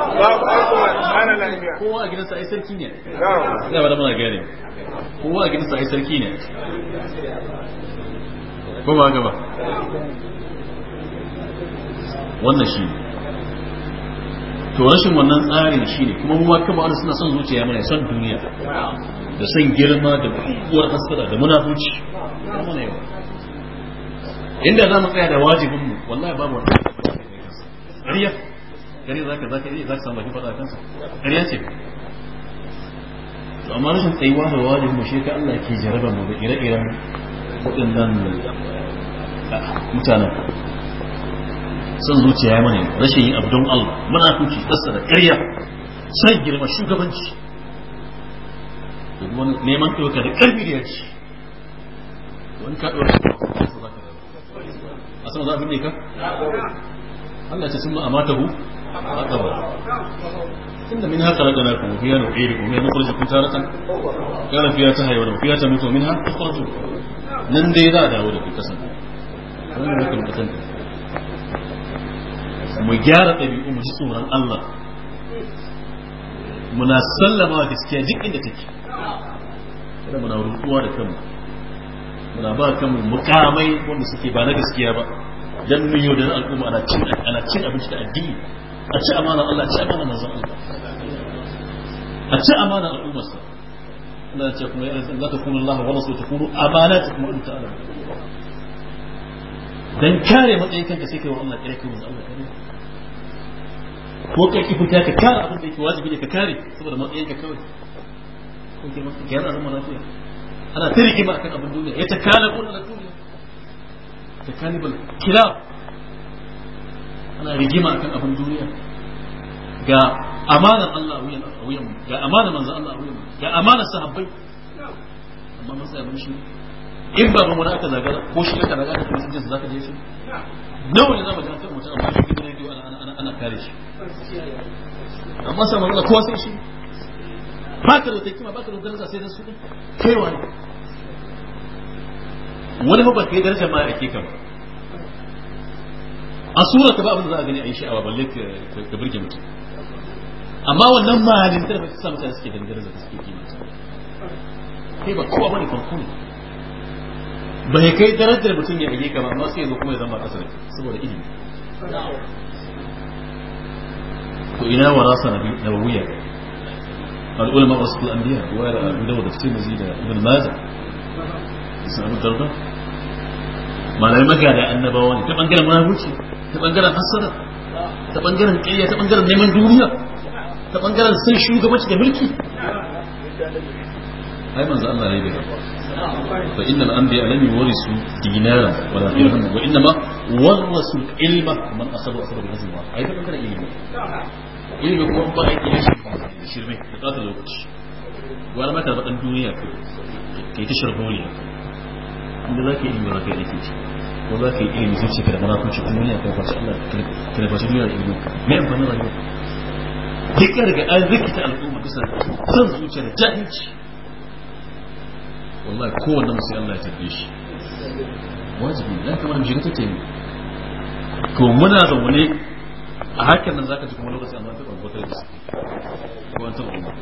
kowa a gidansa ai sarki ne ya ba da mana gane kowa a gidansa ai sarki ne ko ba ka ba wannan shi ne to rashin wannan tsarin shine kuma mu ma kama suna son zuciya mana son duniya da son girma da kuwar hasara da munafuci mana inda za mu tsaya da wajibin mu wallahi babu wani ƙarya ƙarya zaka zaka iya zaka samu bakin faɗa kansa ƙarya ce to amma rashin tsayuwa da wajibin mu shi ka Allah ke jarabar mu da ire-iren waɗannan ah, mutanen son zuciya ya mana rashin yin abu don Allah muna kuci tsasta da ƙarya sai girma shugabanci da wani neman ɗauka da ƙarfi da yaci wani ka ɗauka a sama za a binne ka Allah ce sun ma amata hu a ƙaba inda min haka ragana ku mu fiya nau'i da kuma ya nufarji kun taratan kana fiya ta haiwa da fiya ta mutu min ha nan dai za a dawo da ku kasan wannan haka mutu kanta mu gyara ɗabi'u mu ji tsoron Allah muna sallama wa gaskiya duk inda take kada muna rukuwa da kanmu muna ba kanmu mukamai wanda suke ba na gaskiya ba dan mun yi da al'umma ana cin ana cin abinci da addini a ci amana Allah a ci amana manzon Allah a ci amana al'ummar sa Allah ya ce kuma ya yana san zaka kunu Allah wa rasuluhu takunu amanatukum anta alam dan kare matsayin kanka sai kai wa Allah kare kai manzon Allah kare ko ka ki fita ka kare abin da yake wajibi ne ka kare saboda matsayin ka kawai ko ke masa gyara zama lafiya ana ta rigima akan abin duniya ya ta kala ko na duniya ta kanibal kila ana rigima akan abin duniya ga amanar Allah a wuyan ga amanar manzo Allah a wuyan ga amanar sahabbai amma matsayin mun shi in ba mun aka zagara ko shi aka zagara kuma zaka je shi nawa ne zama da mutum amma shi gidan rediyo ana kare shi amma sai shi ba ka da wata kima ba ka da daraja sai da su wani ba ka daraja ma ake kama a sura ta ba abin da za a gani a yi sha'awa balle ka birge mutum amma wannan malintar ba ta sa mutane suke ganin daraja ta suke kima kai ba kowa bane farko ne ba ya kai darajar mutum ya rage ka ba amma sai yanzu kuma ya zama kasa saboda ilimi وإلى وراسة نبوية قال أولى ما وسط الأنبياء وإلى أبو داود السيد زيد بن مازة اسم أبو الدرداء ما لا يمكى على النبوان تبقى نجرى منابوتي تبقى نجرى حصرة تبقى نجرى كعية تبقى نجرى نيمان دولية تبقى نجرى سي شوكة وجه ملكي هاي من زال الله عليه فإن الأنبياء لم يورثوا دينارا ولا غيرهم وإنما ورثوا العلم من أخذوا أخذوا بهذه المرأة هاي تبقى نجرى إليه ilimi kuma ba aiki ne shirme da tsata lokaci wani mata faɗin duniya ke ke ta sharboliya inda za ka yi ilimi za ka yi aiki ce ko za ka yi ilimi zuci ka da marakunci kuma duniya ka kwarci Allah ka da kwarci duniya ilimi me amfanin rayuwa duk daga an rikita al'umma bisa san zuciya da jahilci wallahi kowanne musu Allah ya tabbe shi wajibi ya kamata mu shiga ta taimi Ko muna zaune a hakan nan zaka ji kuma lokacin wata da suke wata umar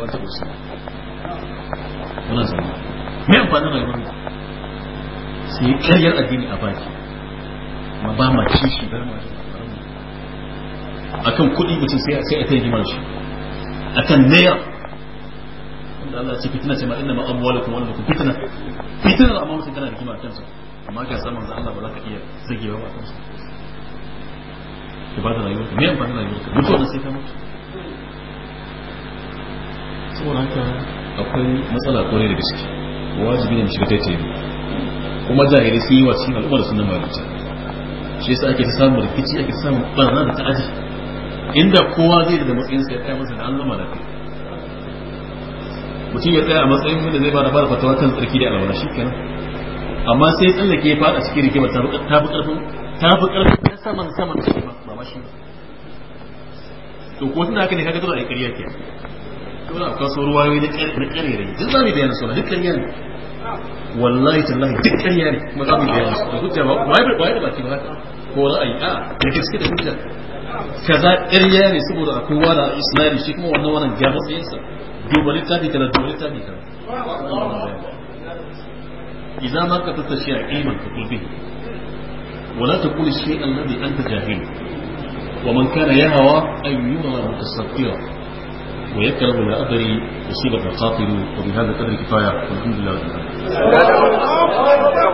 wata usu muna zama mai amfanin rayuwar su yi karyar addini a baki ma ba ma ci shi bar a kan kuɗi mutum sai a ta yi jimar shi a kan naira wanda Allah ce fitina sai ma inna ma da kuma wanda ku fitina fitina da amma mutum tana da kima a kansa amma ga samun da Allah ba za ka iya zagewa ba kansa ka bada rayuwarka me amfani rayuwarka mutuwa sai ka mutu saboda haka akwai matsala kore da gaske wajibi ne mu shiga taitaye kuma zahiri sun yi wa cikin al'ummar sunan marubuta shi yasa ake ta samun rikici ake samun barna da ta'aji inda kowa zai da matsayin sa ya tsaya masa da an zama lafiya mutum ya tsaya a matsayin wanda zai bada bada fatawa kan tsarki da alwala shi kenan amma sai tsallake ya fada cikin rigima ta fi karfin ta fi karfin ta saman saman shi ba makamashi to ko tana haka ne kaga dole a yi ƙarya ke dole a kaso ruwayoyi na ƙarya ne duk za mu bayyana suna duk ƙarya ne wallahi tallahi duk ƙarya ne kuma za mu bayyana su da hujja ba ya da baki ba haka ko ra'ayi a yi a, da gaske da hujja kaza ƙarya ne saboda a kowa da isnadi shi kuma wannan wannan gaba tsayinsa duba littafi kana duba littafi kana idan ma ka tattashi a ƙiman ka kulbi wala ta kulli shay'an ladhi anta jahil ومن كان يهوى أن يؤمر متستطيرا ويكره لا أدري يصيبك القاتل وبهذا القدر كفاية والحمد لله رب العالمين